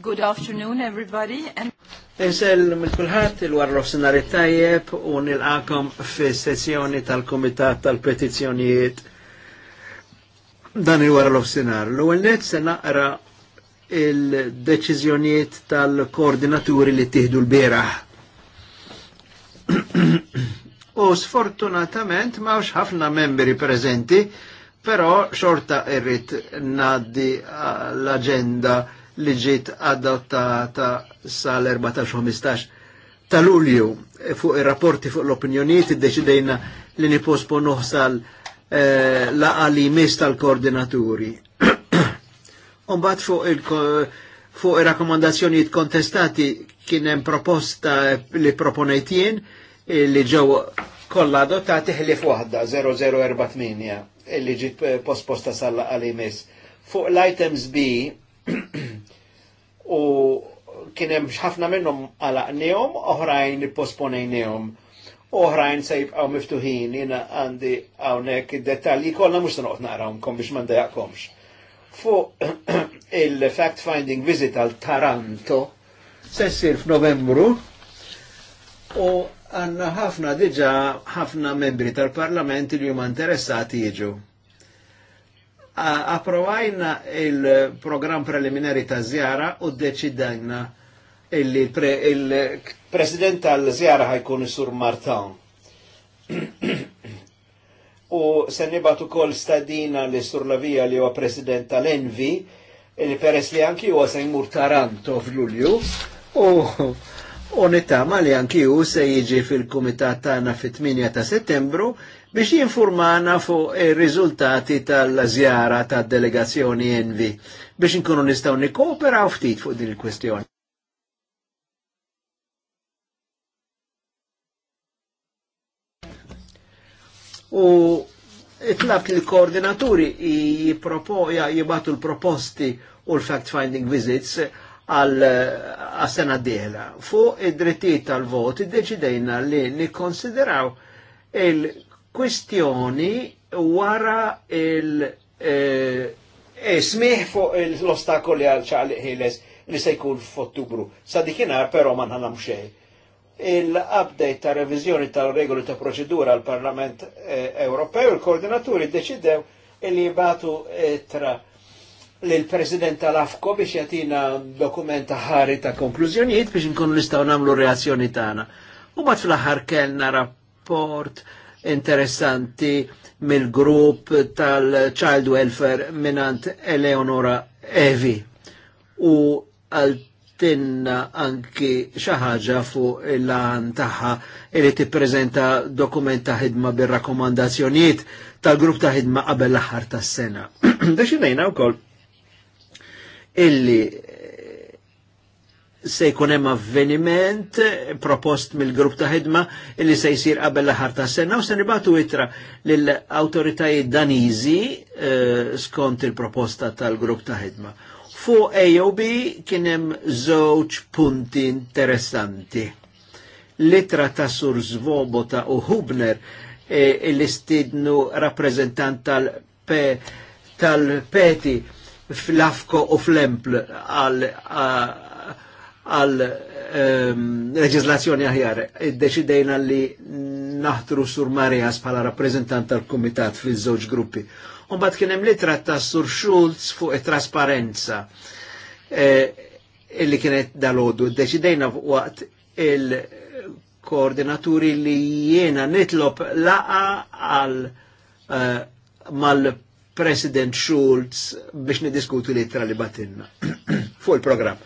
Good afternoon, everybody. Insel mill kulħadd il-warrof it tajjeb u nilqakom fis-sessjoni tal kumitat tal-Petizzjonijiet dan il-warrof sinar. L-ewwel nett se naqra il-deċiżjonijiet tal-koordinaturi li tieħdu l-bieraħ. u sfortunatament m'hawnx ħafna membri preżenti, però xorta irrid ngħaddi l-aġenda li ġiet adottata sal-14-15 ta' Lulju e fuq ir-rapporti fuq l-opinjonijiet iddeċidejna li niposponu sal eh, laqa mis tal-koordinaturi. Umbat fuq il fuq ir-rakkomandazzjonijiet kontestati kien hemm proposta li proponejtien eh, li ġew kollha adottati ħlief waħda 0048 eh, li ġiet posposta sal-laqa li mis. Fuq l-items B u kien hemm ħafna minnhom għalaqnihom, oħrajn posponejnihom. Oħrajn se jibqgħu miftuħin jiena għandi hawnhekk id-dettalji kollha mhux se noqgħod narawhomkom biex ma ndejaqkomx. Fuq il-fact finding visit għal Taranto se ssir f'Novembru u għanna ħafna diġa ħafna membri tal-parlament li huma interessati jiġu approvajna il-program preliminari ta' zjara u deċidajna il-president il tal-zjara ħajkun sur Martan. u se nibatu kol stadina li sur Lavija li huwa president tal-Envi, li peress li anki huwa se jmur Taranto f'Lulju, u unitama li anki u se jiġi fil-komitat tagħna fit-8 ta' settembru biex jinformana fuq ir-riżultati tal-żjara tad-delegazzjoni Envi biex inkunu nistgħu nikkooperaw ftit fuq din il-kwestjoni. u it li il koordinaturi jibatu l-proposti u l-fact-finding visits għal sena d-dihla. Fuq id-drittijiet tal-vot, id-deċidejna li nikkonsideraw il- kwestjoni wara il- eh, eh fuq l-ostakoli għal ċaqli ħiles li se jkun f'Ottubru. Sa dikinar però ma nħanam xej. Il-update ta' revizjoni tal-regoli ta' proċedura għal Parlament eh, Ewropew, il-koordinaturi deċidew li jibatu eh, tra l-President tal-Afko biex jatina dokumenta ħari ta' konklużjonijiet biex nkunu nistaw namlu reazzjoni tagħna. U bat fl-aħħar kellna rapport interessanti mill-grupp tal-Child Welfare minant Eleonora Evi u għaltinna anki xaħġa fuq il-lan taħħa li tippreżenta dokument ħidma bil rakkomandazzjonijiet tal-grupp ta' ħidma qabel l-aħħar tas-sena. Daċi nejna wkoll illi se jkun hemm avveniment propost mill-grupp ta' ħidma li se jsir qabel l-aħar ta' sena u se nibatu itra lill awtoritajiet Daniżi eh, skont il-proposta tal-grupp ta' ħidma. Fu AOB kien hemm żewġ punti interessanti. Litra ta' Sur Zvobota u Hubner eh, l-istidnu rappreżentant tal-peti tal-peti fl-afko u fl-empl għal ehm, leġislazzjoni aħjar. id-deċidejna li naħtru sur Marijas bħala rappresentant tal-Kumitat fil-żewġ gruppi. Umbat kien hemm litra ta' Sur Schulz fuq it-trasparenza e, illi kienet dal-ħodu. Deċidejna waqt il-koordinaturi li jiena nitlob laqa għal e, mal-President Schulz biex nidiskutu litra li batinna fuq il-programm.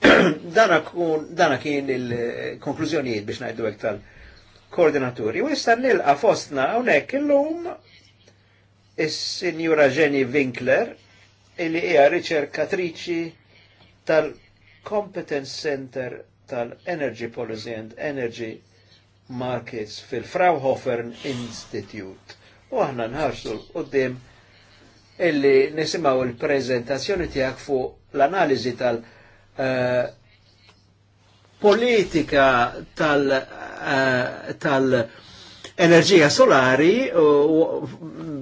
dana kien il-konklużjonijiet biex najdu għek tal-koordinaturi. U jista nilqa fostna għonek il-lum il-Sinjura Jenny Winkler, illi hija riċerkatriċi tal-Competence Center tal-Energy Policy and Energy Markets fil frauhofer Institute. U aħna nħarsu l-qoddim illi nisimaw il-prezentazzjoni tijak fuq l-analizi tal-Competence Eh, politika eh, tal-enerġija tal, solari u,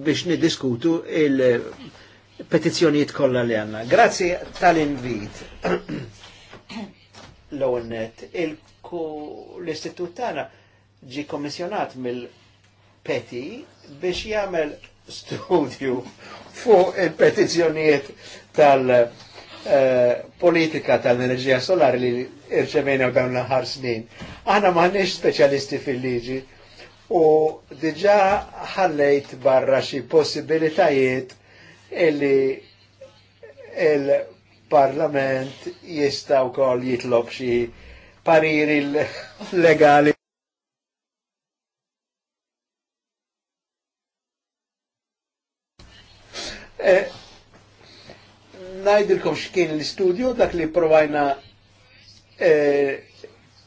biex nidiskutu il-petizjoniet kollha li għanna. Grazzi tal-invit. L-għonnet, l-istitut tagħna ġi kommissjonat mill-peti biex jagħmel studju fuq il-petizzjonijiet tal- Eh, politika tal-enerġija solari li irċemenja dawn l-ħar snin. Aħna maħniex specialisti fil-liġi u diġa ħallejt barra xi possibilitajiet illi il-parlament jista' kol jitlob xi pariri legali. Eh, najdilkom xkien l-studio dak li provajna eh,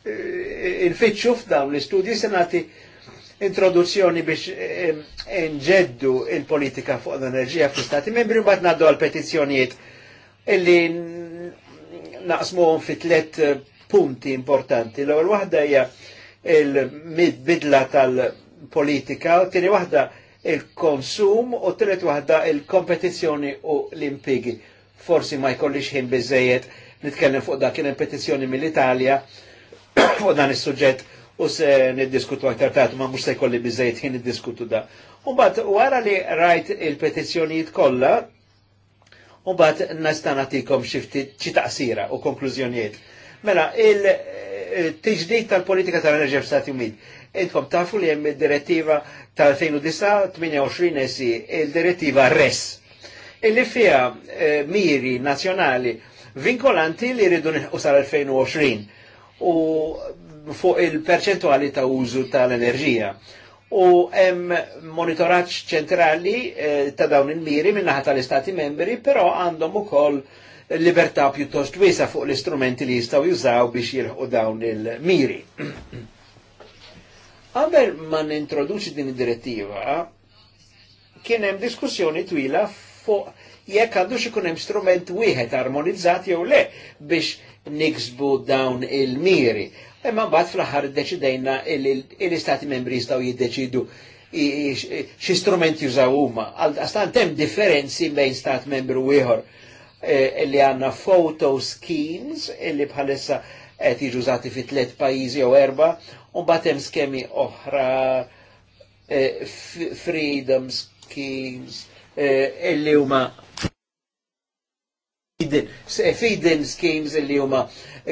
eh, il-fitxu f'dawn l-istudji se nagħti introduzzjoni biex eh, nġeddu il-politika fuq l-enerġija fl-Istati membri mbagħad ngħaddu għal petizzjonijiet illi naqsmuhom fi tliet punti importanti. L-ewwel waħda hija il-bidla tal-politika, u tieni waħda il-konsum u tret waħda il-kompetizzjoni u l-impigi forsi ma jkollix ħin biżejjed nitkellem fuq dak kien petizzjoni mill-Italja fuq dan is-suġġett u se niddiskutu aktar tard ma mhux se jkolli biżejjed ħin niddiskutu da. U Mbagħad wara li rajt il-petizzjonijiet kollha, mbagħad nista' nagħtikom xi ftit xi taqsira u konklużjonijiet. Mela, il-tiġdid eh, tal-politika tal-enerġija f'Stati Uniti. Intkom tafu li hemm id-direttiva tal-2009-28 il-direttiva RES illi fija eh, miri nazjonali vinkolanti li rridu u sal-2020 u fuq il-perċentuali ta' użu tal-enerġija. U hemm monitoraġġ ċentrali eh, ta' dawn il-miri minnaħa tal-Istati membri, però għandhom ukoll libertà pjuttost wisa fuq l-istrumenti li jistaw jużaw biex jirħu dawn il-miri. Qabel ma nintroduċi din id-direttiva, kien hemm diskussjoni twila fuq jekk għandux ikun hemm strument wieħed armonizzat jew le biex niksbu dawn il-miri. Imma mbagħad fl-aħħar iddeċidejna l-istati membri jistgħu jiddeċidu xi strumenti jużaw huma. Għastant hemm differenzi bejn stat membru wieħor eh, li għandna photo schemes illi bħalissa qed jiġu fi tliet pajjiżi jew erba' u mbagħad hemm skemi oħra eh, freedom schemes Eh, illi huma feed-in eh, schemes illi huma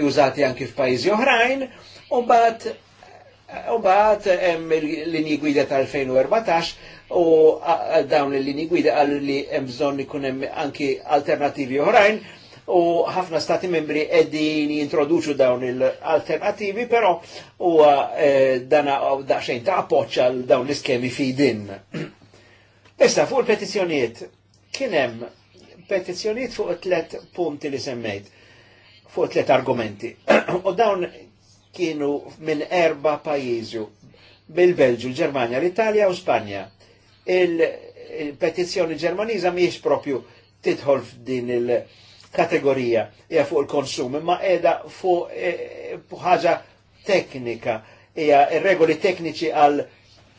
użati anki f'pajjiżi oħrajn, u mbagħad eh, u mbagħad hemm linji gwida tal-2014 u dawn il-linji gwida għal li hemm bżonn ikun hemm anki alternativi oħrajn u ħafna stati membri qegħdin jintroduċu dawn il-alternativi, però u dana daqxejn ta' appoċ għal dawn l-iskemi in. Issa, fuq il-petizjoniet, kienem petizjoniet fuq tlet punti li semmejt, fuq tlet argumenti. U dawn kienu minn erba pajizju, bil-Belġu, l-Germania, l-Italja u Spanja. Il-petizjoni ġermaniza miex propju titħol f'din il-kategorija, hija fuq il-konsum, imma edha fuq e, e, ħaġa teknika, hija regoli tekniċi għal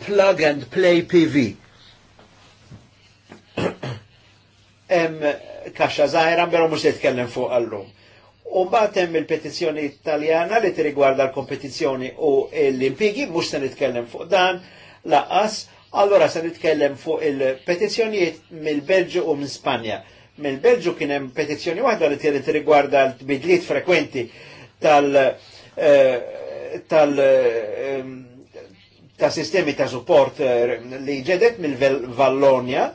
plug and play PV Em kaxa zaħira, pero mux jitkellem fuq għallum. U hemm il-petizjoni italjana li tirigwarda l-kompetizjoni u l-impigi, mux se nitkellem fuq dan, laqas, allora se nitkellem fuq il petizzjonijiet mill-Belġu u minn Spanja. Mill-Belġu kien hemm petizjoni waħda li tieri tirigwarda l-tbidliet frekwenti tal- eh, tal- eh, ta' sistemi ta' support eh, li ġedet mill-Vallonja,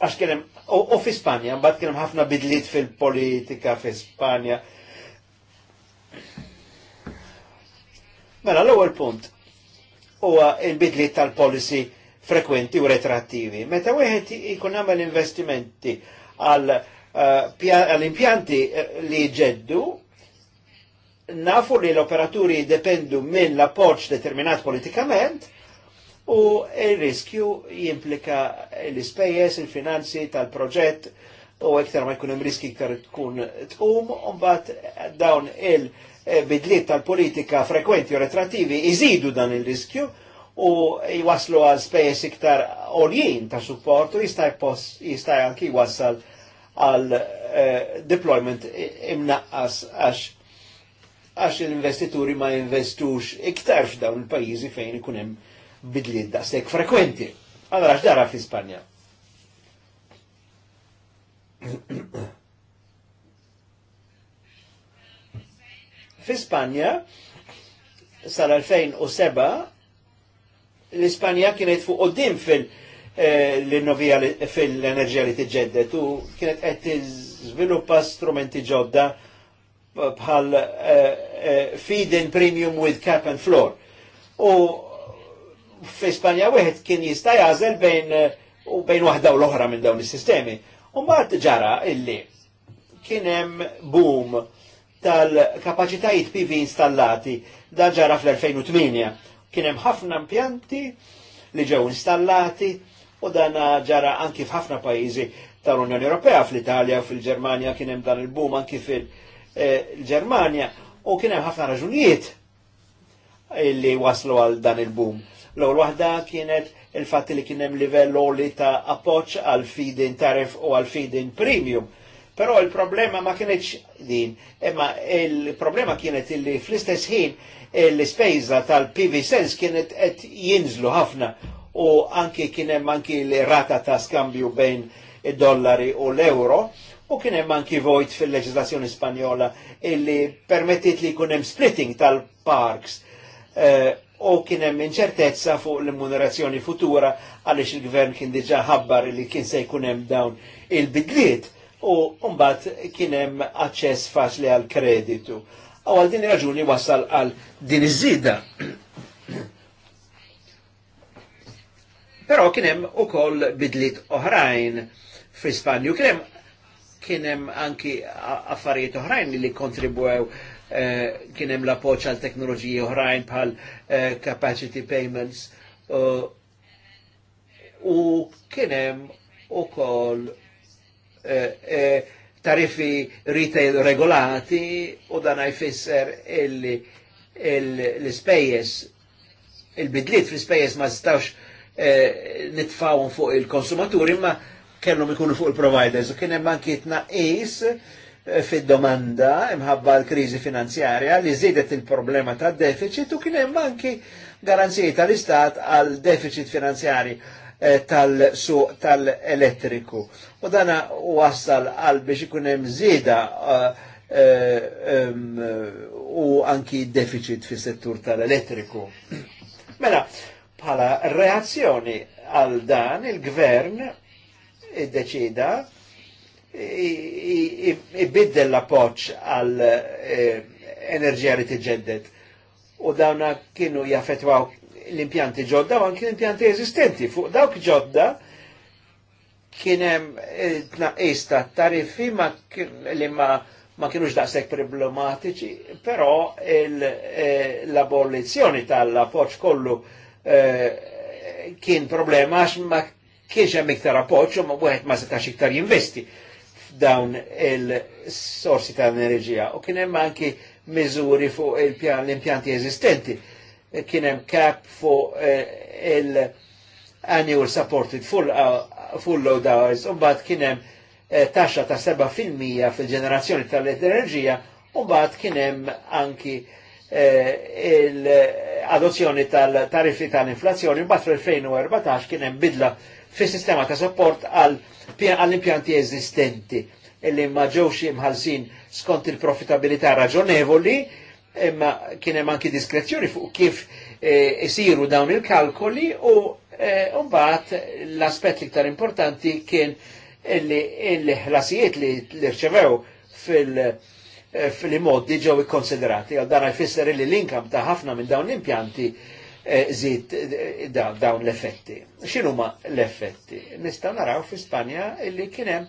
għax kienem, u fi Spanja, mbagħad kienem ħafna bidlit fil-politika fi Spanja. Mela, l-ewwel punt u il bidlit tal-policy frekwenti u retrattivi. Meta wieħed ikun għamel investimenti għall-impjanti eh, eh, li ġeddu, nafu li l-operaturi dependu minn l apporċ determinat politikament, u il-riskju jimplika l ispejjes il-finanzi tal-proġett u iktar ma jkun hemm riski iktar tkun tqum, u dawn il-bidliet tal-politika frekwenti u retrattivi iżidu dan il-riskju u jwaslu għal spejjes iktar oljien ta' supportu jista' jista' anki jwassal għal eh, deployment imnaqqas għax għax l-investituri ma jinvestux iktar f'dawn il-pajjiżi fejn ikun hemm bidli daqstek frekwenti. Allora, x'dara fi Spanja? fi Spanja, sal-2007, l-Ispanja kienet fuq qoddim fil- eh, innovija fil-enerġija li tiġġeddet u kienet qed tiżviluppa strumenti ġodda bħal eh, eh, feed-in premium with cap and floor. U f ispanja wieħed kien jista' jażel bejn u bejn waħda u l-oħra minn dawn is-sistemi. U mbagħad ġara illi kien hemm boom tal-kapaċitajiet PV installati da ġara fl-2008. Kien hemm ħafna impjanti li ġew installati u dan ġara anki f'ħafna pajjiżi tal-Unjoni Ewropea fl-Italja u fil-Ġermanja kien hemm dan il-boom anki fil-Ġermanja eh, u kien hemm ħafna raġunijiet illi waslu għal dan il-boom. L-ewwel waħda kienet il fatti li kien hemm livell li ta' appoġġ għal feeding tarif u għal feeding premium. Però il-problema ma kienx din, imma il-problema kienet illi fl-istess ħin l-ispejza tal-PV sens kienet qed jinżlu ħafna u anki kien hemm anki l-rata ta' skambju bejn il dollari u l-euro u kien hemm anki vojt fil-leġislazzjoni Spanjola illi permettit li jkun hemm splitting tal-parks. Eh, u kien hemm inċertezza fuq l-immunerazzjoni futura għaliex il-gvern kien diġà ħabbar li kien se jkun hemm dawn il-bidliet u mbagħad kien hemm aċċess faċli għal kreditu. U għal din raġuni wasal għal din iż-żida. Però kien hemm ukoll bidliet oħrajn fi ispanju Kien hemm kien hemm anki affarijiet oħrajn li kontribwew Eh, kien hemm l-appoġġ għal teknoloġiji oħrajn bħal eh, capacity payments eh, u kien hemm ukoll tariffi retail regolati u dan jfisser l-ispejjeż il-bidliet fl-ispejjeż ma stawx nitfawun fuq il-konsumaturi ma kellhom ikunu fuq il-providers u kien hemm anki tnaqqis fil domanda imħabba l krizi finanzjarja li zidet il-problema ta' deficit u kienem hemm garanzijiet tal-istat għal deficit finanzjari eh, tal-suq tal-elettriku. U dana wassal għal biex ikunem eh, eh, zida u anki deficit fi settur tal-elettriku. Mela, bħala reazzjoni għal dan il-gvern iddeċida il ibiddel l-appoċ għal enerġija li tiġeddet. U dawna kienu jaffetwaw l-impjanti ġodda u anki l-impjanti eżistenti. Fuq dawk ġodda kienem tnaqqis ta' tariffi li ma ma kienux daqshekk problematiċi, però l abolizjoni tal-appoġġ kollu kien problema għax ma kienx hemm iktar appoġġ u wieħed ma setax iktar jinvesti dawn il-sorsi ta' enerġija u kien hemm anki miżuri fuq l-impjanti eżistenti. Kien hemm kap fuq l eh, il-annual supported full, uh, load hours u mbagħad kien hemm eh, taxxa ta' 7% fil-ġenerazzjoni tal-enerġija u mbagħad kien hemm anki eh, l-adozzjoni tal-tariffi tal-inflazzjoni, mbagħad fil-2014 kien hemm bidla fis sistema ta' support għall-impjanti eżistenti illi ma ġewx imħalsin skont il-profitabilità raġonevoli, imma kien hemm anki diskrezzjoni fuq kif eh, isiru e, dawn il-kalkoli u e, mbagħad l-aspett iktar importanti kien il-ħlasijiet li rċevew fil-modi eh, ġew ikkonsiderati għal dan jfisser li l-inkam ta' ħafna minn dawn l-impjanti Eh, zid eh, dawn l-effetti. Xinu ma l-effetti? Nistaw naraw fi Spanja illi kienem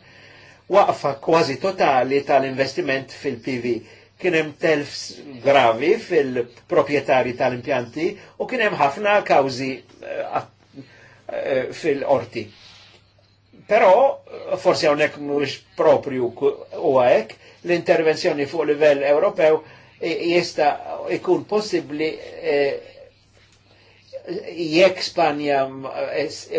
waqfa kważi totali tal-investiment fil-PV. Kienem telfs gravi fil-propietari tal-impjanti u kienem ħafna kawzi eh, fil-orti. Però, forsi għonek mux propju u għek, l-intervenzjoni fuq livell Ewropew jista ikun possibbli eh, jekk Spanja,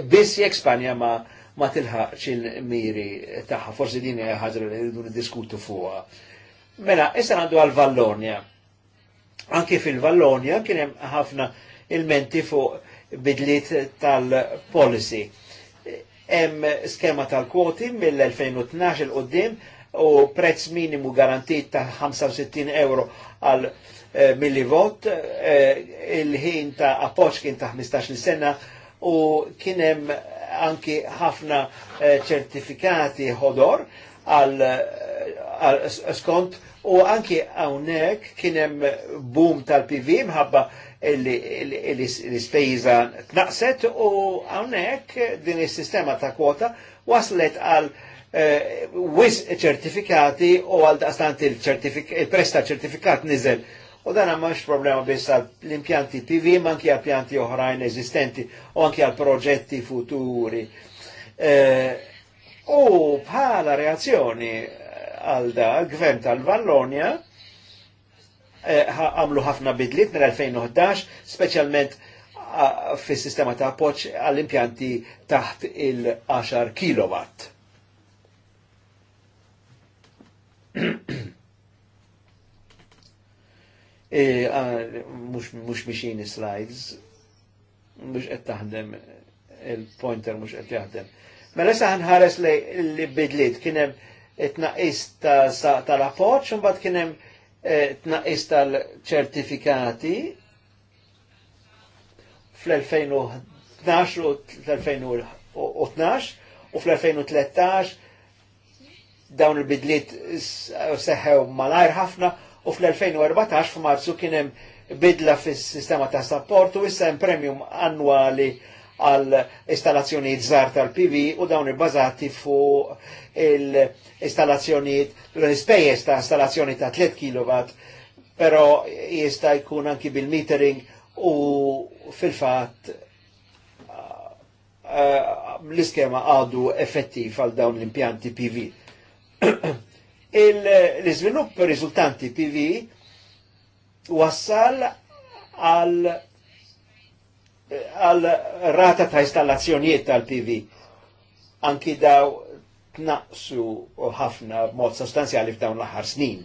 biss jekk Spanja ma ma tilħaqx il-miri taħħa, forsi din ħaġa li rridu niddiskutu fuqha. Mela, issa għandu għal-Vallonja. Anki fil-Vallonja kien hemm ħafna il-menti fuq bidliet tal-policy. Hemm skema tal-kwoti mill-2012 il qoddim u prezz minimu garantit ta' 65 euro għal Eh, millivolt eh, il-ħin ta' appoċ kien ta' 15 sena u kienem anki ħafna eh, ċertifikati ħodor għal skont u anki għawnek kienem boom tal-PV mħabba l-ispejza tnaqset u għawnek din is-sistema ta' kwota waslet għal wis ċertifikati u għal daqstant il-presta ċertifikat nizel U dan mhux problema biss l-impjanti PV, ma anki għal pjanti oħrajn eżistenti u anki għal proġetti futuri. E, u bħala reazzjoni għal da, gvern tal-Vallonja e, għamlu ħafna bidliet mill-2011, speċjalment fis sistema ta' poċ għall-impjanti taħt il-10 kilowatt. E, mux miexin slides, mux qed taħdem il-pointer mux qed jaħdem. Mela sa ħanħares li bidliet kienem tnaqis tal u mbagħad bat kienem e, tnaqqis tal-ċertifikati fl-2012 u fl-2012 u fl-2013 dawn il-bidliet seħħew malajr ħafna u fl-2014 f'Marzu kien hemm bidla fis-sistema ta' supportu u issa hemm premium annwali għal installazzjonijiet żgħar tal-PV u dawn ibbażati fuq il-installazzjonijiet l-ispejjeż ta' installazzjoni ta' 3 kW, però jista' jkun anki bil-metering u fil-fatt eh, l-iskema għadu effettiv għal dawn l-impjanti PV. L-izvilupp riżultanti PV wassal għal għal rata ta' installazzjonijiet tal-PV. Anki daw tnaqsu ħafna mod sostanzjali f'dawn l-aħħar snin.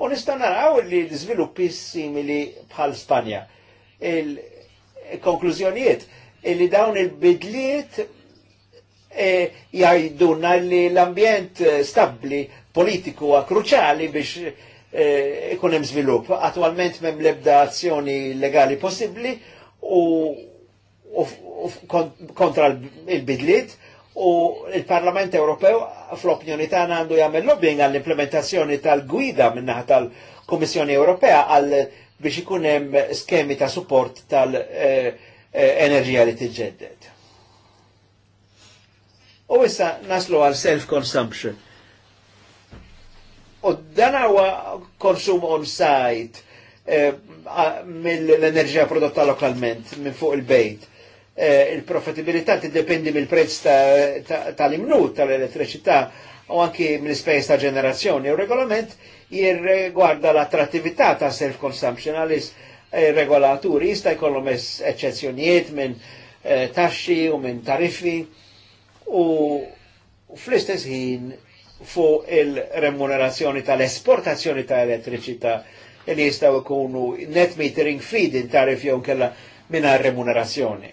U nista' naraw li l-iżviluppi simili bħal Spanja. Il-konklużjonijiet li dawn il-bidliet jgħidunna eh, jgħiduna li l-ambjent eh, stabbli politiku a kruċali biex eh, ikun hemm żvilupp. Attualment m'hemm l-ebda azzjoni legali possibbli u kontra il-bidliet u il-Parlament Ewropew fl-opinjoni tagħna għandu jagħmel lobbying għall-implementazzjoni tal-gwida minnaħa tal-Kummissjoni Ewropea għal biex ikun hemm skemi ta' support tal-enerġija eh, eh, li tiġġedded. U issa naslu għal self-consumption U dan huwa konsum on-site eh, mill-enerġija prodotta lokalment minn fuq il-bejt. Eh, Il-profitabilità tiddependi mill-prezz tal-imnut ta, ta tal-elettriċità u anki mill ispejs ta' ġenerazzjoni. U regolament jirregwarda l-attrattività ta' self-consumption għalis eh, regolaturi jista' jkollhom eċċezzjonijiet minn eh, taxxi u minn tariffi u fl-istess ħin fuq il-remunerazzjoni tal-esportazzjoni ta' elettriċità li e jistaw ikunu net metering feed tarif jew kella minna remunerazzjoni.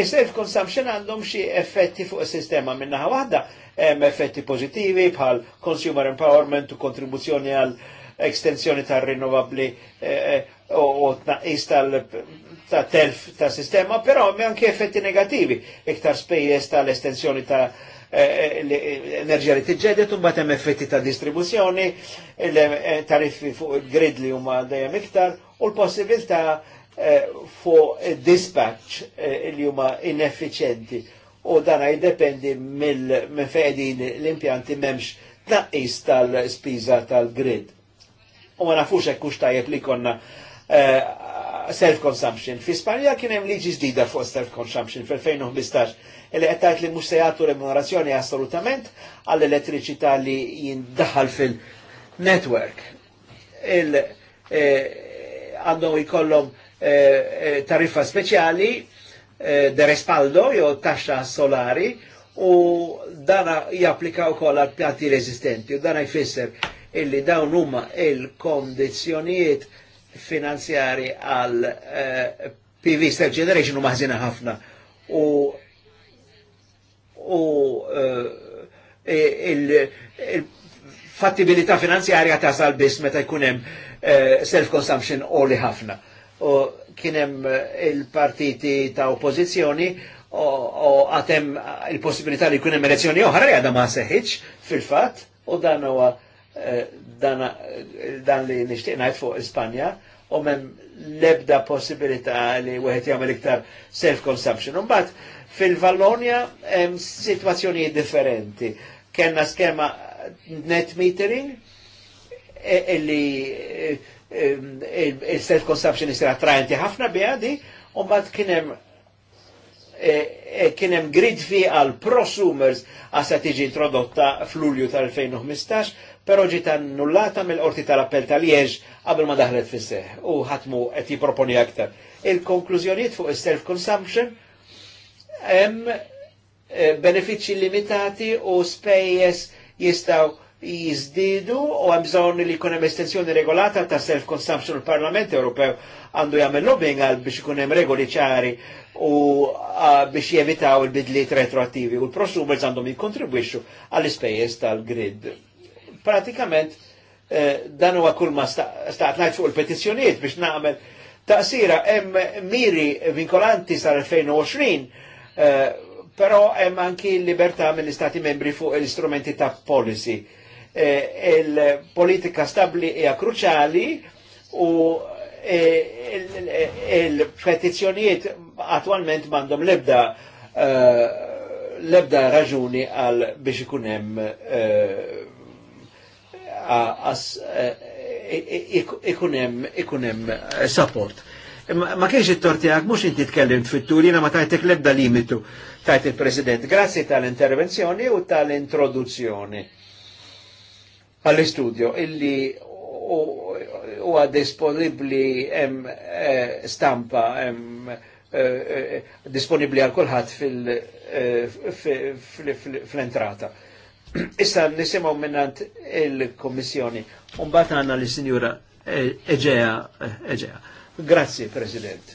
Is-self e consumption għandhom xi effetti fuq is-sistema minnaħa waħda hemm effetti pożittivi bħal consumer empowerment u kontribuzzjoni għal estensjoni eh, eh, tal rinnovabli u tnaqqis ta' telf ta' sistema, però mi anke effetti negativi, iktar spejjeż tal-estensjoni ta' eh, eh, l-enerġija eh, li tiġġedet u hemm effetti ta' distribuzzjoni, tariffi fuq il-grid li huma dejjem iktar u l-possibilità fuq dispatch li huma ineffiċenti u dana jiddependi minn fejdin l-impjanti memx tnaqqis tal-spiża tal-grid. U ma nafux hekk hux tajjeb li konna self-consumption. Fi Spanja kien hemm liġi ġdida fuq self-consumption fil-2015 li qed li mhux se jagħtu remunerazzjoni assolutament għall elettriċità li jindaħal fil-network. Eh, għandhom jkollhom eh, eh, tariffa speċjali de respaldo jew taxxa solari u dana japplika wkoll għal pjati reżistenti u dana jfisser illi dawn huma il-kondizzjonijiet il kondizzjonijiet il finanzjari għal eh, PV Step Generation u maħzina ħafna u u il-fattibilità eh, e, il finanzjarja tasal biss meta jkunem eh, self-consumption oli ħafna. U kienem il-partiti ta' oppozizjoni u għatem il-possibilità li kunem elezzjoni oħra li għadha ma seħiċ fil-fat u dan huwa dan, dan li nishtiq fuq Ispanja u mem lebda possibilita li wieħed jagħmel iktar self-consumption. Mbagħad fil vallonia hemm situazzjonijiet differenti. Kenna skema net metering illi e, e, e, il-self-consumption jisir attrajenti ħafna biha di, u kienem kien grid fi għal prosumers għasa tiġi introdotta fl-Ulju tal-2015 pero ġiet nullata mill-qorti tal-appell tal jeġ qabel ma daħlet fis seħ u ħatmu qed jipproponi aktar. Il-konklużjonijiet fuq is-self consumption hemm eh, benefiċċji limitati u spejjeż jistgħu jizdidu u hemm bżonn li jkun hemm estensjoni regolata ta' self consumption il-Parlament Ewropew għandu jagħmel lobbying għal biex ikun hemm regoli ċari u biex jevitaw il-bidliet retroattivi u l-prosumers għandhom jikkontribwixxu għall-ispejjeż tal-grid Pratikament eh, dan huwa kull ma staqt sta fuq il-petizzjonijiet biex naqmel taqsira hemm miri vinkolanti sar-2020 eh, però hemm anki libertà mill-istati membri fuq l-istrumenti ta' policy. Eh, il-politika stabli hija kruċali u eh, il-petizzjonijiet attualment mandom lebda lebda raġuni għal biex ikunem uh, E, e, ikunem eh, support. Ma kienx it-tortijak, mux inti tkellim fit-tur, ma tajtek lebda limitu, tajt il-President. Grazzi tal-intervenzjoni u tal-introduzzjoni għall-istudio illi huwa disponibbli hemm eh, stampa hemm eh, disponibbli għal kulħadd fil-entrata. Fil, fil, fil, fil, fil, fil, fil, fil, Issa nisimaw minnant il-Kommissjoni. Umbat għanna li sinjura eġeja, eġeja. Eh, Grazzi, President.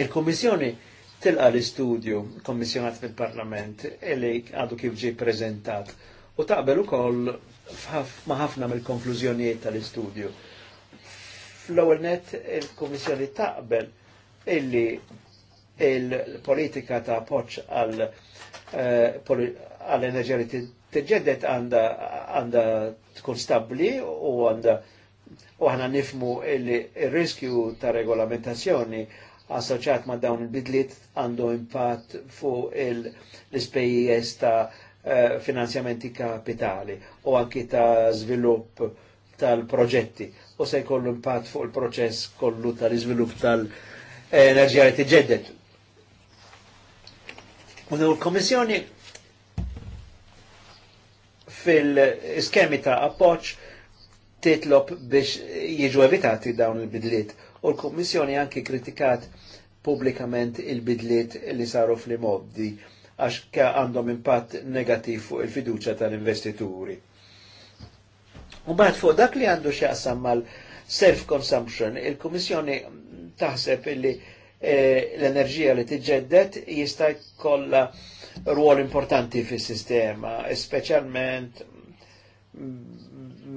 Il-Kommissjoni tilqa l-istudju kommissjonat fil-Parlament li għadu kif ġi prezentat u taqbel ukoll ma ħafna mill-konklużjonijiet tal-istudju. Fl-ewwel net il-Kommissjoni taqbel illi il-politika ta' appoġġ għal eh, għal enerġija li t-ġeddet għanda tkun stabli u għanda u għana nifmu il-riskju ta' regolamentazzjoni assoċjat ma' dawn il-bidliet għandu impatt fu l-ispejjeż ta' eh, finanzjamenti kapitali u anki ta' svilupp tal-proġetti u se jkollu impatt fuq il-proċess kollu tal-iżvilupp tal-enerġija li t-ġeddet. U l-Komissjoni fil-iskemi ta' appoċ titlob biex jiġu evitati dawn il-bidliet. U l-Kommissjoni anki kritikat publikament il-bidliet li saru fl-imoddi għax għandhom impatt negativ fuq il-fiduċa tal-investituri. U bat fuq dak li għandu xaqsam mal self-consumption, il-Kommissjoni taħseb illi E, l-enerġija li tiġġeddet jista' jkollha rwol importanti fis-sistema, speċjalment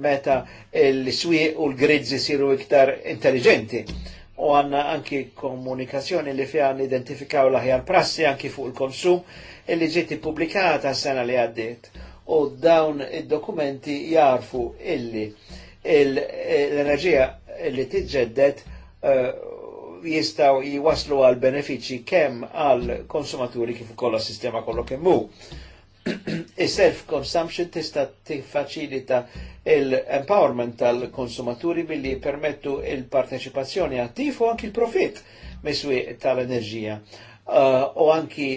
meta l-swieq u l-grids jisiru iktar intelligenti u għanna anki komunikazzjoni li fija identifikaw l-ħjar prassi anki fuq il-konsum illi ġiet publikata s-sena li għaddiet. U dawn id-dokumenti jarfu illi l-enerġija li tiġġeddet uh, jistaw jiwaslu għal benefiċi kemm għal konsumaturi kif ukoll sistema kollu kemm hu. il self consumption tista' t-facilita il empowerment tal-konsumaturi billi permettu il-parteċipazzjoni attif u anki il-profit miswi tal-enerġija uh, u anki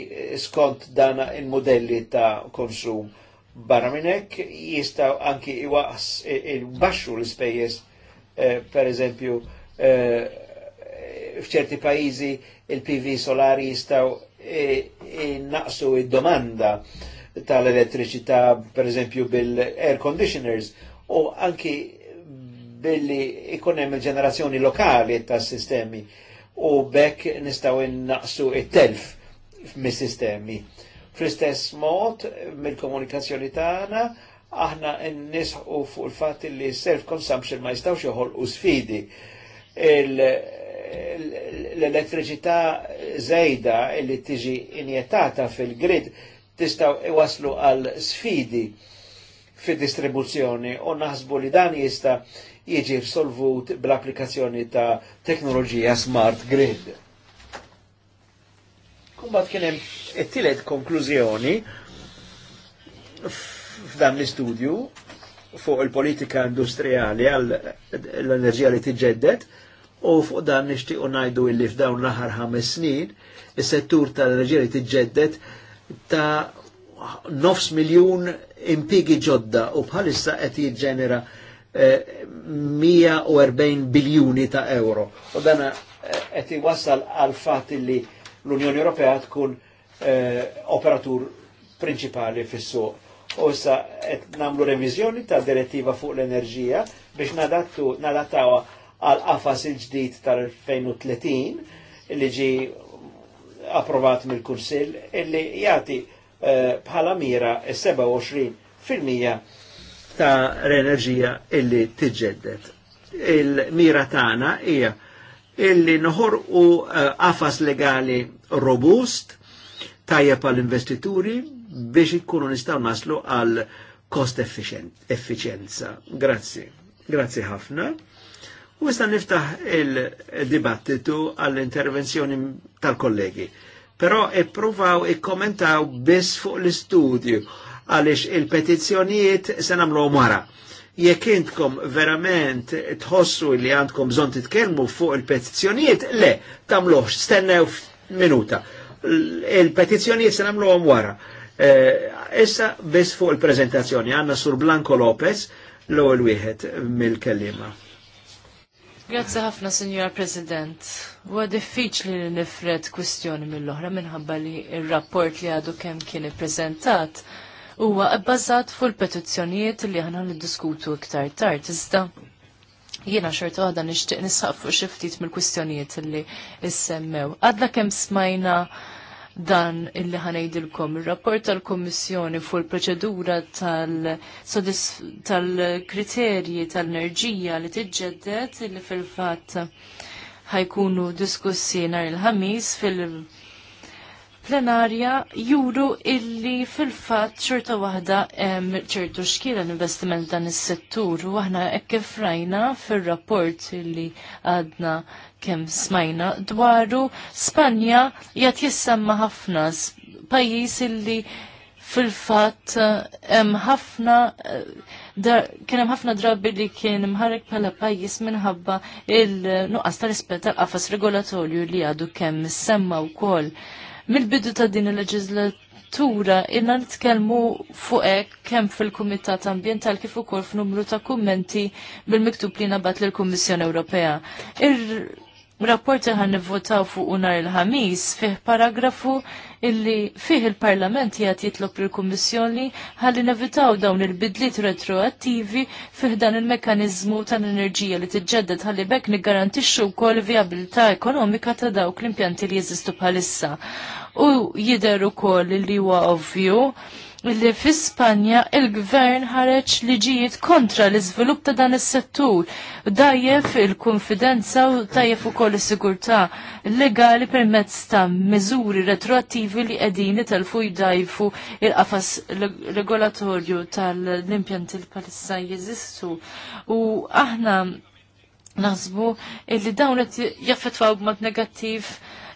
skont dana il-modelli ta' konsum barra minnek jista anki iwaqs il-baxxu l uh, eh, per eżempju eh, f'ċerti pajjiżi il-PV solari jistgħu e, e, naqsu id-domanda tal-elettriċità eżempju, bil-air conditioners u anki billi ikun il-ġenerazzjoni lokali tas-sistemi u bekk nistgħu innaqsu it-telf mis-sistemi. Fl-istess mod, mill-komunikazzjoni tagħna, aħna nisħu fuq il-fatt li self-consumption ma jistawx joħol u sfidi l-elettriċità zejda li tiġi injettata fil-grid tistaw waslu għal sfidi fid distribuzzjoni u naħsbu li dan jista jiġi solvut bl-applikazzjoni ta' teknoloġija smart grid. Kumbat kienem it-tielet konklużjoni f'dan l-istudju fuq il-politika industrijali għall enerġija li tiġġedded U fuq dan nixtiequ ngħidu illi f'dawn l-aħħar ħames snin, is-settur tal-enerġija tiġġedded ta' nofs miljun impigi ġodda u bħalissa qed jiġġenera 140 eh, biljuni ta' euro. U dan eh, qed iwassal għal fatt li l-Unjoni Ewropea tkun eh, operatur prinċipali fis-suq. U issa qed nagħmlu reviżjoni ta' direttiva fuq l-enerġija biex nadattawha għal qafas il-ġdid tal-2030 li ġi approvat mill-Kunsill illi jagħti eh, bħala mira 27% ta' l-enerġija illi tiġġeddet. Il-mira tagħna hija illi noħor u eh, qafas legali robust tajjeb għall investituri biex ikunu nistgħu naslu għal kost efficienza. Grazzi. Grazzi ħafna. U issa niftaħ il-dibattitu għall-intervenzjoni tal-kollegi. Però ippruvaw ikkommentaw biss fuq l-istudju għaliex il-petizzjonijiet se namlu wara. Jekk intkom verament tħossu li għandkom bżon titkellmu fuq il-petizzjonijiet, le, tagħmluhx, stennew minuta. Il-petizzjonijiet se namlu wara. Eh, issa biss fuq il-prezentazzjoni għandna Sur Blanco Lopez l-ewwel wieħed mill-kellima. Grazzi ħafna, Signor President. Huwa diffiċli li nifred kwistjoni mill-oħra minħabba li r-rapport li għadu kemm kien ippreżentat huwa bbażat fuq il-petizzjonijiet li aħna niddiskutu iktar tard. Iżda jiena xorta waħda nixtieq nisaq fuq xi ftit mill-kwistjonijiet li issemmew. Għadna kemm smajna dan illi ħanajdilkom. Il-rapport tal-Kommissjoni fuq il-proċedura tal-kriterji tal-enerġija li tiġġedded illi fil-fatt ħajkunu diskussi nar il-ħamis fil- plenarja juru illi fil-fat ċerta wahda ċertu xkila l-investiment dan is settur u aħna kif rajna fil-rapport illi għadna kemm smajna dwaru Spanja jgħat jissemma ħafna pajis illi fil-fatt eh, hemm ħafna eh, kien hemm ħafna drabi li kien imħarek bħala pajjiż minħabba il-nuqqas ta' rispett tal-qafas regolatorju li għadu kemm semma wkoll. Mill-bidu ta' din il-leġislatura tura inna nitkellmu hekk kemm fil-Kumitat Ambjental kif ukoll f'numru ta' kummenti bil-miktub li nabat lill-Kummissjoni Ewropea. Ir M-rapporti ħan nivvotaw fuq unar il-ħamis fih paragrafu illi fih il-Parlament jgħat jitlob il kummissjoni ħalli nevitaw dawn il-bidliet retroattivi fih dan il-mekanizmu tan enerġija li tiġġedded ħalli bekk niggarantixxu wkoll viabilità ekonomika ta' dawk l-impjanti li jeżistu bħalissa. U jidher ukoll li huwa ovvju li fi Spanja il-gvern ħareġ liġijiet kontra l-iżvilupp ta' dan is-settur, dajjef il-konfidenza u tajjef ukoll is-sigurtà legali permezz ta' miżuri retroattivi li qegħdin telfu jdajfu il-qafas regolatorju tal-impjanti l-palissa jeżistu. U aħna naħsbu li dawn qed jaffetwaw b'mod negattiv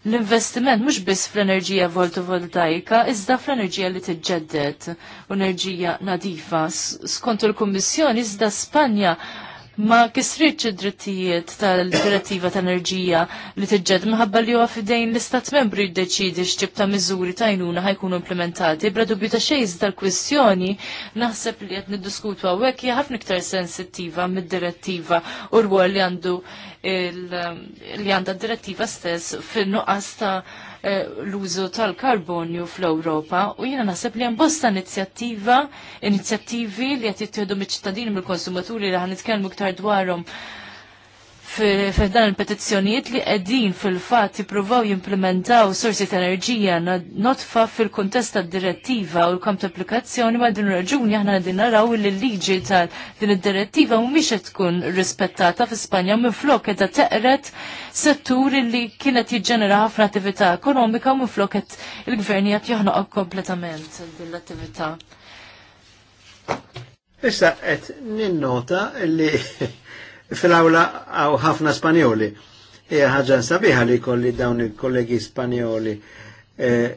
l-investiment mhux biss fl-enerġija fotovoltaika, iżda fl-enerġija li t u enerġija nadifa. Skont il-Kummissjoni iżda Spanja ma kisritx id-drittijiet tal-direttiva tal-enerġija li tiġġed minħabba li huwa fidejn l-istat membri jiddeċidi x'tib ta' miżuri ta' jnuna ħajkunu implementati. Bra dubju ta' xejn iżda l-kwistjoni naħseb li qed niddiskutu hawnhekk hija ħafna iktar sensittiva mid-direttiva u rwol li għandu li għandha direttiva stess fin-nuqqas ta' eh, l-użu tal-karbonju fl-Ewropa u jiena naħseb li hemm bosta inizjattiva, inizjattivi li qed jittieħdu miċ-ċittadini mill-konsumaturi li ħan nitkellmu iktar dwarhom f'dan il-petizzjonijiet li qegħdin fil-fatt jippruvaw jimplementaw sorsi ta' enerġija notfa fil-kuntest tad-direttiva u l-kamp ta' applikazzjoni ma' din raġuni aħna qegħdin naraw li l-liġi ta' din id-direttiva mhumiex qed tkun rispettata f'Ispanja minflok qed teqret settur li kienet jiġġenera ħafna attività ekonomika minflok qed il-gvernijiet joħnoq kompletament din l-attività. Issa qed ninnota li fil-awla għaw ħafna Spanjoli. Ija ħagġan sabiħa li kolli dawn il-kollegi Spanjoli eh,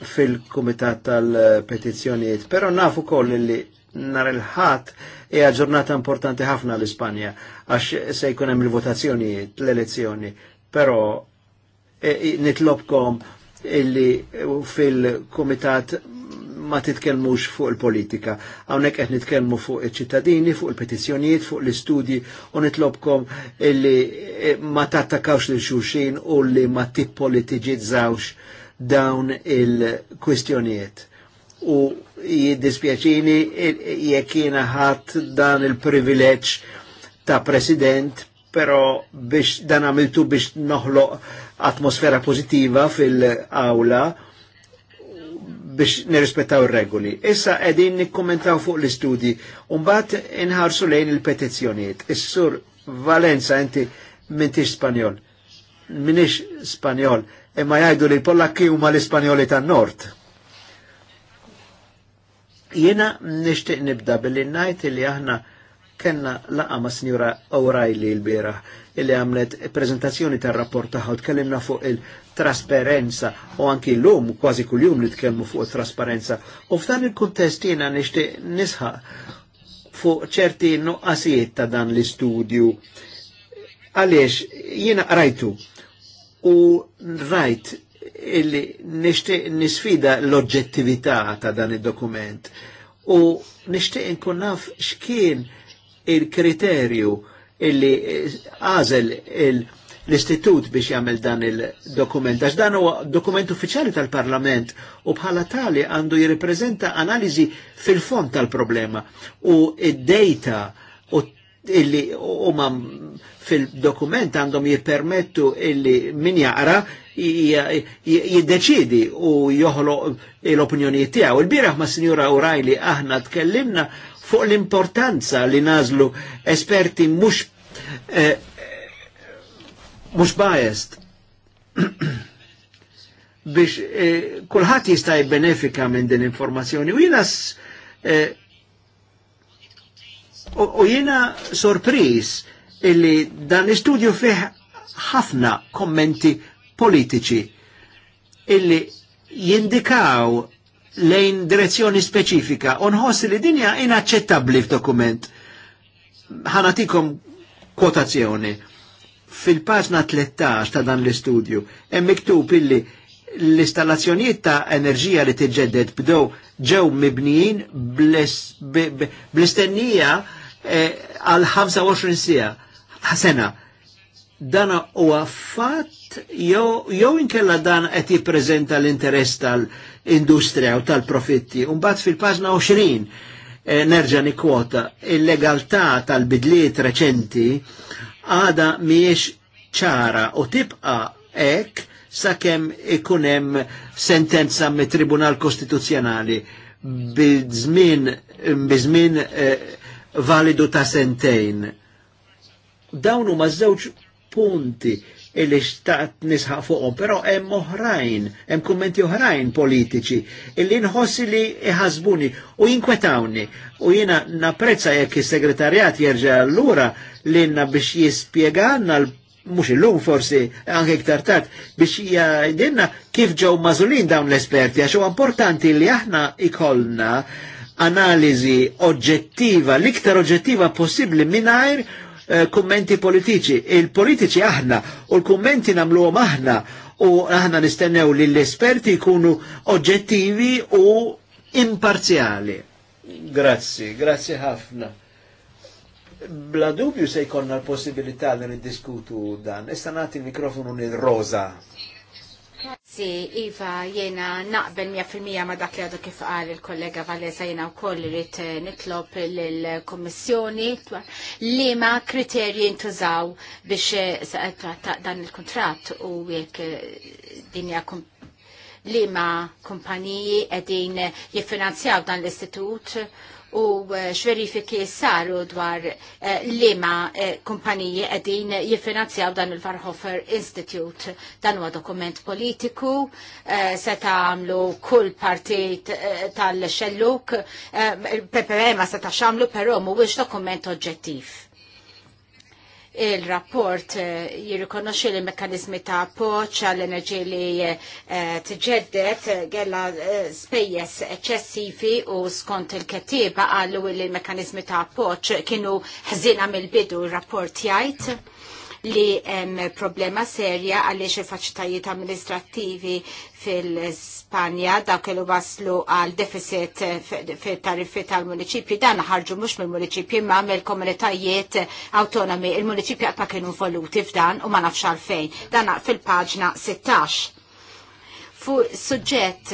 fil-Kumitat tal-Petizzjonijiet, però nafu kolli li nar il-ħat ija ġurnata importanti ħafna l-Ispanja għax se jkun hemm il-votazzjonijiet, l-elezzjoni, però eh, nitlobkom illi fil-Kumitat ma titkellmux fuq il-politika. Hawnhekk qed nitkellmu fuq il ċittadini fuq il-petizzjonijiet, fuq l-istudji u nitlobkom illi eh, ma tattakawx lil xulxin u li ma tippolitiġizzawx dawn il-kwistjonijiet. U jiddispjaċini jekk jiena ħadd dan il-privileġġ ta' president, però biex dan għamiltu biex noħloq atmosfera pozittiva fil-awla biex nirrispettaw ir-regoli. Issa qegħdin nikkommentaw fuq l-istudji u mbagħad inħarsu lejn il-petizzjonijiet. Is-sur Valenza inti m'intix Spanjol. Minix Spanjol, imma jgħidu li pollakki u huma l-Ispanjoli tan-Nord. Jiena nixtieq nibda billi ngħid li aħna kenna laqa ma' Sinjura O'Reilly l-bieraħ illi għamlet prezentazzjoni tar rapport taħħa tkellimna fuq il-trasparenza u anki l-lum kważi kull-jum tkellmu fuq il-trasparenza. U f'dan il-kuntest jiena nixtieq nisħa fuq ċerti nuqqasijiet ta' dan l-istudju. Għaliex jiena rajtu u rajt illi nixtieq nisfida l-oġġettività ta' dan id-dokument u nixtieq nkun naf x'kien il-kriterju illi eh, għażel l-istitut biex jagħmel dan il-dokument. Għax dan huwa dokument uffiċjali tal-Parlament u bħala tali għandu jirrepreżenta analiżi fil-fond tal-problema u id-data u illi huma fil-dokument għandhom jippermettu illi min jaqra jiddeċidi u joħlo l opinjoni tiegħu. Il-bieraħ ma' Sinjura Urajli aħna tkellimna fuq l-importanza li nazlu esperti mhux eh, mux biased biex eh, kulħadd jista' benefika minn din informazzjoni u jiena eh, u jina sorpris illi dan istudju fih ħafna kommenti politiċi illi jindikaw lejn direzzjoni speċifika. Unħoss li dinja inaċċettabli f'dokument. Ħanatikom kwotazzjoni. Fil-paġna 13 ta' dan l-istudju, hemm miktub illi l-installazzjonijiet ta' enerġija li tiġġedded bdew ġew mibnijin bl-istennija eh, għal 25 sija sena. Dan huwa fatt jew jew inkella dan qed jippreżenta l-interess tal-industrija u tal-profitti. mbagħad fil-pażna 20 eh, nerġa' nikkwota il-legalità tal-bidliet reċenti għada miex ċara u tibqa hekk sakemm ikun hemm sentenza mit-Tribunal Kostituzzjonali bizmin bizmin eh, validu ta' sentejn. Dawn huma żewġ punti illi xtaqt nisħaq fuqhom, però hemm oħrajn, hemm kummenti oħrajn politiċi illi nħossi li iħasbuni u jinkwetawni u jiena napprezza jekk is-segretarjat jerġa' allura lilna biex jispjegana l mux illum forsi, anke iktar tard, biex jgħidilna kif ġew mażulin dawn l-esperti, għax huwa importanti li aħna ikollna analizi oġġettiva, l-iktar oġġettiva possibbli mingħajr Eh, kummenti politiċi. Il-politiċi aħna u l-kummenti namluhom aħna u aħna nistennew li l-esperti jkunu oġġettivi u imparziali. Grazzi, grazzi ħafna. Bla dubju se jkonna l-possibilità li niddiskutu dan. Istanati il l-mikrofonu lil Rosa. Si, Iva, jena naqbel 100% ma dak li għadu kif għal il-kollega Valesa jena u koll rrit eh, nitlop l komissjoni li ma kriterji intużaw biex eh, dan il-kontrat u jek eh, dinja li ma kumpaniji edin jiffinanzjaw dan l-istitut u eh, xverifiki saru dwar eh, lima eh, kumpaniji edin jifinanzjaw dan il-Varhofer Institute. Dan huwa dokument politiku, se għamlu kull partit tal-xelluk, PPM e ma se ta' xamlu, pero mhuwiex dokument oġġettiv. Il-rapport eh, jirrikonoxxi li mekanizmi eh, ta' appoġġ għall enerġi li tġeddet eh, għella spejjeż eċċessivi u skont il-kettieba qalu li l ta' appoġġ kienu ħzina mill-bidu r-rapport jgħid li hemm problema serja għaliex il faċitajiet amministrattivi fil- Spanja dak li waslu għal deficit fit tariffi tal-municipju dan ħarġu mhux mill-municipju imma mill-komunitajiet autonomi il muniċipji qatt ma kienu involuti f'dan u ma nafx għalfejn. Dan fil-paġna 16. Fu suġġett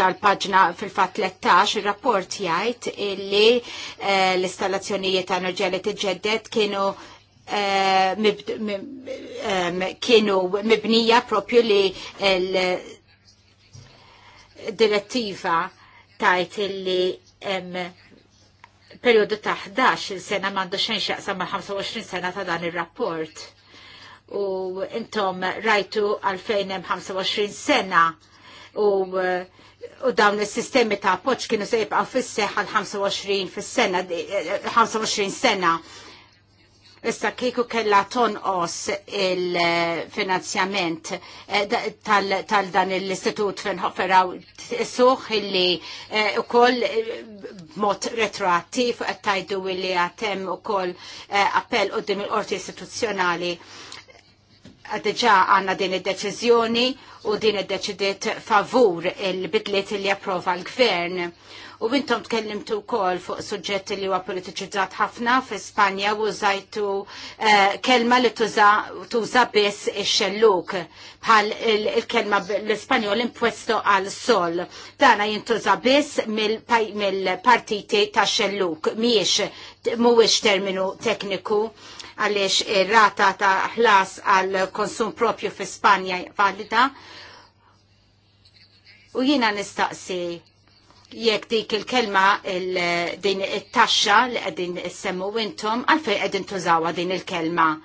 tal-paġna fil-fat 13 il-rapport jgħid illi eh, l-installazzjonijiet ta' enerġija li tiġġedded kienu eh, eh, kienu mibnija propju li direttiva tajt illi periodu ta' 11 sena mandu xejn xaqsam ma' 25 sena ta' dan il-rapport. U intom rajtu għalfejn hemm 25 sena u, u dawn is-sistemi ta' appoġġ kienu se jibqgħu fis għal 25 fis sena. 25 sena Issa kieku kella tonqos il-finanzjament eh, tal-dan l-istitut finħofferaw suħ illi eh, u koll eh, mot retroattiv għattajdu illi għatem u koll appell u dim il-qorti istituzjonali għadġa għanna din id-deċizjoni u din id-deċidiet favur il-bidliet li approva l-gvern U intom tkellimtu wkoll fuq suġġetti li huwa politiċizzat ħafna fi Spanja u żajtu eh, kelma li tuża biss ix-xelluk bħal il-kelma l-Ispanjol impuesto għal sol. Dana jintuża biss mill-partiti ta' xelluk, miex mhuwiex terminu tekniku għaliex ir-rata ta' ħlas għal konsum propju fi Spanja valida. U jiena nistaqsi jekk dik il-kelma din it-taxxa li qegħdin issemmu intom għalfejn qegħdin tużawha din il-kelma. il kelma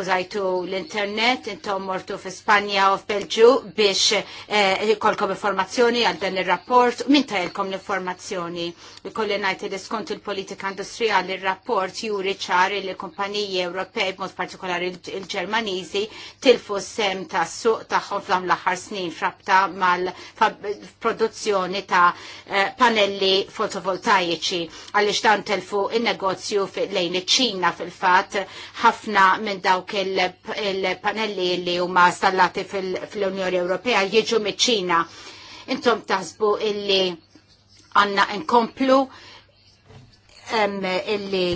użajtu l-internet, intom mortu fi Spanja u f'Belġu biex eh, kolkom informazzjoni għal dan il-rapport, min jelkom l-informazzjoni. Kolli najti diskont il-politika industrijali il-rapport juri ċar li kumpaniji Ewropej, mod partikolari il-Ġermaniżi, tilfu sem ta' suq tagħhom xoflam l-aħħar snin frabta mal-produzzjoni ta' eh, panelli fotovoltaiċi għaliex dan telfu in-negozju lejn iċ-Ċina fil-fatt ħafna minn dawk il-panelli li huma installati fl-Unjoni Ewropea jiġu miċ-Ċina. Intom taħsbu illi għanna nkomplu illi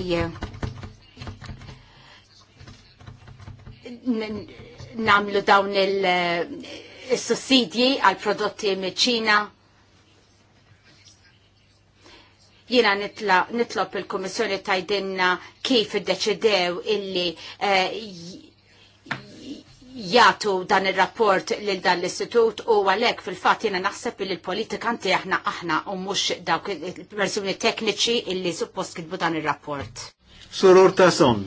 namlu dawn il-sussidji għal prodotti miċ-Ċina jina nitlob il-Komissjoni tajdinna kif id-deċidew illi eh, jgħatu dan il-rapport lil dan l-istitut u għalek fil-fat jina naħseb li l anti aħna aħna u mux dawk il-persuni tekniċi illi suppost kitbu dan il-rapport. Soror ta' son.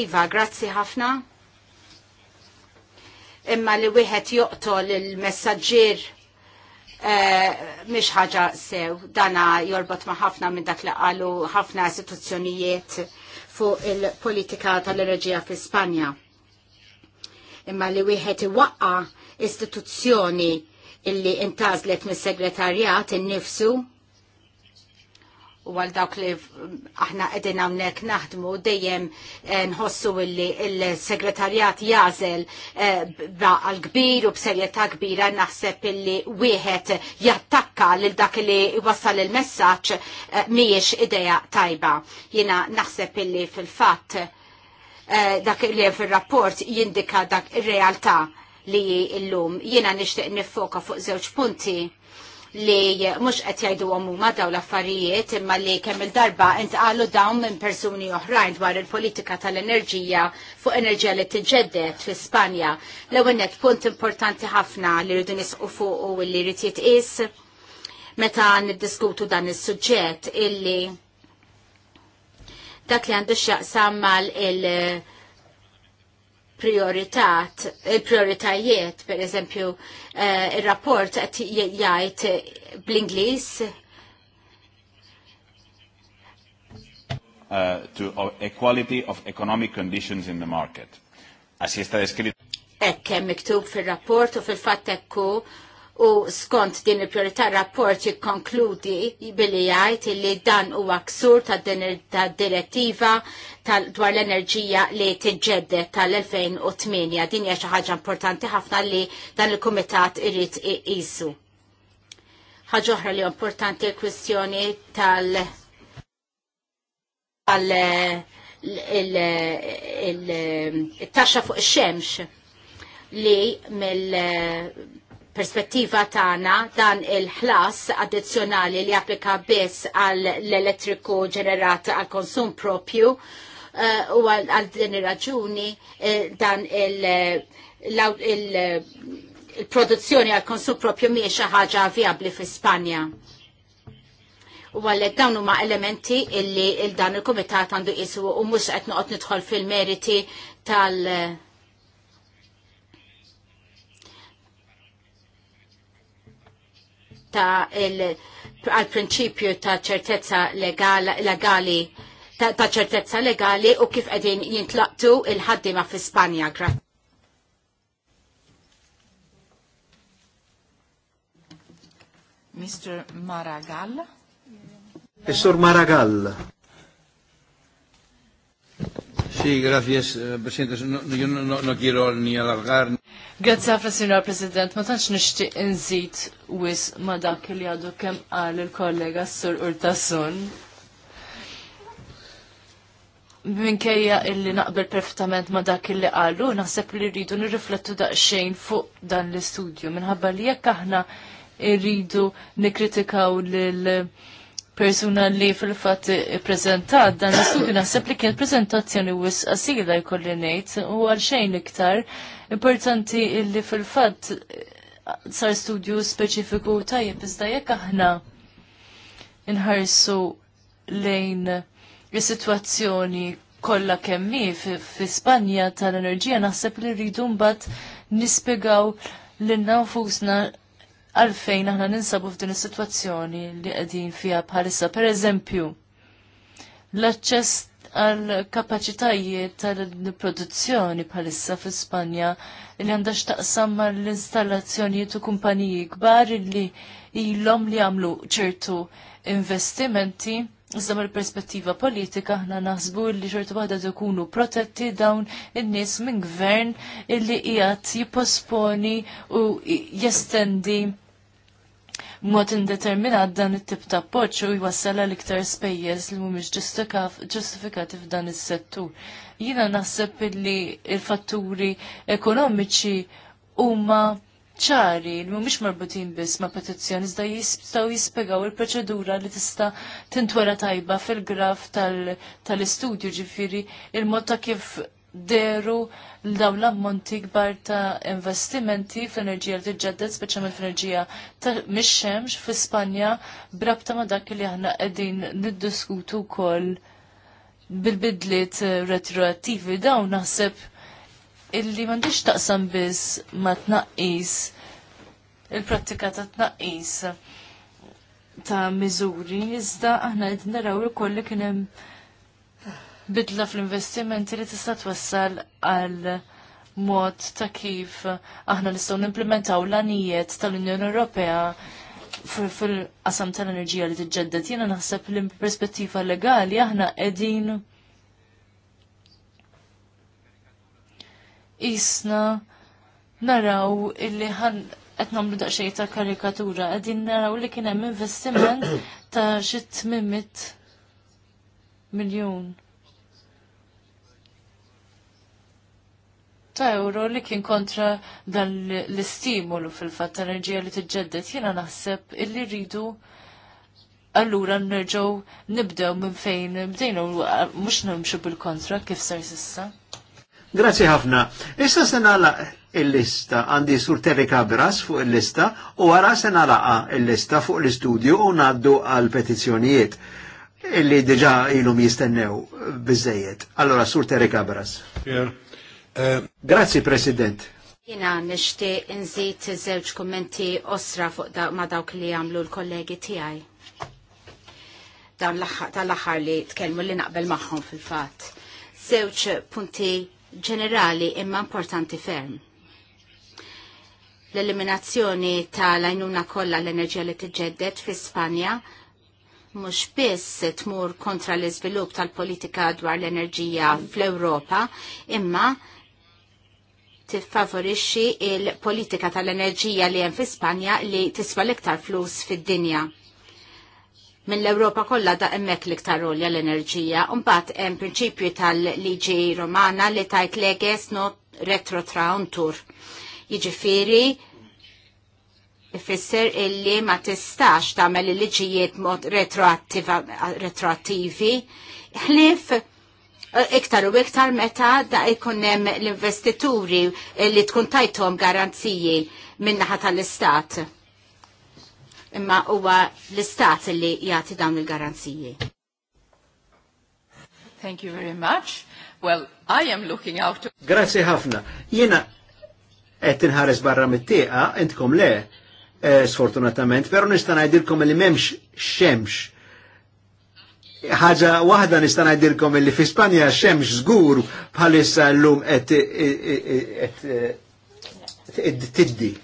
Iva, grazzi ħafna. Imma li wieħed joqtol il-messagġir Eh, mhix ħaġa sew dana jorbot ma' ħafna minn dak li qalu ħafna istituzzjonijiet fuq il-politika tal reġija fi Spanja. Imma li wieħed iwaqqa istituzzjoni illi intażlet mis-segretarjat innifsu u għal dawk li aħna għedin għamnek naħdmu dejjem eh, nħossu illi il-segretarjat jazel eh, għal kbir u b'serjetà kbira naħseb illi wieħed jattakka lil dak li wassal il-messaġġ eh, miex ideja tajba. Jiena naħseb illi fil-fatt dak li fil-rapport jindika dak ir-realtà li illum jiena nixtieq nifoka fuq żewġ punti li mhux qed jgħiduhom huma dawn l-affarijiet imma li kemm il-darba intqalu dawn minn persuni oħrajn dwar il-politika tal-enerġija fuq enerġija li tiġġedded fi Spanja. L-ewwel punt importanti ħafna li rridu nisqu fuq u li rrid jitqis meta niddiskutu dan is-suġġett illi dak li għandu x'jaqsam mal il- prioritat, prioritajiet, per eżempju, eh, il-rapport għat jgħajt bl-Inglis. Uh, eh, to equality of economic conditions in the market. Asista eskrit. Ekk, miktub fil-rapport u fil-fattekku u skont din il-priorità rapport jikkonkludi billi jgħid li dan huwa ksur ta' din direttiva dwar l-enerġija li tinġeddet tal-2008. Din hija xi ħaġa importanti ħafna li dan il-kumitat irid iqisu. Ħaġa oħra li importanti l-kwistjoni tal- tal il-taxxa fuq ix-xemx li mill perspettiva tagħna dan il-ħlas addizzjonali li applika biss għal l-elettriku ġenerat għal konsum propju eh, u għal din ir-raġuni eh, dan il-produzzjoni għal konsum propju mhijiex ħaġa viabli fi Spanja. U għallek dawn huma elementi illi il-dan il-komitat għandu jisu u mhux qed noqgħod nidħol fil-meriti tal- uh, ta' għal-prinċipju ta' ċertezza legali ta' ċertezza legali u kif qegħdin jintlaqtu il-ħaddima fi Spanja. Mr. Maragall. Mr. Maragall. Sì, grazie, eh, presidente. non yo quiero ni allargarmi. Grazzi ħafna Signor President, ma tantx nixtieq inżid wis ma dak li għadu kemm qal il-kollega Sur Urtasun. Minkejja illi naqbel perfettament ma dak illi qalu, naħseb li rridu nirriflettu daqsxejn fuq dan l-istudju minħabba li jekk aħna rridu nikritikaw lil persuna li fil-fat prezentat dan l-istudju naħseb li kien prezentazzjoni wis asila jkolli ngħid u għalxejn iktar importanti li fil-fat sar studju speċifiku tajjeb iżda jekk aħna inħarsu lejn is-sitwazzjoni kollha kemmi fi Spanja tal-enerġija naħseb li rridu mbagħad nispjegaw lil nafusna għalfejn aħna ninsabu f'din is-sitwazzjoni li qegħdin fiha bħalissa. Per eżempju, l-aċċess għal kapaċitajiet tal-produzzjoni bħalissa fi Spanja li għandha x'taqsam mal-installazzjonijiet u kumpaniji kbar li ilhom li għamlu ċertu investimenti Iżda mar perspettiva politika ħna naħsbu li xorta waħda ikunu protetti dawn in-nies minn gvern illi qiegħed jipposponi u jestendi mod indeterminat dan it-tip ta' appoġġ u jwassala l iktar spejjeż li mhumiex ġustifikati f'dan is-settur. Jiena naħseb illi il-fatturi ekonomiċi huma ċari li mhumiex marbutin biss ma' petizzjoni iżda jistgħu jispjegaw il-proċedura li tista' tintwera tajba fil-graf tal-istudju ġifieri il-mod ta' kif deru l-daw l-ammonti kbar ta' investimenti fl-enerġija li tiġġedded speċjalment fl-enerġija ta' mix-xemx fi Spanja brabta ma' dak li aħna qegħdin niddiskutu wkoll bil-bidliet retroattivi dawn naħseb illi m'għandix taqsam biss ma tnaqqis il-prattika ta' tnaqqis ta' miżuri iżda aħna qed naraw ukoll li kien hemm bidla fl-investimenti li tista' twassal għal mod ta' kif aħna nistgħu nimplementaw l-anijiet tal-Unjoni Ewropea fil-qasam tal-enerġija li tiġġedded jiena naħseb li perspettiva legali aħna qegħdin isna naraw illi ħan qed nagħmlu daqsxej ta' karikatura, qegħdin naraw li kien hemm investiment ta' xi tmimmit miljun. Ta' euro li kien kontra dan l-istimolu fil-fatt ta' enerġija li tiġġedded jiena naħseb illi rridu allura nerġgħu nibdew minn fejn bdejna mhux nimxu bil-kontra kif sar sissa. Grazzi ħafna. Issa se nagħlaq il-lista, għandi sur Terry Cabras fuq il-lista u għara se nalaqa il-lista fuq l-istudju u naddu għal petizzjonijiet illi diġa ilum jistennew bizzejiet. Allora, sur Terry Cabras. Eh, Grazzi, President. Jina nishti nżid żewġ kommenti osra fuq ma dawk li għamlu l-kollegi tiegħi. Dan l-aħħar li tkellmu li naqbel magħhom fil-fatt. Żewġ punti ġenerali imma importanti ferm. L-eliminazzjoni tal-għajnuna kollha l-enerġija li tiġġedded fi Spanja mhux biss tmur kontra l-iżvilupp tal-politika dwar l-enerġija fl-Ewropa, imma tiffavorixxi il-politika tal-enerġija li hemm fi Spanja li tiswa l-iktar flus fid-dinja mill-Europa kollha da hemmhekk l-iktar olja l-enerġija, mbagħad hemm prinċipju tal-liġi Romana li tajt leges no retro trauntur. Jiġifieri ifisser illi ma tistax tagħmel il-liġijiet mod retroattivi. Ħlief eh, iktar u iktar meta da jkun hemm l-investituri li tkun tajtom garanziji min-naħa tal-istat imma huwa l-istat li jagħti dawn il-garanziji. Thank you very much. Well, I am looking out. To... Grazie ħafna. Jiena qed inħares barra mit-tieqa, intkom le, eh, sfortunatament, però nista' ngħidilkom li m'hemmx xemx ħaġa waħda nista' ngħidilkom li fi Spanja xemx żgur bħalissa llum qed tiddi.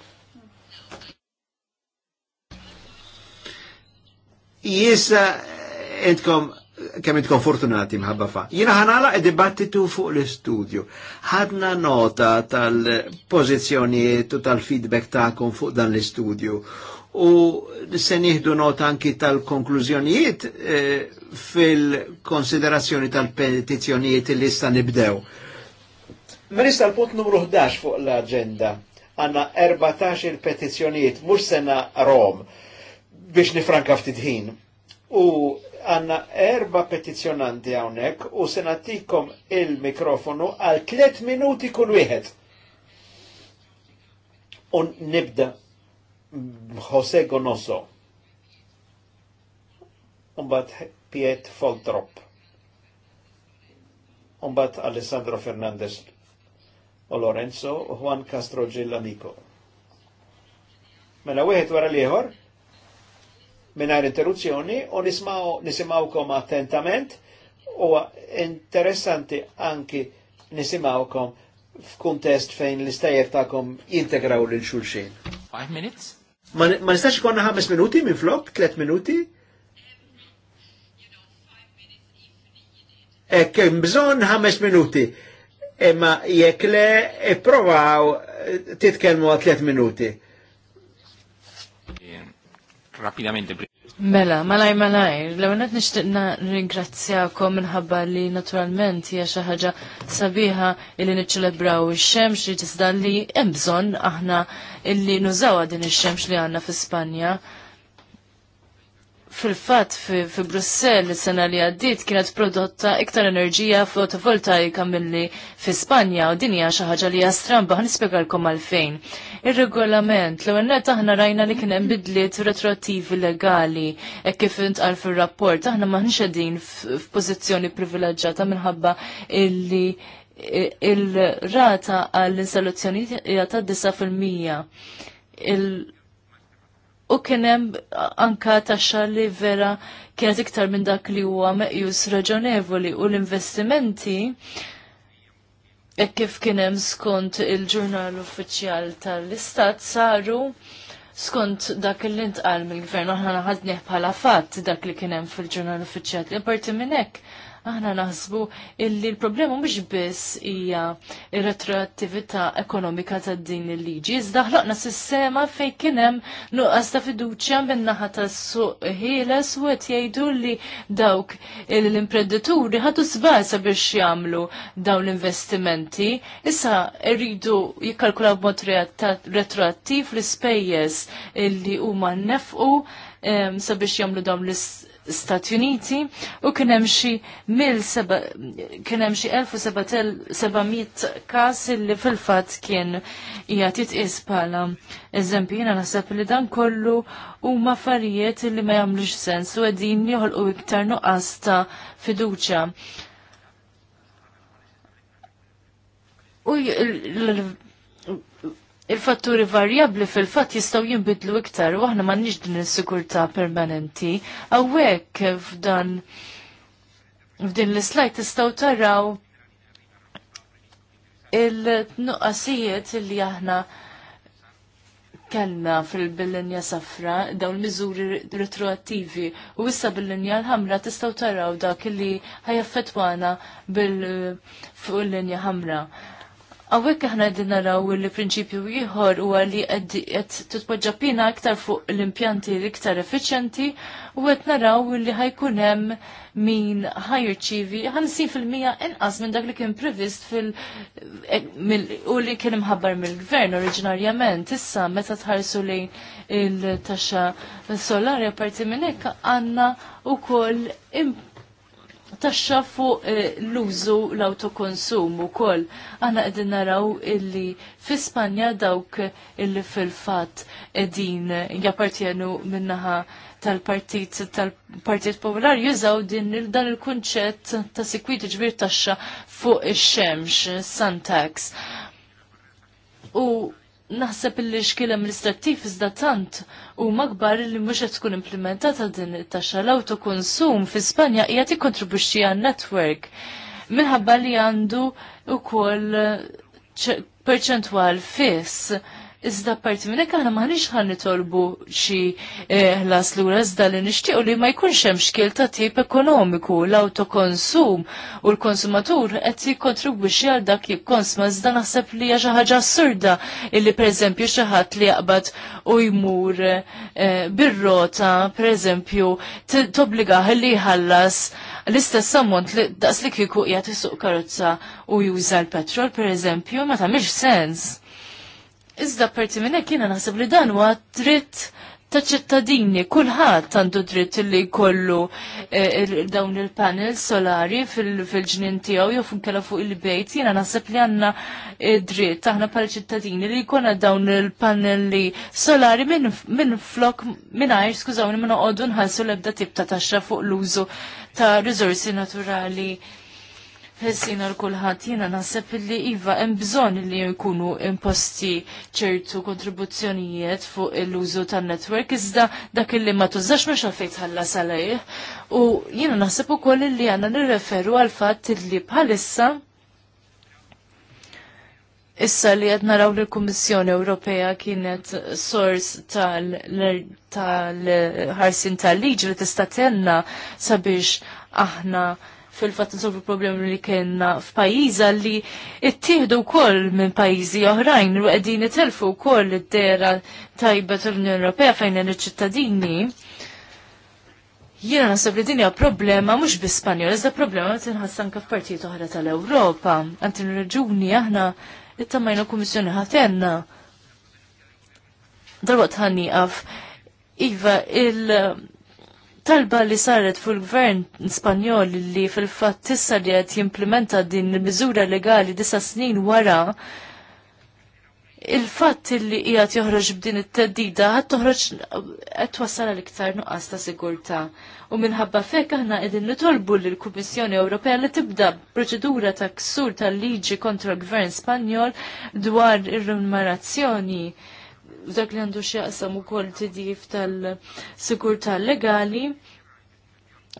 Jissa intkom kemm intkom fortunati mħabba fa. Jina ħanala id-dibattitu fuq l-istudju. Ħadna nota tal-pożizzjonijiet u tal-feedback tagħkom fuq dan l-istudju. U se nieħdu nota anki tal-konklużjonijiet eh, fil-konsiderazzjoni tal-petizzjonijiet li sta nibdew. Merista l-punt numru 11 fuq l-agenda. Għanna 14 il-petizzjonijiet, mux sena Rom biex nifranka ftit ħin. U għanna erba petizjonanti għawnek u senatikom il-mikrofonu għal 3 minuti kull wieħed. U nibda Jose Gonoso. Umbat Piet Foltrop. Umbat Alessandro Fernandez o Lorenzo Juan Castro Gillamico. Mela wieħed wara l-ieħor, mingħajr interruzzjoni u nismaw nisimawkom attentament u interessanti anki nisimawkom f'kuntest fejn l-istajjer tagħkom jintegraw lil xulxin. Five minutes? Ma nistax konna ħames minuti minn flok, tlet minuti? Ekk, bżon ħames minuti. Imma jekk le, provaw eh, titkelmu għat tlet minuti rapidamente. Mela, malaj, malaj, l-għonet nishtiqna ringrazzjakom minħabba li naturalment hija xi ħaġa sabiħa illi niċċelebraw ix-xemx li tisda li hemm bżonn aħna illi nużawha din ix-xemx li għandna fi Spanja fil-fat fi Brussell sena li għaddit kienet prodotta iktar enerġija fotovoltaika milli fi Spanja u dinja xaħġa li jastramba għan ispiegalkom għalfejn. Il-regolament, l għennet aħna rajna li kienem bidliet retroattivi legali, e kif għal fil-rapport, aħna maħnx f-pozizjoni privileġġata minħabba illi il-rata għall-installazzjoni jgħata 9%. Il U kienem anka taxxa li vera kienet iktar minn dak li huwa meqjus raġonevoli u l-investimenti e kif kienem skont il-ġurnal uffiċjal tal-Istat saru skont dak li ntqal mill-gvern aħna ħadnieh bħala fatt dak li kienem fil-ġurnal uffiċjal. Imparti minn hekk aħna naħsbu illi l-problema mhux biss hija retroattività ekonomika ta' din il-liġi, iżda ħloqna sistema fejn kien hemm nuqqas ta' fiduċja min-naħa tas-suq ħieles u qed jgħidu li dawk l-imprenditturi ħadu sbasa biex jagħmlu dawn l-investimenti. Issa rridu jikkalkulaw b'mod retroattiv l-ispejjeż illi huma nnefqu sabiex jagħmlu dawn l istess stati Uniti u kien hemm xi mil kien hemm xi 1700 każ li fil-fatt kien hija titqis bħala eżempju jiena naħseb li dan kollu huma affarijiet li ma jagħmlux sens u qegħdin joħolqu iktar nuqqas ta' fiduċja. U il-fatturi varjabli fil-fat jistaw jimbidlu iktar u aħna m'għandniex din is-sigurtà permanenti. Awek f'dan f'din l slajt tistgħu taraw il-nuqqasijiet li aħna kellna fil-billinja safra dawn miżuri retroattivi u issa bil-linja l-ħamra tistgħu taraw dak li ħajaffetwana bil fuq il-linja ħamra. Għawek aħna għedin naraw li prinċipju ieħor u li għed titpoġġa pina aktar fuq l-impjanti l-iktar effiċjenti u għed naraw li ħajkun hemm min ħajrċivi 50% inqas minn dak li kien previst fil e, u li kien imħabbar mill-gvern oriġinarjament. Issa meta tħarsu lejn il-taxxa solari apparti minn hekk għandna wkoll taxxa fuq eh, l-użu l-autokonsum u koll. Għana għedin naraw illi fi Spanja dawk illi fil-fat edin jappartjenu minnaħa tal-partit tal-partit Popolari jużaw din dan il-kunċett ta' sikwit ġbir taxxa fuq ix-xemx, Santax. U naħseb li xkilem l-istattif iżda tant u magbar li mhux qed tkun implementata din it-taxxa l-autokonsum fi Spanja hija tikkontribwixxi għan network minħabba li għandu ukoll perċentwal fiss Iżda parti minnek hekk aħna maħniex ħan nitolbu xi eh, ħlas lura iżda li nixtiequ li ma jkunx hemm xkiel ta' tip ekonomiku l-autokonsum u l-konsumatur qed jikkontribwixxi għal dak jikkonsma iżda naħseb li hija xi ħaġa assurda illi pereżempju xi ħadd li jaqbad u jmur eh, bir-rota pereżempju tobbligaħ li jħallas l-istess ammont li daqs li kieku qiegħed isuq karozza u juża l-petrol pereżempju ma tagħmilx sens. Iżda parti minn hekk jiena naħseb li dan huwa dritt ta' ċittadini, kulħadd għandu dritt li jkollu eh, dawn il-panel solari fil-ġnien tiegħu jew funkela fuq il-bejt, jiena naħseb li għandna eh, dritt aħna bħala ċittadini li jkollna dawn il-panelli solari minn flok mingħajr skużawni minn noqogħdu nħallsu l-ebda tip ta' taxxa fuq l-użu ta' riżorsi naturali ħessina l-kulħat jina naħseb li iva hemm bżonn li jkunu imposti ċertu kontribuzzjonijiet fuq il użu tan network iżda dak li ma tużax mhux għalfejn tħallas għalih. U jiena naħseb ukoll li għandna nirreferu għal fatt li bħalissa Issa li qed naraw li l-Kummissjoni Ewropea kienet sors tal-ħarsin tal-liġi li tista' istatenna sabiex aħna fil-fatt nsolvu problemi li kienna f'pajiza li ittieħdu wkoll minn pajjiżi oħrajn u qegħdin itelfu wkoll id-dera tajba tal-Unjoni Ewropea fejn iċ ċittadini Jiena nasab li dinja problema mhux bi Spanjol, iżda problema tinħass anke f'partijiet oħra tal-Ewropa. Għandi n-reġuni aħna it kummissjoni ħatenna. Darwaqt għaf. Iva, il- talba li saret fuq il-gvern Spanjol li fil-fatt tissa li qed jimplementa din il-miżura legali disa snin wara il-fatt li qiegħed joħroġ b'din it-teddida ħadd toħroġ qed twassal l-iktar nuqqas ta' sigurta. U minħabba fek aħna qegħdin nitolbu lill kummissjoni Ewropea li tibda proċedura ta' ksur tal-liġi kontra l-Gvern Spanjol dwar ir rumarazzjoni dak li għandu xieqsam u kol tidif tal-sigurta legali.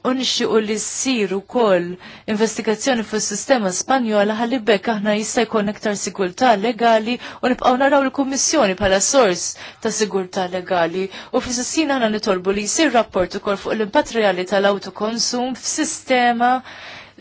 U nixtiequ li ssir ukoll investigazzjoni s sistema Spanjola ħalli bekk aħna jista' jkun iktar sigurtà legali u nibqgħu naraw il-Kummissjoni bħala sors ta' sigurtà legali u s-sina aħna nitolbu li jsir rapport ukoll fuq l-impatrijali tal-autokonsum f'sistema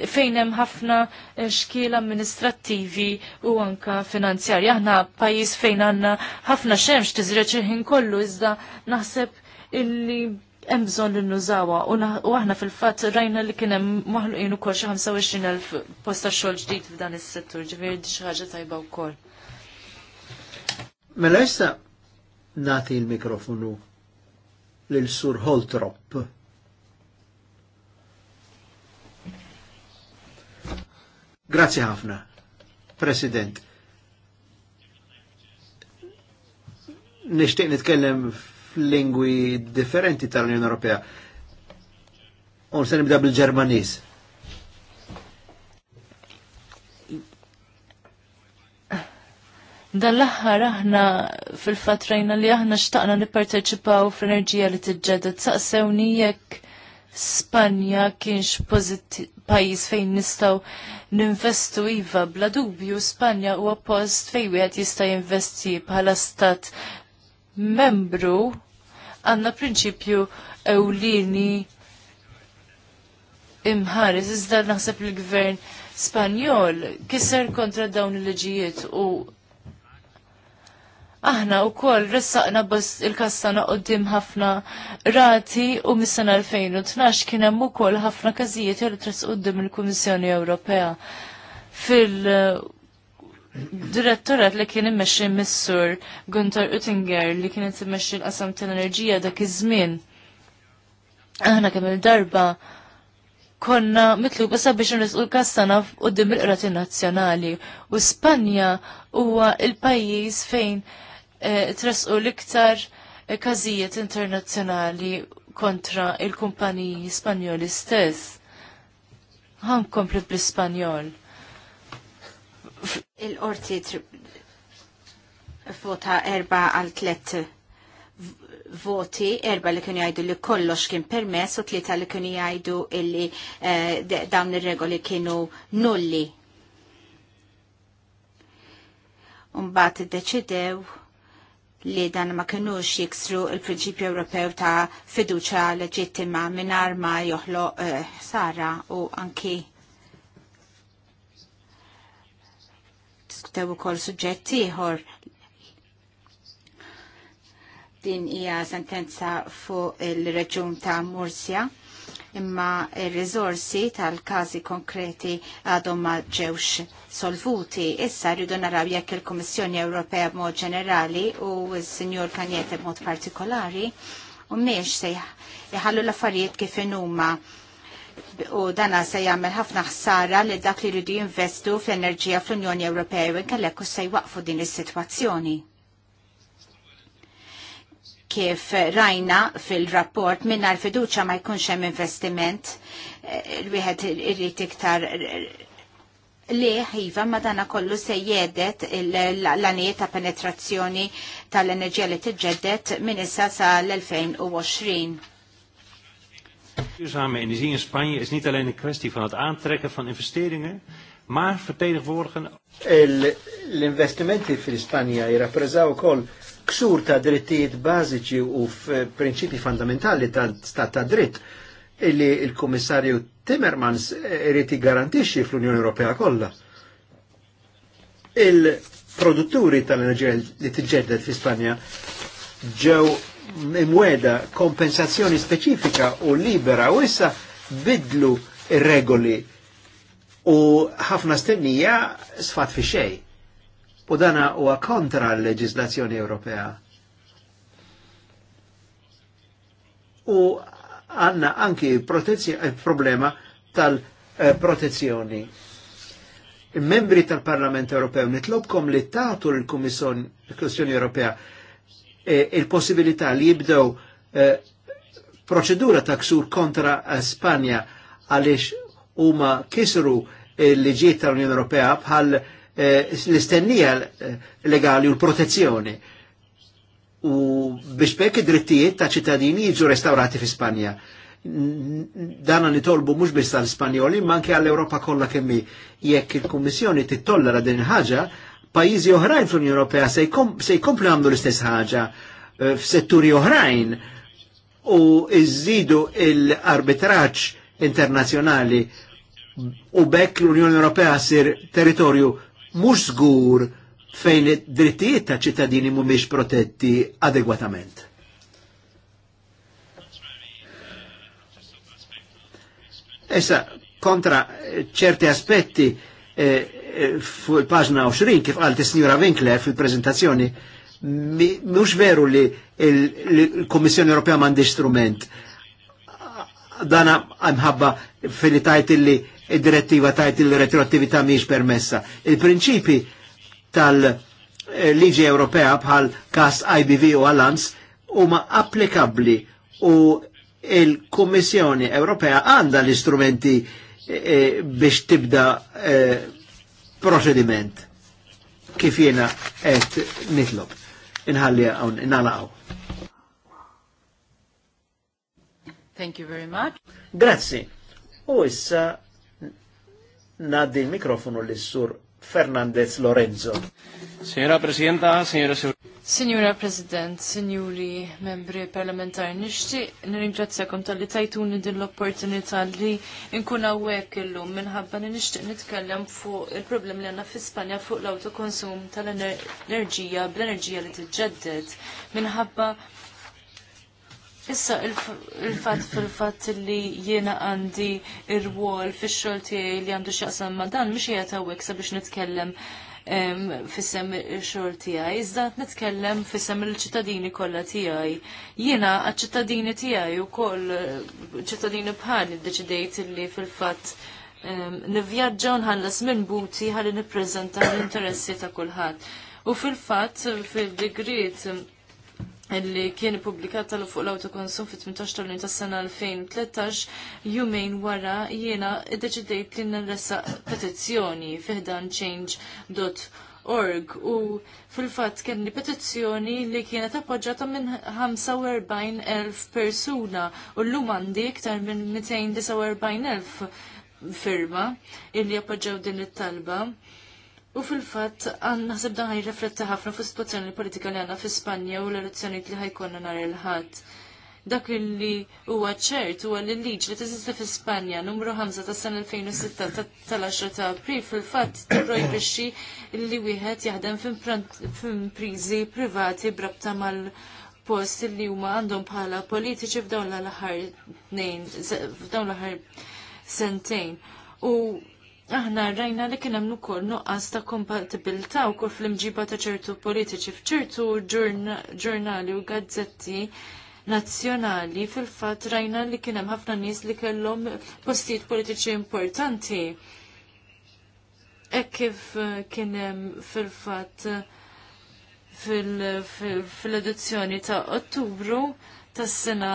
fejn hemm ħafna eh, xkiel amministrattivi u anka finanzjarji. Aħna pajjiż fejn għandna ħafna xemx tiżreċ il-ħin kollu iżda naħseb illi hemm bżonn li nużawha u aħna fil-fatt rajna li kien hemm maħluqin ukoll xi 25,000 posta xogħol ġdid f'dan is-settur, ġifieri xi ħaġa tajba wkoll. Mela issa nagħti l-mikrofonu lil Sur Holtrop. Grazie ħafna, President. Nishtiq nitkellem f'lingwi differenti tal-Unjoni Ewropea. Un se nibda bil-Ġermaniż. Dan l-aħħar aħna fil-fatrajna li aħna xtaqna nipparteċipaw fl-enerġija li tiġġedet saqsewni jekk Spanja kienx pajis fejn nistaw ninvestu iva bla dubju Spanja huwa post fejn wieħed jista' jinvesti bħala stat membru għandna prinċipju ewlieni imħares iżda naħseb il-gvern Spanjol kisser kontra dawn il-liġijiet u Aħna u kol ressaqna bas il-kastana qoddim ħafna rati u mis-sena 2012 kien hemm ukoll ħafna każijiet li tres qoddim il-Kummissjoni Ewropea fil- uh, Direttorat li kien immexxi Missur Gunther Uttinger li kien immexxi l-qasam tal-enerġija dak iż-żmien. Aħna kemm il-darba konna mitluba sabiex nrisqu l-kastana qudiem il-qrati nazzjonali u Spanja huwa il-pajjiż fejn Eh, tresqu l-iktar eh, każijiet internazzjonali kontra il-kumpaniji Spanjoli stess. Għan kompli bl-Spanjol. Il-orti vota erba għal tlet voti, erba li kienu jgħidu li kollox kien permess u tlieta li kienu jgħidu illi eh, dawn ir-regoli kienu nulli. Un bat deċidew li dan ma kinux jiksru il-prinċipju Ewropew ta' fiduċa leġittima mingħajr ma joħlo uh, eh, sara u anki diskutew ukoll suġġetti ieħor din hija sentenza fuq il-reġun ta' Mursja imma r rizorsi tal-każi konkreti għadhom ma ġewx solvuti. Issa rridu naraw jekk il-Kummissjoni Ewropea b'mod ġenerali u s-Sinjur Kanjete b'mod partikolari u mniex se jħallu l-affarijiet kif huma u dana se jagħmel ħafna ħsara li dak li rridu jinvestu fl-enerġija fl-Unjoni Ewropea u nkellek u se jwaqfu din is-sitwazzjoni kif rajna fil-rapport minnar fiduċa ma jkunx hemm investiment l-wieħed eh, irrid iktar li ħiva ma dana kollu se jedet l-għaniet ta' penetrazzjoni tal-enerġija li tiġġedet minn issa sa' l-2020. Duurzame energie in Spanje is niet alleen een kwestie van het aantrekken van investeringen, maar vertegenwoordigen. L'investimenti investimenti fil-Spanja jirrappreżaw ukoll ksur ta' drittijiet bażiċi u f'prinċipi fondamentali ta' stat ta' dritt illi il-Kummissarju Timmermans irid garantixxi fl-Unjoni Ewropea kollha. Il-produtturi tal-enerġija li tiġġedded fi Spanja ġew imweda kompensazzjoni speċifika u libera u issa bidlu ir-regoli u ħafna stennija sfat fi xejn U dana huwa kontra l-leġislazzjoni Ewropea. U għanna anki eh, problema tal-protezzjoni. Membri tal-Parlament Ewropew nitlobkom li tatu l-Kummissjoni Ewropea eh, il-possibilità li jibdew procedura eh, proċedura ta' ksur kontra Spanja għaliex huma kisru l-liġijiet tal-Unjoni Ewropea bħal Eh, l-istennija legali u l-protezzjoni. U biex id-drittijiet ta' ċittadini jiġu restaurati fi Spanja. Dan nitolbu mhux biss tal-Spanjoli, ma anke għall europa kolla kemmi jekk il kommissjoni tittollera din ħaġa, pajjiżi oħrajn fl-Unjoni Ewropea se jkomplu għamlu l-istess ħaġa eh, f'setturi oħrajn u iżidu l-arbitraġġ internazjonali u bekk l-Unjoni Ewropea sir territorju mux zgur fejn id-drittijiet ta' ċittadini mumiex protetti adegwatament. Issa kontra ċerti aspetti eh, eh fil-paġna 20 kif għalti is-Sinjura Winkler fil prezentazzjoni mux veru li l komissjoni Ewropea mandi strument. Dana għamħabba fil-tajt li id-direttiva tajt il-retroattività miex permessa. Il-prinċipi tal-liġi Ewropea bħal kas IBV u Alans huma applikabli u il-Kommissjoni Ewropea għanda l-istrumenti e, biex tibda e, proċediment kif jena qed nitlob. Inħalli hawn nalaqgħu. Thank you very much. Grazzi. U issa Naddi il-mikrofonu l-Sur Fernandez Lorenzo. Signora Presidenta, signora Signora President, signori membri parlamentari, nishti nirringrazzjakom tal-li tajtuni din l-opportunità li nkun għawek illum minħabba li nishtiq nitkellem fuq il-problem li għanna fi Spanja fuq l-autokonsum tal-enerġija bl-enerġija li t-ġeddet minħabba Issa il-fat fil-fat li jiena għandi ir-wol fix-xogħol tiegħi li għandu x'jaqsam ma' dan mhux qiegħed hawnhekk sabiex nitkellem fissem xogħol tiegħi, iżda nitkellem fissem il-ċittadini kollha tiegħi. Jiena għal ċittadini tiegħi koll ċittadini bħali d-deċidejt li fil-fatt nivvjaġġa nħallas minn buti ħalli nippreżenta l-interessi ta' kulħadd. U fil-fatt fil-digrit illi kien publikat tal fuq l-autokonsum fit-18 tal-lun tas-sena 2013 jumejn wara jiena iddeċidejt li nressa petizzjoni fiħdan change.org u fil-fatt kien li petizzjoni li kienet appoġġata minn 45,000 persuna u l-lum għandi iktar minn 249,000 firma illi appoġġaw din it-talba U fil-fatt, għan naħseb dan ħafna fuq situazzjoni politika li għanna fi Spanja u l-elezzjoniet li ħajkonna nar il-ħadd. Dak li huwa ċert huwa li liġ li tiżista fi Spanja numru 5 tas sena 2006 tal-10 ta' April fil-fatt tipprojbixxi li wieħed jaħdem f'imprizi privati brabta mal post li huma għandhom bħala politiċi f'dawn l-aħħar sentejn. U aħna rajna li kien hemm ukoll nuqqas ta' kompatibilità wkoll fl-imġiba ta' ċertu politiċi f'ċertu ġurnali u gazzetti nazzjonali fil-fatt rajna li kien hemm ħafna nies li kellhom postijiet politiċi importanti. Hekk kif eh, kien hemm fil-fatt fil-edizzjoni ta' Ottubru tas-sena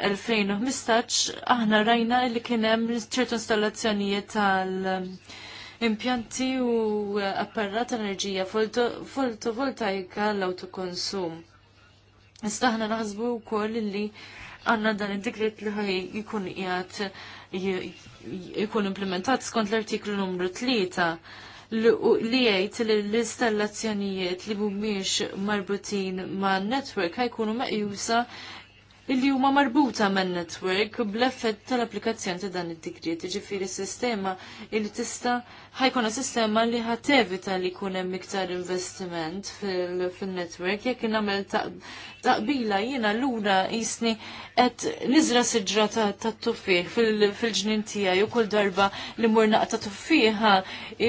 2015 aħna rajna li kien hemm ċertu installazzjonijiet tal impjanti u apparat enerġija fotovoltaika l-autokonsum. Iżda aħna naħsbu wkoll li għandna dan id-dekret li ħaj jkun jgħat jkun implementat skont l-artiklu numru 3 li jgħid li l-installazzjonijiet li mhumiex marbutin ma' network ħajkunu meqjusa li huma marbuta man network bl-effett tal-applikazzjoni ta' dan id iġifieri s sistema li tista' ħajkuna sistema li ħatevita li kunem miktar investiment fil-network, jek namel taqbila jina l-ura jisni et nizra siġra ta' tuffiħ fil-ġnin tijaj u kull darba li ta' naqta tuffiħa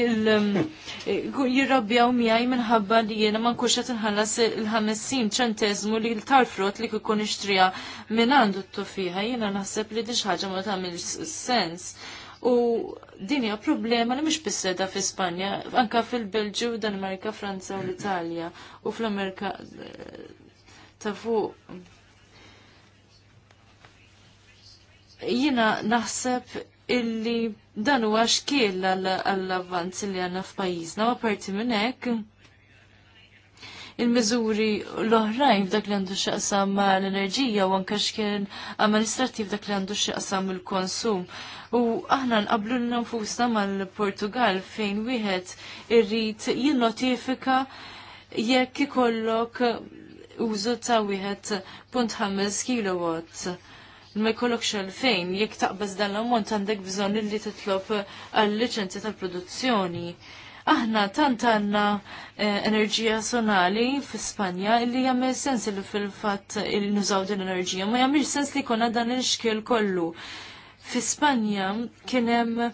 um, eh, jirrabjaw miħaj minħabba li jena man kuxet nħallas il-ħamessin ċentezmu li l-tarfrot li kukun ixtrija minn għandu t-tuffiħa jena naħseb li diġħaġa ma ta' sens u din hija problema li mhix bisseda fi Spanja, anka fil-Belġju, Danimarka, Franza u l-Italja u fl-Amerika eh, ta' fuq. Jiena naħseb illi dan huwa xkiel għall avvanz li għandna f'pajjiżna u parti minn hekk il-miżuri l-oħrajn f'dak li għandu x'aqsam ma' l-enerġija u anke x'kien amministrativ dak li għandu x'aqsam il-konsum. U aħna nqablu l-nfusna mal-Portugal fejn wieħed irrid jinnotifika jekk ikollok użu ta' wieħed punt ħames kilowatt. Ma jkollok xalfejn, jekk taqbas dan l-ammont għandek bżonn li titlob għal liċenzja tal-produzzjoni. Aħna tant għandna eh, enerġija sonali f'Ispanja illi jagħmel sens li fil-fatt il nużaw din enerġija, ma jagħmilx sens li jkollna dan il-xkiel kollu. F'Ispanja kien hemm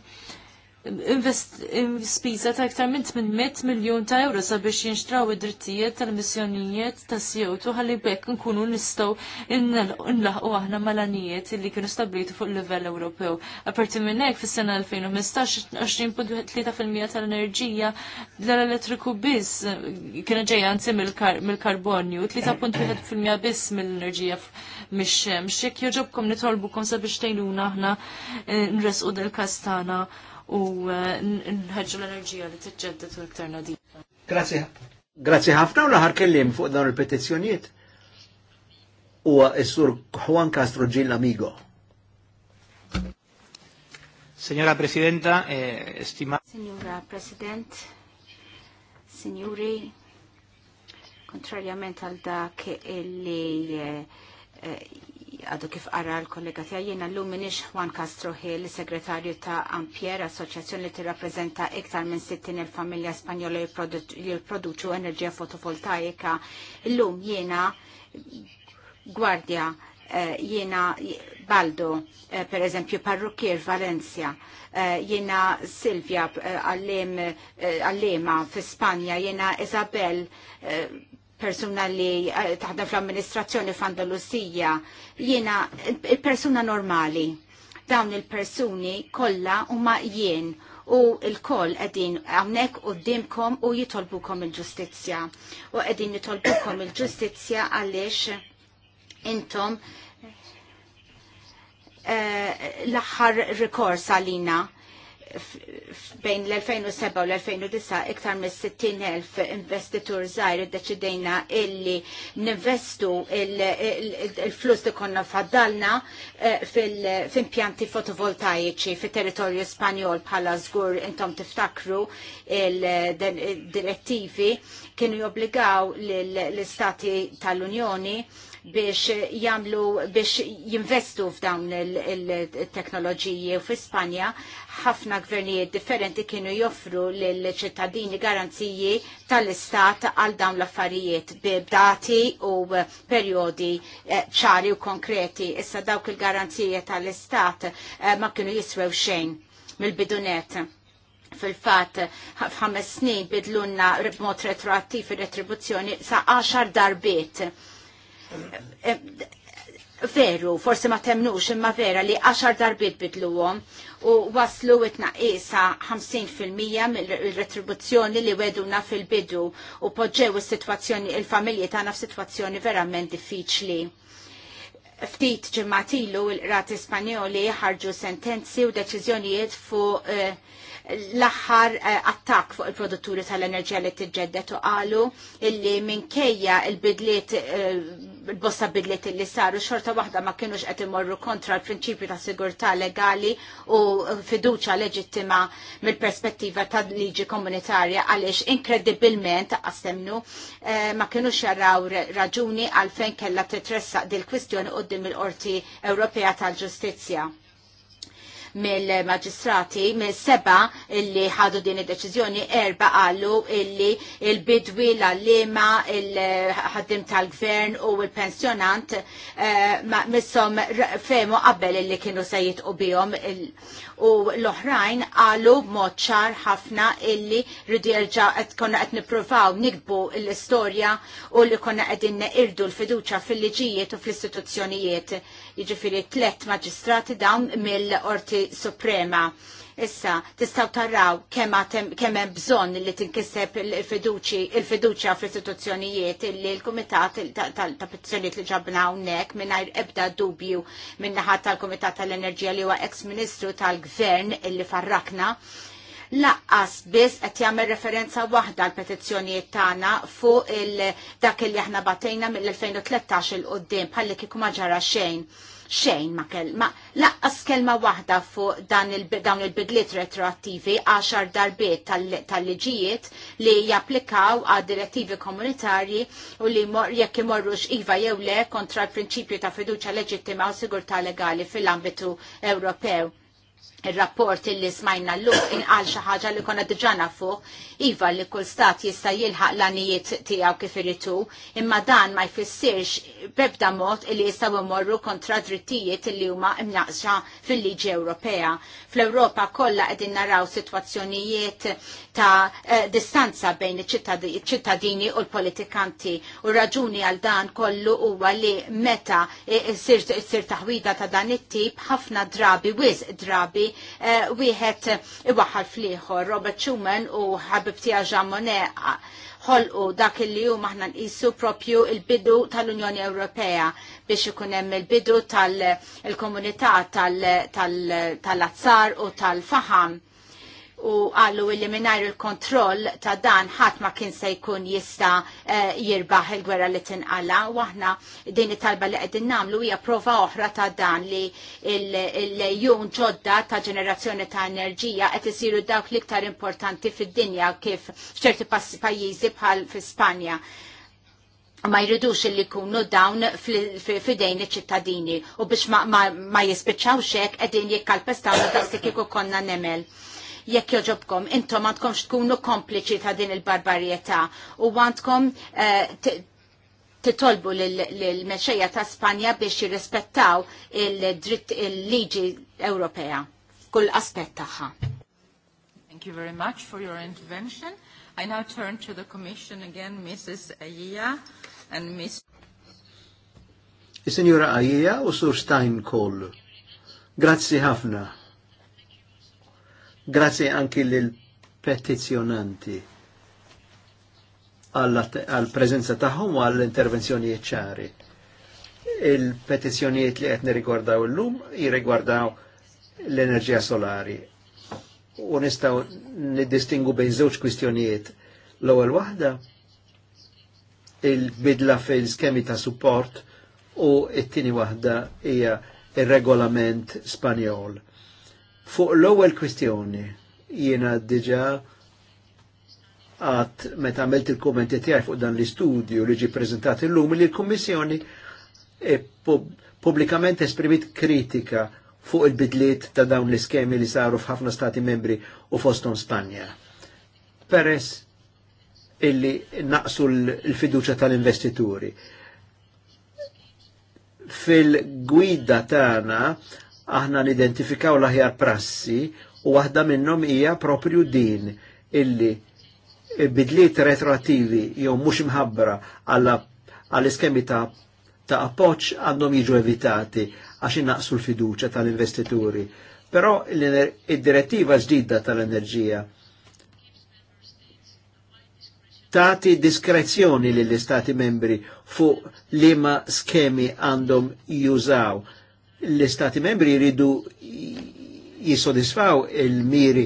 spiża ta' iktar minn 800 miljun ta' euro sabiex jinxtraw id-drittijiet tal-missjonijiet ta' CO2 ħalli bekk nkunu nistgħu nlaħqu aħna mal-anijiet li kienu stablitu fuq livell Ewropew. Apparti minn hekk fis-sena 2015 20.3% tal-enerġija l-elettriku biss eh, kienu ġejja anzi mill-karbonju, 3.1% biss mill-enerġija mix-xemx. Jekk joġobkom nitolbukom sabiex tgħinuna aħna eh, nresqu del-kastana u eh, nħarġu l-enerġija li t-ġeddet u iktar nadi. Grazie. Grazie ħafna u laħar kellim fuq dawn il petizjoniet u s-sur Juan Castro Gil Amigo. Signora Presidenta, eh, estima... Signora President, signori, kontrarjament għal dak illi eh, eh għadu kif għarra l-kollega tija jena l-lum minix Juan Castro Hill, segretarju ta' Ampier, assoċjazzjoni li t-rapprezenta iktar minn 60.000 familja spanjola li jproduċu enerġija fotovoltaika. L-lum jena gwardja eh, jena Baldo, eh, per eżempju, parrukier Valencia, eh, jena Silvia għallema fi Spanja, jena Isabel persuna li eh, taħdem fl-amministrazzjoni f'Andalusija, jiena persuna normali. Dawn il-persuni kollha huma jien u l koll għedin għamnek u dimkom u jitolbukom il-ġustizja. U għedin jitolbukom il-ġustizja għalix intom eh, l-axħar rikors għalina bejn l-2007 u l-2009 iktar mis 60.000 investitur zaħir id-deċidejna illi ninvestu il-flus li konna faddalna eh, fil-impjanti fotovoltaiċi fil territorju spanjol bħala zgur intom tiftakru il-direttivi kienu jobbligaw l-istati tal-Unjoni biex jamlu biex jinvestu f'dawn il-teknoloġiji u f'Ispanja ħafna gvernijiet differenti kienu joffru l-ċittadini garanziji tal-istat għal dawn l-affarijiet b'dati u periodi eh, ċari u konkreti. Issa dawk il garanzija tal-istat eh, ma kienu jiswew xejn mill-bidunet fil-fat f'ħames snin bidlunna b'mod retroattiv ir-retribuzzjoni sa' 10 darbiet veru, forsi ma temnux imma vera li 10 darbit għom u waslu it-naqisa 50% mill-retribuzzjoni li weduna fil-bidu u poġġew is-sitwazzjoni il-familji tagħna f'sitwazzjoni verament diffiċli. Ftit ġematilu il rati Ispanjoli ħarġu sentenzi u deċiżjonijiet fuq eh, l-aħħar eh, attakk fuq il-produtturi tal-enerġija li t-ġeddet u qalu illi minkejja il-bidliet eh, il-bosta bidliet li saru xorta waħda ma kienux qed imorru kontra l-prinċipju ta' sigurtà legali u fiduċa leġittima mill-perspettiva ta' liġi komunitarja għaliex inkredibilment għastemnu eh, ma kienux jarraw raġuni għalfejn kella titressaq dil-kwistjoni qudiem il-Qorti Ewropea tal-Ġustizzja mill-maġistrati, mill-seba illi ħadu din id-deċizjoni, erba għallu illi il-bidwi, l lima il-ħaddim tal-gvern u il-pensjonant eh, missom femu qabel illi kienu sejjit u bijom u l-oħrajn għallu moċċar ħafna illi rridu jirġa qed konna qed nippruvaw nikbu l-istorja u li konna qegħdin irdu l-fiduċa fil-liġijiet u fl-istituzzjonijiet jiġifieri tlet maġistrati dawn mill-Qorti Suprema. Issa, tistaw tarraw kemm hemm bżonn li tinkiseb il-fiduċja fl-istituzzjonijiet li l-Kumitat ta' petizzjonijiet li ġabna hawnhekk mingħajr ebda dubju min-naħa tal-Kumitat tal-Enerġija li huwa ex-Ministru tal-Gvern illi farrakna laqqas biss qed jagħmel referenza waħda għal petizzjonijiet tagħna fuq dak li aħna batejna mill-2013 il qudiem bħalli kieku ma ġara xejn xejn ma kelma, laqqas kelma waħda fuq dan dawn il-bidliet retroattivi għaxar darbiet tal-liġijiet li japplikaw għad direttivi komunitarji u li jekk imorrux iva jew le kontra l-prinċipju ta' fiduċa leġittima u sigurtà legali fil-ambitu Ewropew il-rapport li smajna l lu inqal xi ħaġa li konna diġana fuq iva li kull stat jista' jilħaq l-anijiet tiegħu kif iritu, imma dan ma jfissirx bebda mod li jistgħu imorru kontra drittijiet li huma imnaqxa fil-liġi Ewropea. Fl-Ewropa kollha qegħdin naraw sitwazzjonijiet ta' eh, distanza bejn iċ-ċittadini u l-politikanti u raġuni għal dan kollu huwa li meta sir taħwida ta' dan it-tip ħafna drabi wiz drabi rabbi eh, wieħed iwaħħal fl Robert Schumann u ħabib tiegħu Jean Monnet ħolqu dak li hu aħna nqisu propju il-bidu tal-Unjoni Ewropea biex ikun hemm il-bidu tal-komunità tal-azzar u tal faham u għallu illi minnajr il-kontroll ta' dan ħadd ma kien se jkun jista eh, jirbaħ il-gwerra li tinqala u aħna din it-talba li qegħdin nagħmlu hija prova oħra ta' dan li l-jum ġodda ta' ġenerazzjoni ta' enerġija qed isiru dawk l-iktar importanti fid-dinja kif f'ċerti pajjiżi bħal fi Spanja ma jridux li kunu dawn fidejn iċ-ċittadini u biex ma, ma, ma jispiċċaw xek edin jikkalpestaw da konna nemel jekk joġobkom intom għandkomx tkunu kompliċi ta' din il barbarieta u għandkom eh, titolbu l-mexxejja ta' Spanja biex jirrispettaw il-dritt il-liġi Ewropea kull aspett tagħha. Thank you very much for your intervention. I now turn to the Commission again, Mrs. Ayia and Ms. Signora sinjura Ajija u Sur Stein Kohl. Grazie ħafna. Grazie anche lil petizjonanti għal prezenza home u għall intervenzjonijiet ċari. Il-petizjonijiet li qed nirrigwardaw lum jirrigwardaw l-enerġija solari. U nistgħu niddistingu bejn żewġ kwistjonijiet. L-ewwel waħda il-bidla fil-skemi ta' support u it-tieni waħda hija il regolament Spanjol Fuq l-ewwel kwistjoni jiena diġà għat meta għamilt il-kommenti tiegħi fuq dan l-istudju li ġi preżentat illum li l-Kummissjoni e pubblikament esprimit kritika fuq il-bidliet ta' dawn l-iskemi li saru f'ħafna stati membri u fostom Spanja. Peress illi naqsu l-fiduċa tal-investituri. Fil-gwida tagħna aħna nidentifikaw l-aħjar prassi u waħda minnhom hija propju din illi bidliet retroattivi jew mhux mħabbra għall-iskemi ta' ta' appoċ għandhom jiġu evitati għax innaqsu l-fiduċa tal-investituri. Però id-direttiva ġdida tal-enerġija tati diskrezzjoni lill istati membri fuq lima skemi għandhom jużaw l-istati membri jridu jisodisfaw il-miri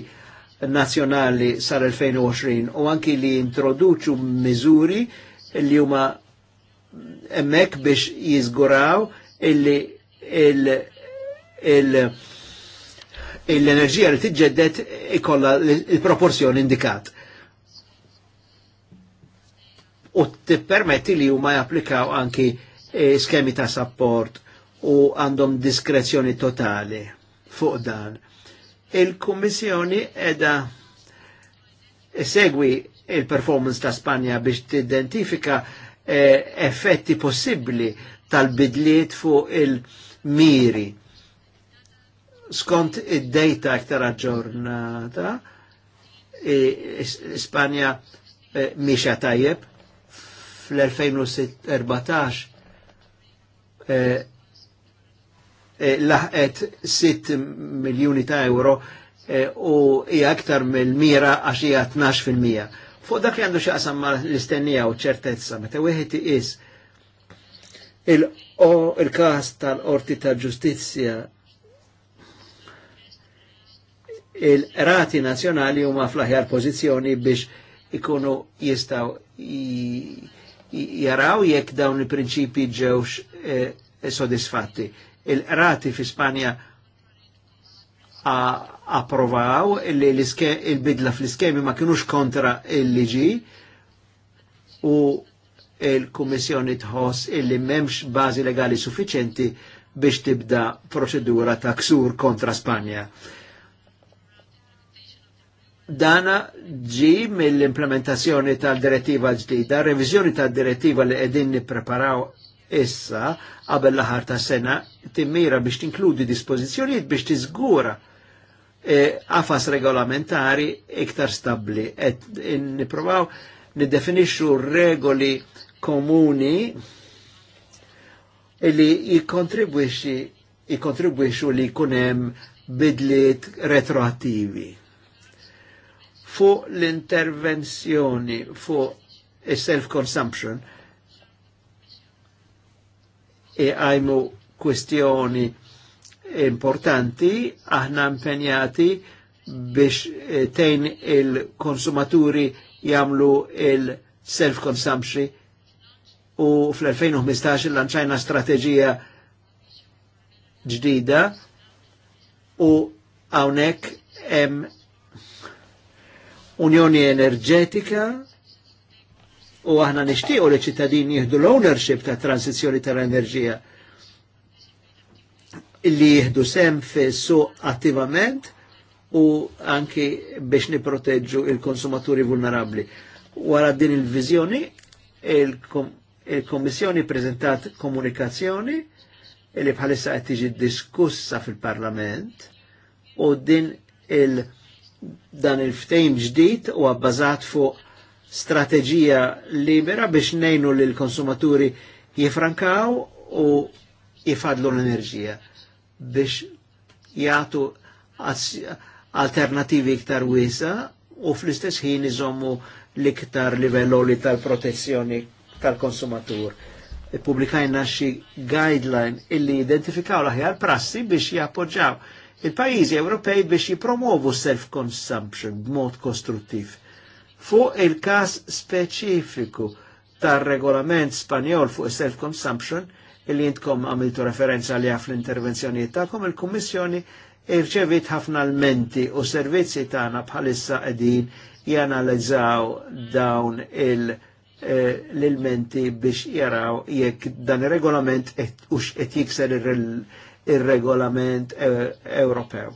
nazjonali sar-2020 u anki li introduċu miżuri li huma emmek biex jizguraw illi l-enerġija li tiġġeddet ikolla il-proporzjoni indikat. U t-permetti li huma japplikaw anki eh, skemi ta' support u għandhom diskrezzjoni totali fuq dan. Il-Kummissjoni edha segwi il-performance ta' Spanja biex t-identifika eh, effetti possibli tal-bidliet fuq il-miri. Skont id-data aktar aġġornata, Spanja eh, miexa tajjeb fl-2014 eh, Eh, laħqet 6 miljoni ta' euro eh, u hija aktar mill-mira għax hija 12%. Fuq dak li għandu xaqsam ma l-istennija u ċertezza, meta wieħed is il każ tal-orti ta' ġustizzja il-rati nazjonali huma fl-aħjar pożizzjoni biex ikunu jistaw jaraw jekk dawn il-prinċipi ġewx eh, sodisfatti il-rati fi Spanja approvaw il-bidla fl-iskemi ma kienux kontra il-liġi u il-Kummissjoni tħoss illi memx bażi legali suffiċenti biex tibda proċedura ta' ksur kontra Spanja. Dana ġi mill-implementazzjoni tal-direttiva ġdida, revizjoni tal-direttiva li edin nipreparaw issa qabel l-aħar ta' sena timmira biex tinkludi dispożizzjonijiet biex tiżgura għafas e, regolamentari iktar stabbli Et nipprovaw niddefinixxu regoli komuni illi jikontribwixxu li jkun hemm bidliet retroattivi. Fu l-intervenzjoni, fu il-self-consumption, E għajmu e kwestjoni importanti, aħna impenjati biex eh, tejn il-konsumaturi jamlu il-self-consumption u fl-2015 lanċajna strategija ġdida u għawnek em unjoni enerġetika u aħna nixtiequ li ċittadini jieħdu l-ownership ta' transizjoni tal-enerġija li jieħdu sem fi su attivament u anki biex niproteġu il-konsumaturi vulnerabli. Wara din il-vizjoni, il-Komissjoni il prezentat komunikazzjoni li bħalissa qed tiġi diskussa fil-Parlament u din il- dan il-ftejm ġdid u għabbażat fuq strateġija libera biex nejnu li l-konsumaturi jifrankaw u jifadlu l-enerġija biex jgħatu alternativi iktar wisa u fl-istess ħin iżommu l-iktar livelloli tal-protezzjoni tal-konsumatur. Publikajna xi guideline illi identifikaw l-aħjar prassi biex jappoġġaw il-pajjiżi Ewropej biex jipromovu self-consumption b'mod kostruttiv Fuq il-kas speċifiku tar-regolament Spanjol fuq self-consumption, illi jintkom għamiltu referenza li għaf l intervenzjoni ta'kom, il-Kommissjoni irċevit ħafna l-menti u servizzi tagħna bħalissa qegħdin janalizzaw dawn eh, l-menti biex jaraw jekk dan ir-regolament u et jikser ir-regolament eh, Ewropew.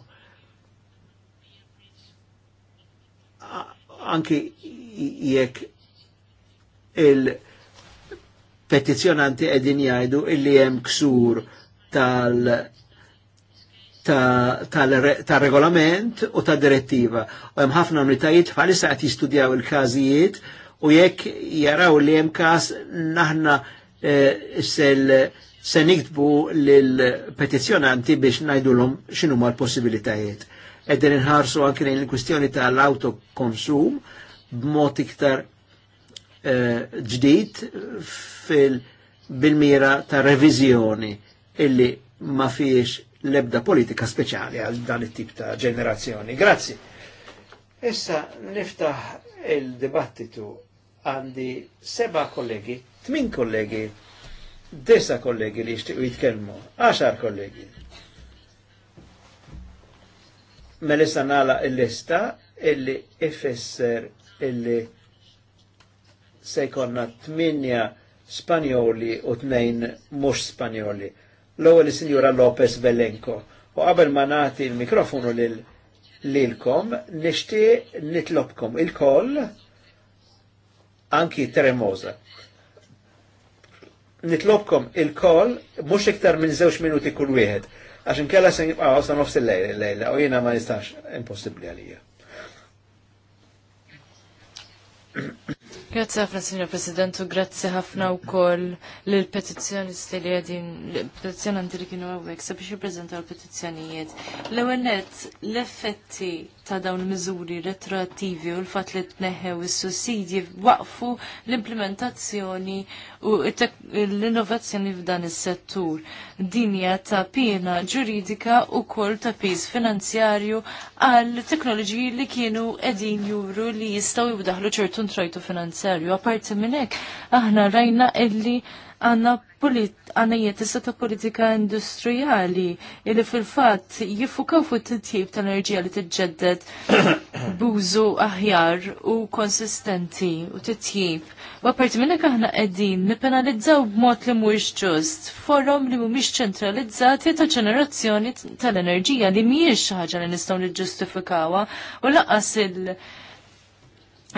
Anki jekk il-petizjonanti edin jajdu illi jem ksur tal tal-regolament ta, ta, ta u tal-direttiva. U jem ħafna unitajiet bħalissa għati jistudjaw il-kazijiet u jekk jaraw li jem kas naħna eh, se niktbu l-petizjonanti biex najdu l-om xinu mal possibilitajiet Edden nħarsu anke il kwistjoni tal-autokonsum, b'mod iktar eh, ġdid bil-mira ta' revizjoni illi ma fiex lebda politika speċjali għal dan it-tip ta' ġenerazzjoni. Grazzi. Issa niftaħ il-dibattitu għandi seba kollegi, tmin kollegi, desa kollegi li jishtiqu jitkelmu, għaxar kollegi. Melissa nala il-lista illi ifesser illi se jkonna tminja Spanjoli u tnejn mhux Spanjoli. L-ewwel is-Sinjura Lopez Belenko. U qabel ma nagħti l-mikrofonu lilkom nixtieq nitlobkom il-koll anki tremosa. Nitlobkom il-koll mhux iktar minn żewġ minuti kull wieħed għax inkella se nibqgħu sa nofs il-lejla u jiena ma nistax impossibbli għalija. Grazie ħafna, Signor President, u grazie ħafna u koll l li għedin, l-petizjonanti li kienu għawek, sabiex jiprezentaw l-petizjonijiet. l nett l-effetti ta' dawn miżuri retroattivi u l-fat li tneħħew is-sussidji waqfu l-implementazzjoni u l-innovazzjoni f'dan is-settur. Dinja ta' pena ġuridika u kol ta' piż finanzjarju għal teknoloġiji li kienu edin juru li jistaw jibdaħlu ċertu ntrajtu finanzjarju. Aparti minn hekk aħna rajna illi għanna għanna istata politika industrijali illi fil-fat jiffukaw fuq t-tip tal-enerġija li t-ġeddet bużu aħjar u konsistenti u t-tip. Waparti minna kaħna qegħdin nipenalizzaw b'mod li mux ġust forum li mhumiex ċentralizzati ta' ġenerazzjoni tal-enerġija li mhijiex ħaġa li nistaw li ġustifikawa u laqas il-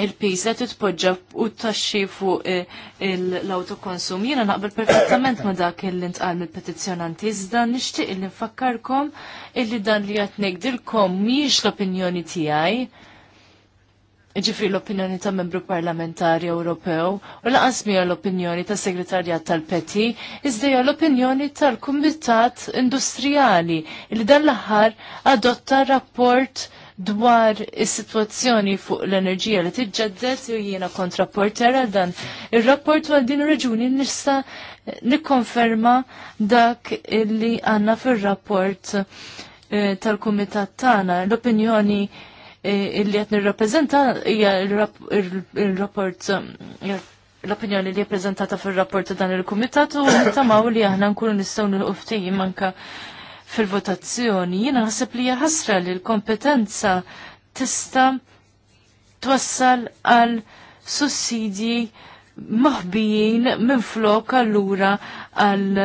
il pisa titpoġġa u taxxi fuq eh, l-autokonsum. Jiena naqbel perfettament ma dak li ntqal mill-petizzjonanti, iżda nixtieq li nfakkarkom illi dan li qed ngħidilkom mhijiex l-opinjoni tiegħi. Ġifri l-opinjoni ta' membru parlamentari Ewropew u laqas mija l-opinjoni ta' segretarjat tal-Peti, iżda l-opinjoni tal-Kumitat Industrijali li dan l-aħħar adotta rapport dwar is-sitwazzjoni fuq l-enerġija li tiġġedded u jiena kontrapporter għal dan. Ir-rapport għal din raġuni nista' nikkonferma dak li għandna fir-rapport eh, tal-kumitat tagħna l-opinjoni eh, illi qed nirrappreżenta hija il-rapport eh, l-opinjoni li prezentata fil-rapport dan il-Kumitat u nittamaw li aħna nkunu nistgħu nilqu ftehim anke fil-votazzjoni, jiena naħseb li hija li l-kompetenza tista' twassal għal sussidji maħbijin minn flok allura għal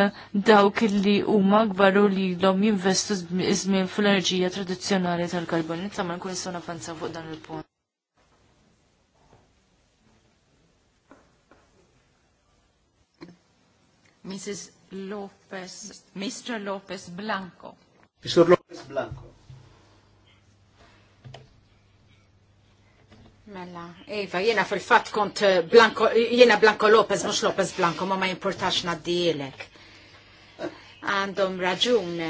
dawk li huma gbaru li l-om jinvestu izmin fl-enerġija tradizjonali tal-karbonit, tamma nkun sona fanza fuq dan il-punt. Mrs. Lopez, Mr. Lopez Blanco. Mr. Lopez Blanco. Mela, Eva, jena fil-fat kont eh, Blanco, jena Blanco Lopez, mux Lopez Blanco, ma ma importax naddijilek. Għandhom raġun.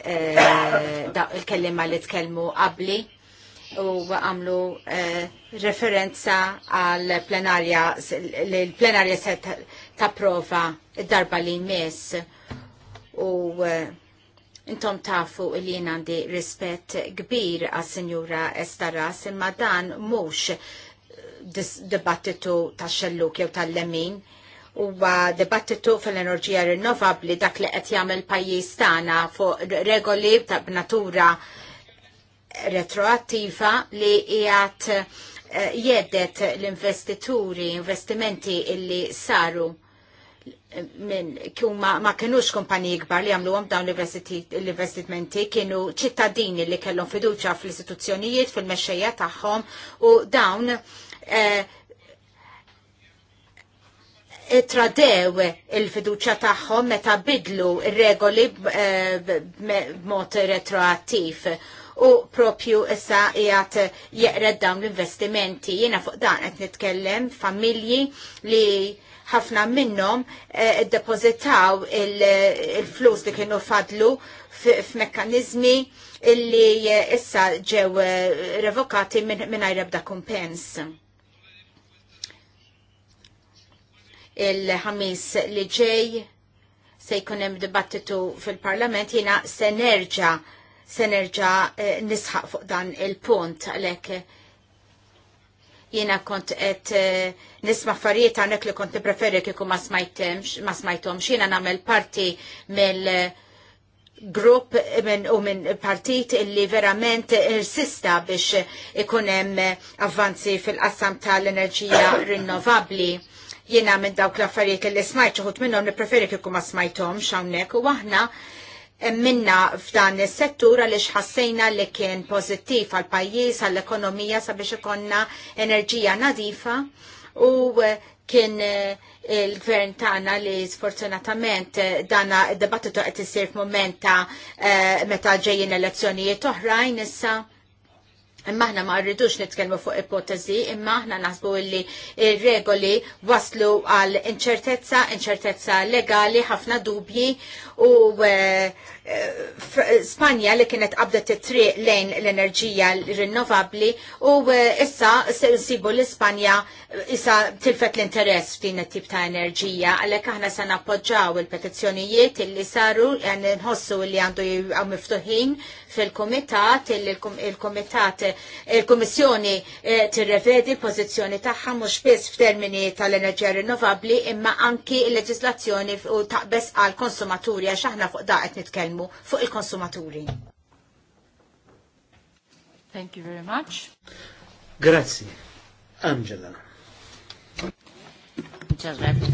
Eh, eh, da il-kellima li tkellmu qabli u għamlu referenza għal plenarja, l-plenarja set ta' prova id-darba li jmiss u eh, intom tafu li jien għandi rispett kbir għas sinjura Estaras imma dan mhux eh, dibattitu ta' xelluk jew tal-lemin huwa dibattitu fil-enerġija rinnovabbli dak li qed jagħmel pajjiż tagħna fuq regoli ta' b'natura retroattiva li qiegħed eh, jedet l-investituri, investimenti illi saru minn kuma ma kienux kumpaniji kbar li għamlu dawn l-investimenti kienu ċittadini li kellhom fiduċa fl-istituzzjonijiet, fil-mexxejja tagħhom u dawn tradew il-fiduċa tagħhom meta bidlu regoli b'mod retroattiv u propju issa jgħat jeqred dawn l-investimenti. Jiena fuq dan qed nitkellem familji li ħafna minnhom eh, depozitaw eh, il-flus li kienu fadlu f'mekkaniżmi illi eh, issa ġew revokati mingħajr ebda kumpens. Il-ħamis li ġej se jkun hemm dibattitu fil-Parlament jiena senerġa senerġa se nerġa' nisħaq fuq dan il-punt għalhekk Jiena kont qed eh, nisma' affarijiet hawnhekk li kont nippreferi kiku ma smajtemx, ma smajtomx. Jiena nagħmel parti mill eh, grupp eh, u minn partit illi verament insista biex ikun hemm avvanzi fil-qassam tal-enerġija rinnovabbli. Jiena minn dawk l-affarijiet li smajt minnom minnhom nippreferi kiku ma smajtomx hawnhekk u aħna minna f'dan is-settur għaliex ħassejna li kien pożittiv għal pajjiż għall ekonomija sabiex ikonna enerġija nadifa u kien eh, il-gvern tagħna li sfortunatament eh, dana id debattitu qed isir f'mument eh, meta ġejjin elezzjonijiet oħrajn issa Imma aħna ma rridux nitkellmu fuq ipotezi, imma aħna naħsbu li regoli waslu għal inċertezza, inċertezza legali, ħafna dubji u eh, eh, Spanja li kienet qabdet it-triq lejn l-enerġija rinnovabli u eh, issa nsibu l-Ispanja issa tilfet l-interess f'din it-tip ta' enerġija għalhekk aħna se nappoġġaw il-petizzjonijiet illi saru nħossu li għandu miftuħin fil-komitat, il-komitat, il-komissjoni eh, tirrevedi l-pozizjoni tagħha mhux biss f'termini tal-enerġija rinnovabbli imma anki l-leġislazzjoni u taqbes għal konsumaturi għax aħna fuq da nitkelmu nitkellmu fuq il-konsumaturi. Thank you very much. Grazie. Angela. Muchas gracias.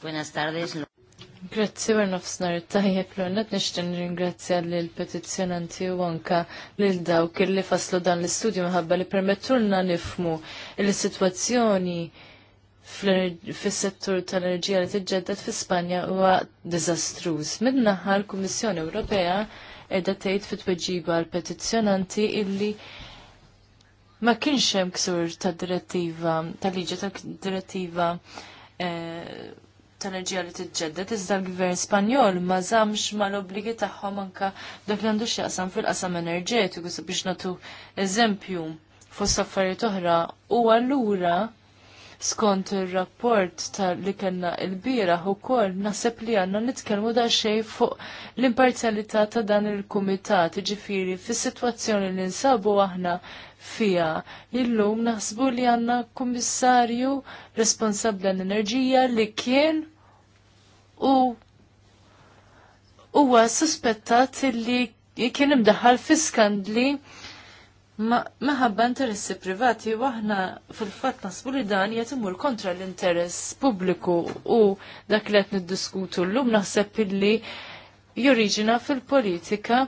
Buenas tardes. Grazzi għar nofsnar tajjeb l-għonet nishtin ringrazzja l-petizjonanti u anka l-dawk li faslu dan l-istudju maħabba li permettulna nifmu il-situazzjoni fis-settur tal-enerġija li tiġġedded fi Spanja huwa diżastruż. Minnaħħa l-Kummissjoni Ewropea qiegħda tgħid fit-tweġiba l-petizzjonanti illi ma kienx hemm ksur tad-direttiva tal-liġi tal direttiva eh, tal-enerġija li tiġġedded iżda l-gvern Spanjol ma żamx mal-obbligi tagħhom anke dak li għandu x'jaqsam fil-qasam enerġetiku biex nagħtu eżempju fost affarijiet oħra u allura skont ir-rapport li kellna l-bieraħ ukoll naħseb li għandna nitkellmu da xejn fuq l-imparzjalità ta' dan il-kumitat, iġifieri fis-sitwazzjoni li nsabu aħna fija. Illum naħsbu li għanna kummissarju responsabli għall-enerġija li kien u huwa suspettat li kien imdaħħal fi skandli maħabba interessi privati u aħna fil-fatt nasbu li dan qed imur kontra l-interess pubbliku u dak li qed niddiskutu llum naħseb illi joriġina fil-politika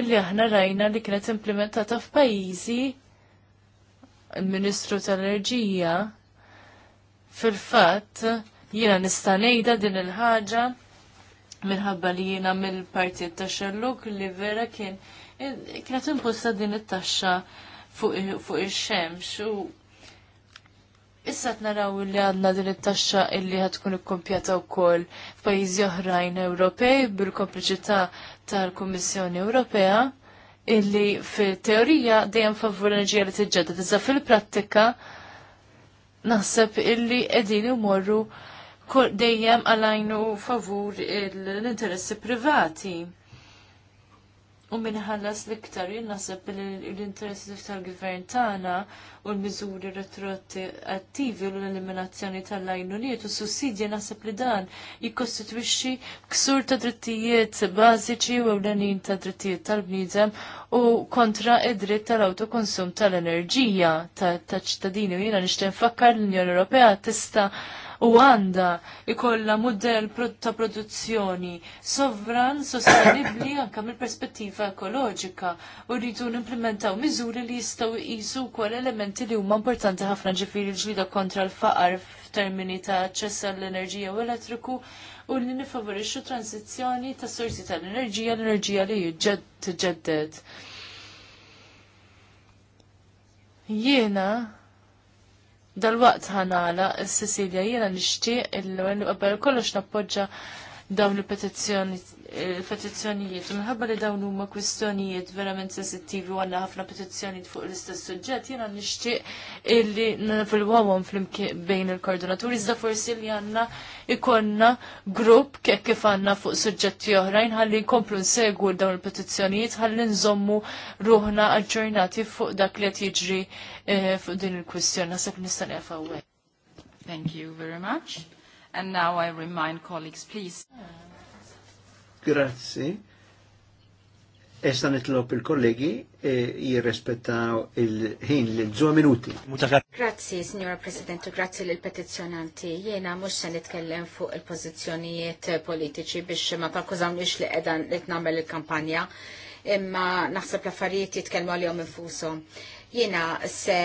illi aħna rajna li kienet implementata f'pajjiżi il-Ministru tal-Enerġija fil-fatt Jiena nista' ngħidha din il-ħaġa minħabba li jiena mill partiet ta' Xelluk li vera kien kienet imposta din it-taxxa fuq ix-xemx u Issa naraw li għadna din it-taxxa illi ħad tkun ikkompjata wkoll f'pajjiżi oħrajn Ewropej bil-kompliċità tal-Kummissjoni Ewropea illi fil-teorija dejjem favur l-enerġija li tiġġedded iżda fil-prattika naħseb illi qegħdin imorru dejjem għalajnu favur l-interessi privati. U minħallas l-iktar jinnasab l-interessi tal gvern tagħna u l-miżuri retroattivi u l-eliminazzjoni tal-lajnuniet u sussidja naħseb li dan jikkostitwixxi ksur ta' drittijiet bażiċi u ewlenin ta' drittijiet tal-bniedem u kontra id-dritt tal-autokonsum tal-enerġija ta' ċittadini u jiena nixtieq nfakkar l-Unjoni Ewropea tista' u għanda ikolla model ta' produzzjoni sovran, sostenibli anka mill-perspettiva ekoloġika u rridu n-implementaw miżuri li jistaw jisu kol elementi li huma importanti ħafna ġifiri ġlida kontra l-faqar f'termini ta' ċess l-enerġija u elettriku u li nifavorixxu transizzjoni ta' sorsi tal-enerġija l-enerġija li jġedded. Jiena Dal-waqt ħanala, Cecilia, jiena nixtieq il-għen qabel kollox nappoġġa dawn il-petizzjoni petizzjonijiet. Minħabba li dawn huma kwistjonijiet verament sensittivi u għandna ħafna petizzjonijiet fuq l-istess suġġett, jiena nixtieq illi nifilwawhom bejn il-koordinaturi iżda forsi li għandna ikonna grupp kek kif għandna fuq suġġetti oħrajn ħalli nkomplu nsegwu dawn il-petizzjonijiet ħalli nżommu ruħna aġġornati fuq dak li qed jiġri eh, fuq din il-kwistjoni. Naħseb nista' nefa' Thank you very much. And now I remind colleagues, please Grazzi. Esta nitlob il-kollegi e jirrespettaw il-ħin li ġo minuti. Grazzi, signora Presidentu, grazzi l petizjonanti. Jena mux se nitkellem fuq il-pozizjonijiet politiċi biex ma kalkużawnix li edan li t-namel il kampanja imma naħseb l-affarijiet jitkellmu għalihom infushom. Jiena se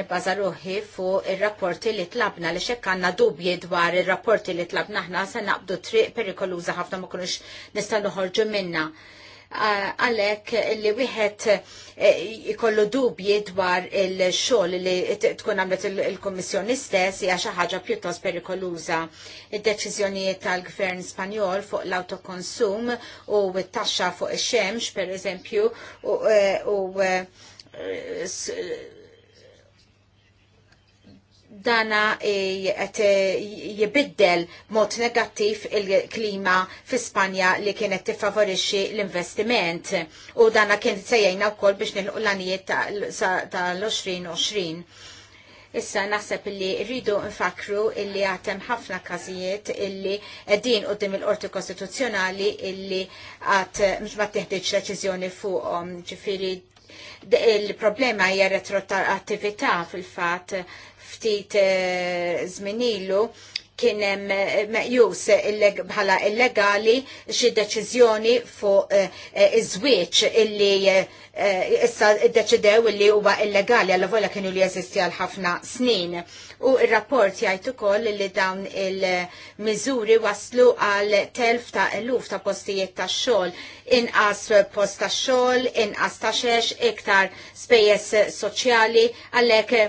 nibbaża ruħi fuq ir-rapporti li tlabna li hekk għandna dubji dwar ir-rapporti li tlabna aħna se naqbdu triq perikoluża ħafna ma kunux nistgħu noħorġu minna għalek li wieħed eh, ikollu dubji dwar il-xogħol li tkun għamlet il-Kummissjoni stess hija xi ħaġa pjuttost perikoluża. Id-deċiżjonijiet tal-Gvern Spanjol fuq l-autokonsum u t-taxxa fuq ix-xemx pereżempju u eh, eh, dana e, e, jibiddel mod negattiv il-klima fi Spanja li kienet tiffavorixxi l-investiment u dana kien u wkoll biex nilqu l-anijiet tal-2020. Issa naħseb illi rridu nfakru illi għatem ħafna kazijiet illi din u il-qorti kostituzzjonali illi għat mux ma teħdiċ deċizjoni fuqom ġifiri il-problema hija retroattività fil-fat ftit zminilu eh, kien hemm eh, meqjus bħala illegali xi deċiżjoni fuq eh, iż-żwieġ illi issa iddeċidew illi huwa illegali għal volja kienu li jeżisti għal ħafna snin. U r rapport jgħid ukoll li dawn il-miżuri waslu għal telf ta' eluf ta' postijiet ta' xogħol, inqas post ta' xogħol, inqas ta' xex, iktar spejjeż soċjali għalhekk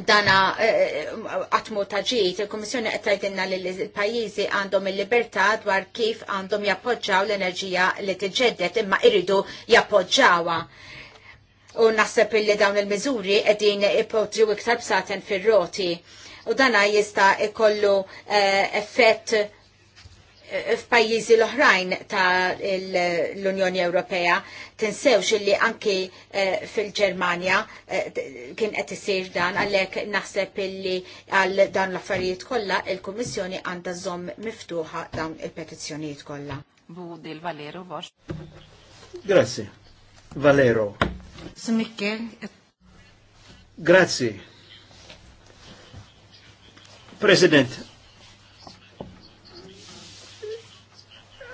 dana eh, eh, għatmu taġit, il-Komissjoni għettajdinna li l-pajizi għandhom il-libertà dwar kif għandhom jappoġġaw l-enerġija li tġeddet imma irridu jappoġġawa. U naħseb li dawn il-mizuri għedin ipotri iktar bsaten fil-roti. U dana jista ikollu eh, effett f'pajjiżi l-oħrajn ta' l-Unjoni Ewropea tinsewx illi anki eh, fil-Ġermanja eh, kien qed isir dan għalhekk naħseb illi għal dan l-affarijiet kollha il-Kummissjoni għandha żomm miftuħa dawn il-petizzjonijiet kollha. Budil Valero Bosch. Grazzi. Valero. Smikkel. Eh, Grazzi. President,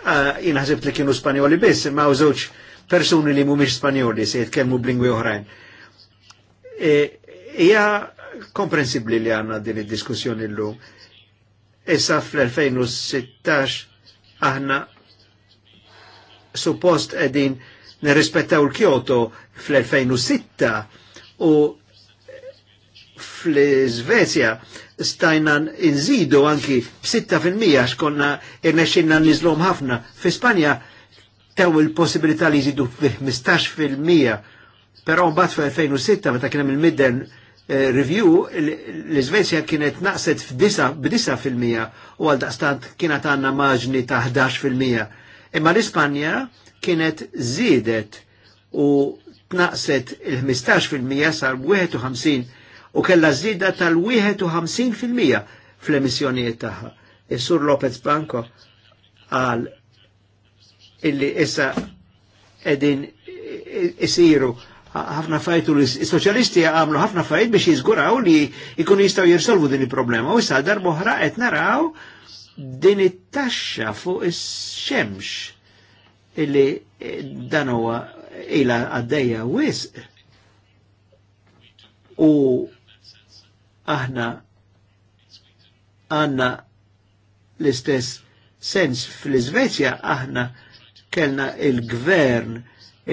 Ah, jina ħsibt li kienu Spanjoli biss, ma u żewġ persuni li mhumiex Spanjoli se jitkellmu b'lingwi oħrajn. E, hija komprensibli li għandna din id-diskussjoni llum. Issa fl-2016 aħna suppost edin nirrispettaw il-Kyoto fl-2006 u fl-Svezja stajna inżidu anki b-6% xkonna irnexinna nizlom ħafna. Fi Spanja tew il-possibilità li jżidu b-15%, però mbagħad fil-2006 meta kien hemm il-midden eh, review l-Svezja kienet naqset b-9% u għal daqstant kienet għandna maġni ta' 11%. Imma l-Ispanja kienet zidet u tnaqset il-15% sar u kella zida tal-51% fl-emissjonijiet tagħha. Is-Sur Lopez Banco għal illi issa edin isiru ħafna fajtu l soċjalisti għamlu ħafna fajt biex jizguraw li jkunu jistaw jirsolvu din il-problema. U issa darboħra qed naraw din it-taxxa fuq is-xemx illi dan huwa ila għaddejja wisq. U aħna għanna l-istess sens fl-Izvezja aħna kellna il-gvern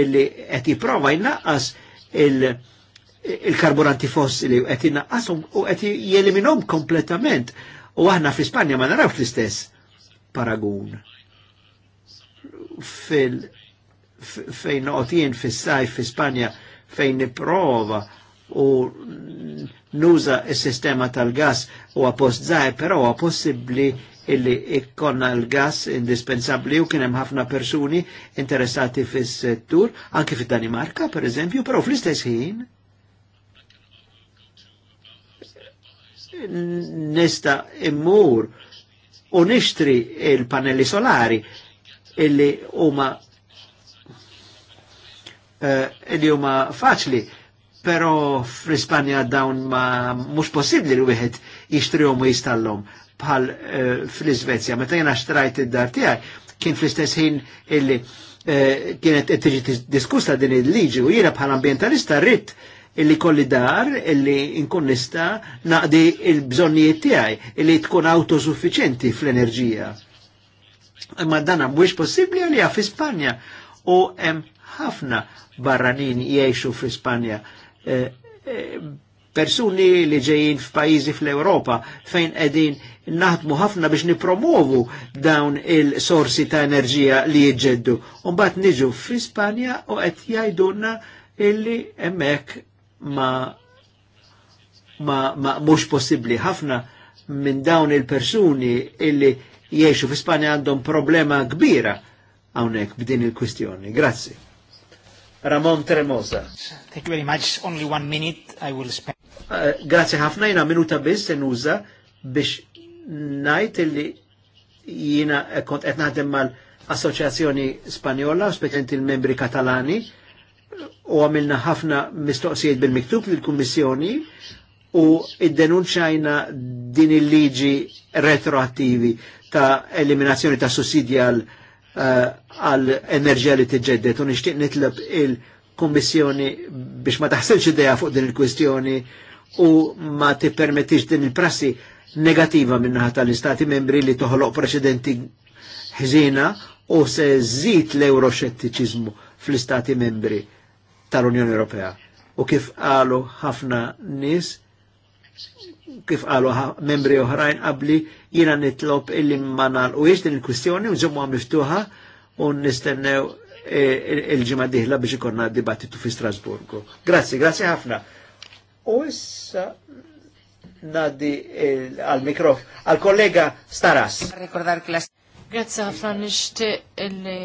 illi qed jipprova jnaqqas il-karburanti fossili u qed jnaqqashom u qed jeliminhom kompletament u aħna fl-Ispanja ma narawx l-istess paragun fil fejn noqotien fis-sajf fi Spanja fejn nipprova u nuża is-sistema tal-gas u għapost zaħir, però possibbli illi ikkonna l-gas indispensabli u kienem ħafna persuni interessati fis-settur, anki fit danimarka per eżempju, però fl-istess ħin nista immur u nishtri il-panelli solari illi huma uh, illi huma faċli pero fl-Ispanja dawn ma mhux possibbli li wieħed jixtrihom u jistallhom bħal eh, fl-Iżvezja. Meta jiena xtrajt id-dar tiegħek kien fl-istess ħin illi eh, kienet qed tiġi diskussa din il-liġi u jiena bħal ambientalista rrid illi kolli dar illi nkun nista naqdi il-bżonnijiet tiegħi illi tkun autosuffiċenti fl-enerġija. Imma dan mhuwiex possibbli għalija fl-Ispanja. u hemm ħafna barranin jgħixu fl-Ispanja persuni li ġejjin f'pajjiżi fl-Ewropa fejn qegħdin naħdmu ħafna biex nipromovu dawn il-sorsi ta' enerġija li jġeddu. mbagħad niġu fl-Ispanja u qed jgħidulna illi hemmhekk ma ma, ma mhux possibbli ħafna minn dawn il-persuni illi jgħixu fl-Ispanja għandhom problema kbira hawnhekk b'din il-kwistjoni. Grazzi. Ramon Tremosa. Thank you very much. Only one minute I will spend. Uh, grazie ħafna jina minuta biss nuża biex najt illi jina kont etnaħdem mal-Assoċjazzjoni Spanjola, speċjalment il-membri Katalani, u għamilna ħafna mistoqsijiet bil-miktub l kummissjoni u id-denunċajna din il-liġi retroattivi ta' eliminazzjoni ta' sussidja għal Eh, għal enerġija li t-ġeddet u nixtieq nitleb il-Kummissjoni biex ma id-deja fuq din il-kwistjoni u ma t-permettix din il-prassi negativa minnaħat tal-Istati membri li toħloq preċedenti ħżina u se żid l-euroxettiċiżmu fl-Istati membri tal-Unjoni Ewropea. U kif qalu ħafna nis, kif qalu membri oħrajn qabli, Jina nitlop illi ma jiex din il-kwistjoni nżommuha miftuħa u nistennew eh, il ġimma diħla biex ikonna dibattitu fi Strasburgu. Grazie, grazie ħafna. U issa nadi għal-mikrof, għal-kollega Staras. Grazie ħafna nixtieq illi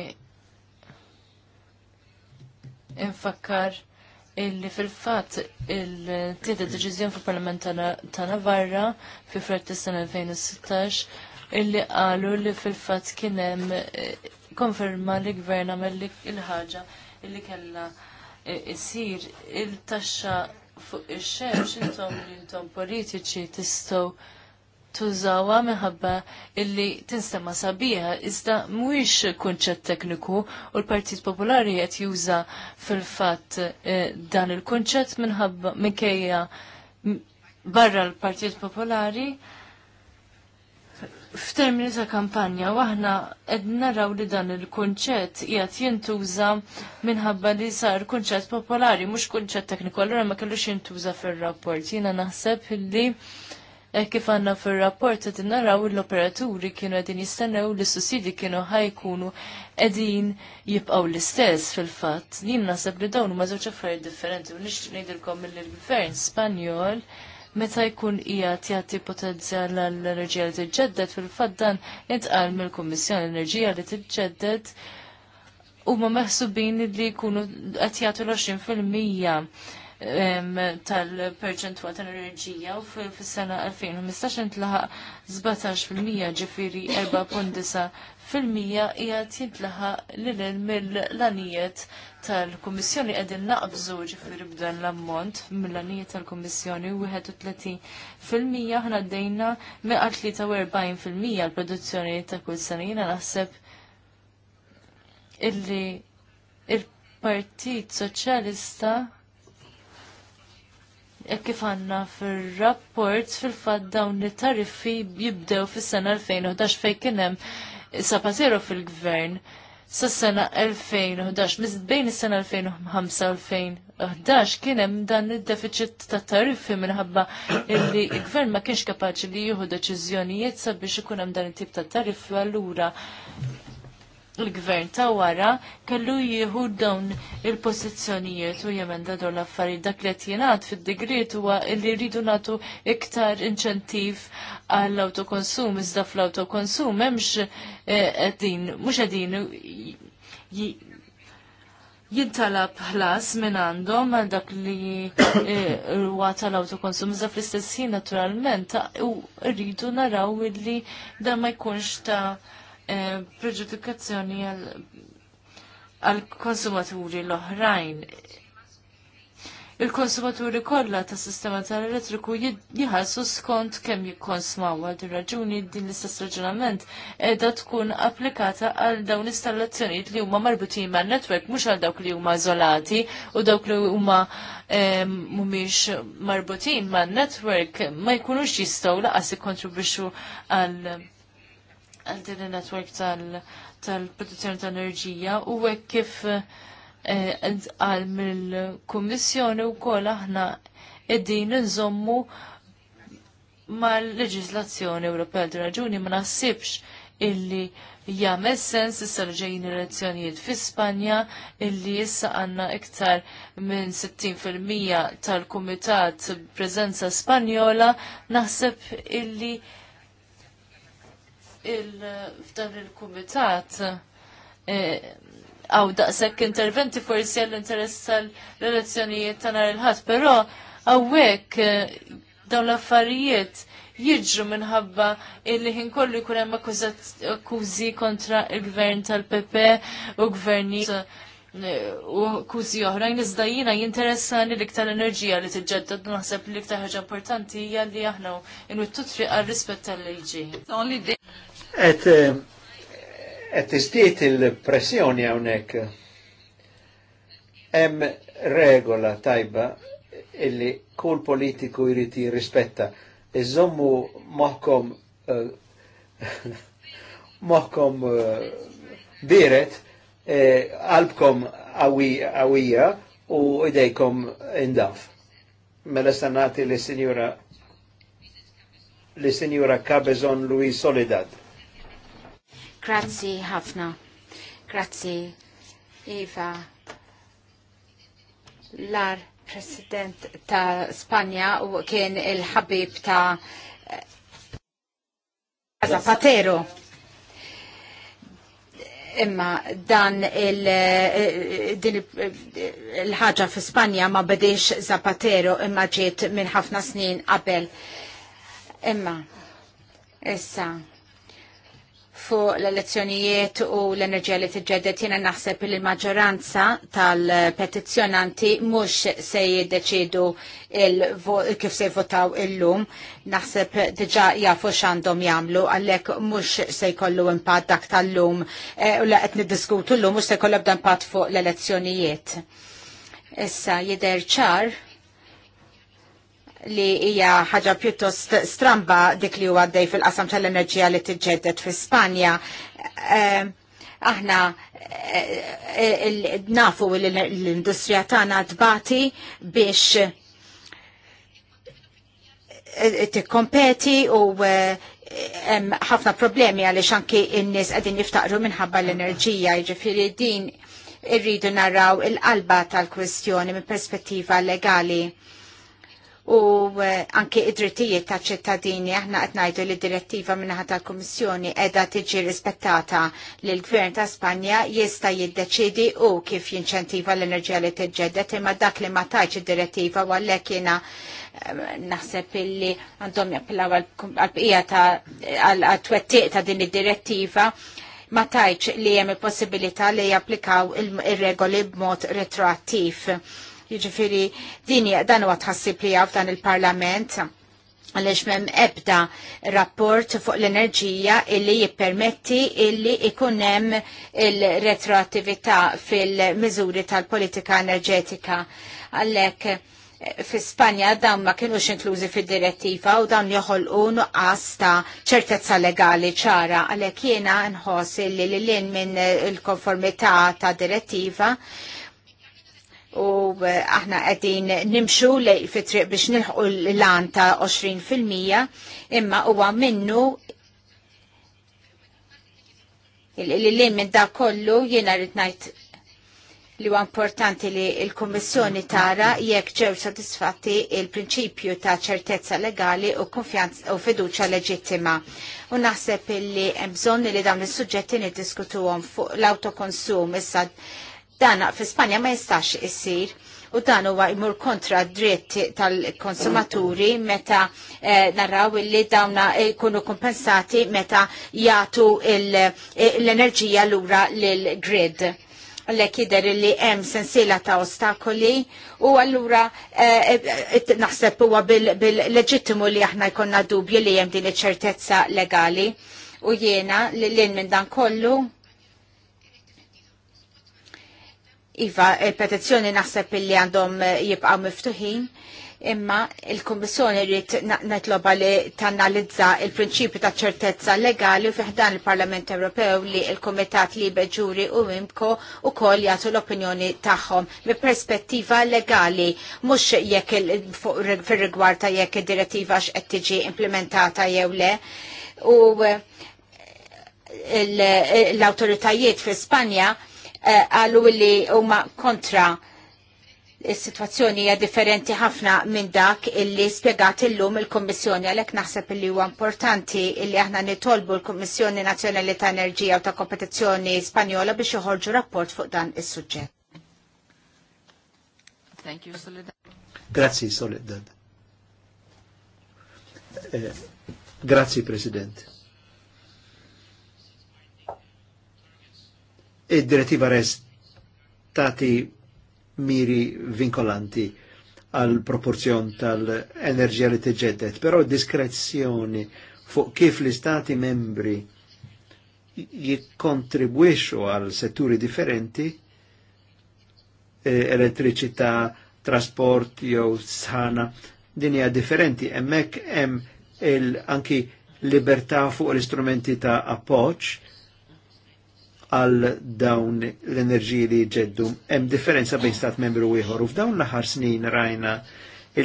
infakkar illi fil-fat il-tieda deċiżjoni fil-Parlament ta' Navarra fi fret tas-sena 2016 illi qalu li fil-fat kien hemm eh, konferma li gvern għamel il-ħaġa illi kellha eh, isir il-taxxa fuq ix-xemx intom li intom politiċi tistgħu tużawa minħabba illi tinsema sabiħa, iżda mhuwiex kunċett tekniku u l-Partit Popolari qed juża fil-fatt eh, dan il-kunċett minħabba minkejja barra l-Partit Popolari f'termini ta' kampanja waħna qed naraw li dan il-kunċett qiegħed jintuża minħabba li sar kunċett popolari mhux kunċett tekniku allura ma kellux jintuża fir-rapport. Jiena naħseb illi Eh, kif għanna fil-rapport għed naraw l-operaturi kienu għedin jistennew li sussidi kienu ħajkunu għedin jibqaw l-istess fil-fat. Jien nasab li dawn ma zoċ affarijiet differenti u nix nejdilkom mill-gvern Spanjol meta jkun ijat jati potenzjal l-enerġija li t-ġeddet fil-fatt dan intqal mill-Kummissjoni l-Enerġija li U huma meħsubin li jkunu qed jagħtu l-20 fil-mija tal-perċentwa tal-enerġija u fil-sena 2015 intlaħaq 17% ġifiri 4.9% jintlaħa l lil mill-lanijiet tal-Kummissjoni qegħdin naqbżu ġifiri b'dan l-ammont mill-lanijiet tal-Kummissjoni 31% aħna għaddejna 143% l-produzzjoni ta' kull sena jina naħseb illi il-Partit Soċjalista jekk kif għanna fil-rapport fil-fat dawn li tariffi jibdew fis-sena 2011 fejn kien hemm sapatero fil-gvern sas-sena 2011 miż bejn is-sena 2005-2011 kien hemm dan id-deficit ta' tariffi minħabba li l-gvern ma kienx kapaċi li jieħu deċiżjonijiet sabiex ikun hemm dan it-tip ta' tariffi allura il-gvern ta' wara kellu jieħu dawn il-pożizzjonijiet u jemenda dawn l affari dak li qed jingħad fid-digrit huwa li rridu nagħtu iktar inċentiv għall-autokonsum iżda fl-autokonsum hemmx eh, qegħdin mhux qegħdin jintalab ħlas minn għandhom għal dak li eh, huwa tal-autokonsum. Iżda fl-istess ħin naturalment u rridu naraw li dan ma jkunx ta' preġudikazzjoni għal konsumaturi l-oħrajn. Il-konsumaturi kollha tas sistema tal-elettriku jħassu skont kemm jikkonsmaw għal din raġuni din l-istess raġunament edha tkun applikata għal dawn installazzjonijiet li huma marbutin ma' netwerk mhux għal dawk li huma iżolati u dawk li huma mhumiex marbutin man netwerk ma jkunux jistgħu laqas ikkontribwixxu għal għal din il-network tal-produzzjoni tal-enerġija u hekk kif għal eh, mill-Kummissjoni wkoll aħna qegħdin nżommu mal leġislazzjoni Ewropea raġuni ma nasibx illi jam sens issa ġejjin elezzjonijiet fi Spanja illi issa għandna iktar minn 60% tal-kumitat preżenza Spanjola naħseb illi f'dan il-kumitat e, għaw daqsek interventi forsi għall-interess tal-relazzjonijiet ta' nhar il-ħadd, però għawek e, dawn l-affarijiet jiġru minħabba illi ħin kollu jkun hemm akkużi kontra il-gvern tal-PP u gverni u kużi oħrajn iżda jiena jinteressani l-iktar enerġija li tiġġeddad naħseb li l-iktar ħaġa importanti hija li aħna inwittu triq għar-rispett tal-liġi. Et, eh, et izdiet il-pressjoni għonek. Em regola tajba illi kull politiku jriti rispetta. Iżommu moħkom eh, uh, moħkom uh, eh, biret qalbkom eh, għawija u idejkom indaf. Mela sanati li sinjura li sinjura Cabezon Luis Soledad. Grazzi ħafna. Grazzi, Iva. Lar president ta' Spanja u kien il-ħabib ta' Zapatero. Imma dan il-ħagġa fi Spanja ma bedix Zapatero imma ġiet minn ħafna snin qabel. Imma, issa, fuq l-elezzjonijiet u l-enerġija li t-ġeddet jiena naħseb li l-maġġoranza tal-petizzjonanti mhux se jiddeċidu kif se jvotaw illum. Naħseb diġà jafu x'għandhom jagħmlu għalhekk mhux se jkollu impatt dak tal-lum e, u la qed niddiskutu llum mhux se jkollu bda fuq l-elezzjonijiet. Issa jidher ċar li hija ħaġa pjuttost stramba dik li huwa għaddej fil-qasam tal-enerġija li tiġġedded fi Spanja. Ehm, aħna eh, eh, nafu l-industrija tagħna tbati biex eh, tikkompeti u ħafna problemi għaliex anki n-nies qegħdin jiftaqru minħabba l-enerġija, jiġifieri din irridu naraw il-qalba tal-kwestjoni minn perspettiva legali u eh, anke id-drittijiet ta' ċittadini aħna qed ngħidu li direttiva minnaħa tal-Kummissjoni qiegħda tiġi rispettata li l-Gvern ta' Spanja jista' jiddeċidi u kif jinċentiva l-enerġija li tiġġedet imma dak li ma tajx id-direttiva u għalhekk jiena eh, naħseb illi għandhom jappellaw għal-bqija ta' għal-twettiq ta' din id-direttiva ma tajċ li jem possibilità li japplikaw il-regoli b'mod retroattiv Jiġifieri din dan huwa tħassib li f'dan il-Parlament għalix mem ebda rapport fuq l-enerġija illi jippermetti illi ikunem il-retroattività fil-mizuri tal-politika enerġetika. Għalek, eh, fi Spanja dawn ma kienux inklużi fil-direttiva u dawn joħol nuqqas ta' ċertezza legali ċara. Għalek jiena nħoss illi l-lin minn il-konformità ta' direttiva u eh, aħna qegħdin nimxu lej fitriq biex nilħu l-lan ta' 20% imma huwa minnu il-lim minn da' kollu jiena rritnajt li huwa importanti li l-Kummissjoni tara jekk ġew sodisfatti il-prinċipju ta' ċertezza legali u konfjanza u fiduċa leġittima. U naħseb li hemm bżonn li dawn is-suġġetti niddiskutuhom fuq l-autokonsum issa Dana fi Spanja ma jistax issir u dan huwa jmur kontra dritt tal-konsumaturi meta eh, narraw li dawna eh, jkunu kompensati meta jagħtu eh, l-enerġija lura lill-grid. Għallek jider li hemm sensiela ta' ostakoli u allura eh, naħseb huwa bil-leġittimu li aħna jkollna dubju li hemm din iċ-ċertezza legali u jiena li l-in minn dan kollu Iva, il-petizzjoni e, naħseb illi għandhom e, jibqaw miftuħin imma il-Kommissjoni rrit netloba li tanalizza il-prinċipju ta' ċertezza legali u fiħdan il-Parlament Ewropew li il-Komitat li beġuri u Imko u kol jgħatu l-opinjoni tagħhom bi perspettiva legali mhux jekk fir-rigward jekk id-direttiva x'qed tiġi implementata jew le. U e, l-autoritajiet fi Spanja Eh, għallu li huma kontra is-sitwazzjoni hija differenti ħafna minn dak illi spiegat illum il-Kommissjoni għalhekk naħseb illi huwa importanti illi aħna nitolbu l-Kummissjoni Nazzjonali ta' Enerġija u ta' Kompetizzjoni Spanjola biex joħorġu rapport fuq dan is-suġġett. Thank you, Soledad. Grazzi, Soledad. Eh, grazzi, President. Id-direttiva res tati miri vinkolanti għal proporzjon tal-enerġija li tiġġedet, però diskrezzjoni fuq kif li Stati membri jikkontribwixu għal setturi differenti, eh, elettricità, trasport jew sħana, dinja differenti, emmek il anki libertà fuq l-istrumenti ta' appoċ għal dawn l-enerġiji li ġeddu. Hemm differenza bejn stat membru ieħor u f'dawn l-aħħar snin rajna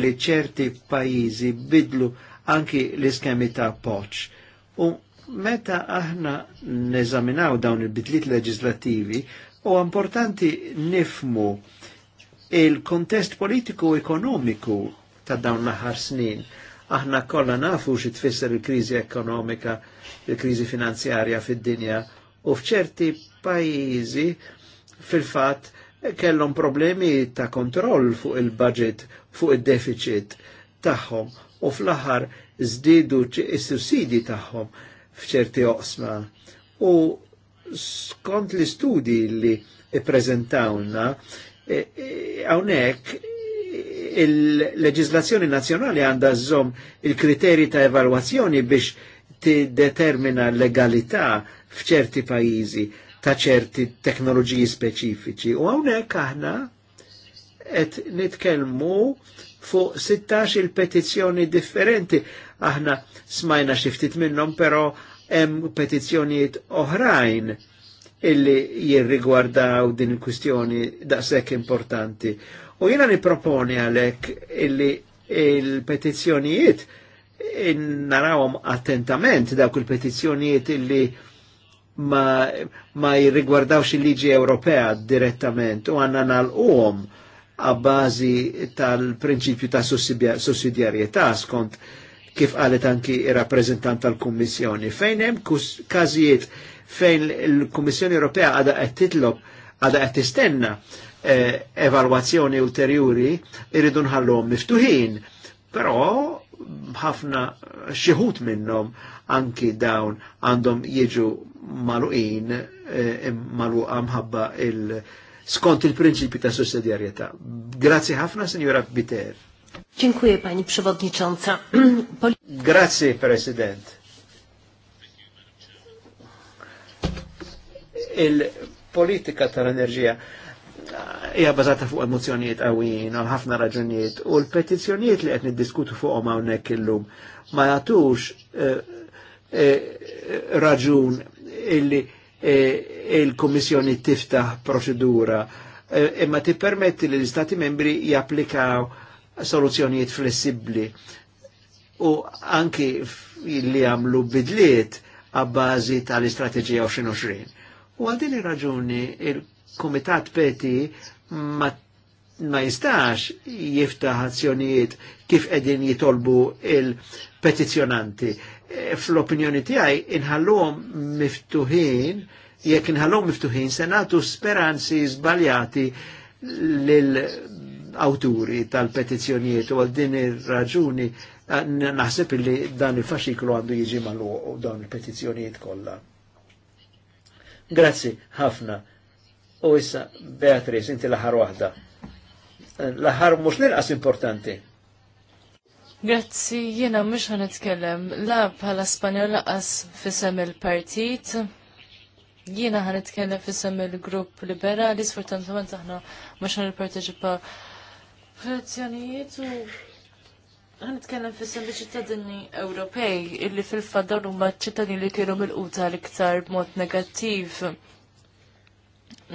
li ċerti pajjiżi bidlu anki l-iskemi ta' poċ. U meta aħna neżaminaw dawn il-bidliet leġislativi, u importanti nifmu il-kontest politiku ekonomiku ta' dawn l-aħħar snin. Aħna kollha nafu xi tfisser il-kriżi ekonomika, il-kriżi finanzjarja fid-dinja u fċerti pajjiżi fil-fatt kellhom problemi ta' kontroll fuq il-budget, fuq il-deficit tagħhom u fl-aħħar żdiedu s-sussidi tagħhom f'ċerti oqsma. U skont li studi li ippreżentawna, e- e- hawnhekk il-leġislazzjoni nazzjonali għandha żomm il-kriteri ta' evalwazzjoni biex determina legalità f'ċerti pajjiżi ta' ċerti teknoloġiji speċifiċi. U hawnhekk aħna qed nitkellmu fuq 16 il-petizzjoni differenti. Aħna smajna xi ftit minnhom però hemm petizzjonijiet oħrajn illi jirrigwardaw din il-kwistjoni daqshekk importanti. U jiena niproponi għalhekk illi il-petizzjonijiet il narawhom attentament dawk il-petizzjonijiet illi ma, ma jirrigwardawx il-liġi Ewropea direttament u għanna nal-qom għabbażi tal-prinċipju ta' sussidjarjetà skont kif għalet anki il-rappresentant tal-Kummissjoni. Fejn hemm każijiet fejn il-Kummissjoni Ewropea għada qed titlob għada qed tistenna eh, evalwazzjoni ulterjuri irridu nħallhom miftuħin. Però ħafna xieħut minnom anki dawn għandhom jieġu maluqin e, maluqa mħabba il- skont il-prinċipi ta' sussidjarjetà. Grazzi ħafna, Signora Biter. Dziękuję Pani Przewodnicząca. Grazie President. Il-politika tal-enerġija hija bażata fuq emozzjonijiet qawwin għal ħafna raġunijiet u l-petizzjonijiet li qed niddiskutu fuqhom hawnhekk illum ma jagħtux eh, eh, raġun illi eh, il-Kommissjoni tiftaħ proċedura imma tippermetti li l-Istati membri japplikaw soluzzjonijiet flessibbli u anki li għamlu bidliet għabbażi tal-istrateġija 2020. U għal din ir-raġuni il Komitat kumitat Peti ma, ma jistax jiftaħ azzjonijiet kif edin jitolbu il-petizjonanti. E, fl-opinjoni tiegħi inħallum miftuħin, jekk inħallum miftuħin se nagħtu speranzi żbaljati l awturi tal-petizzjonijiet u għal din ir-raġuni naħseb illi dan il-faxiklu għandu jiġi mal u dawn il-petizzjonijiet kollha. Grazzi ħafna U issa, Beatriz, inti l wahda. l mux nilqas importanti. Grazzi, jena mux għan itkellem. La bħala Spanjol laqas fisem il-partit. Jena għan itkellem fissem il-grupp liberali, għan aħna mux għan il parteġipa u Għan nitkellem fi ċittadini Ewropej illi fil-fadar huma ċittadini li kienu mil quta l-iktar b'mod negativ.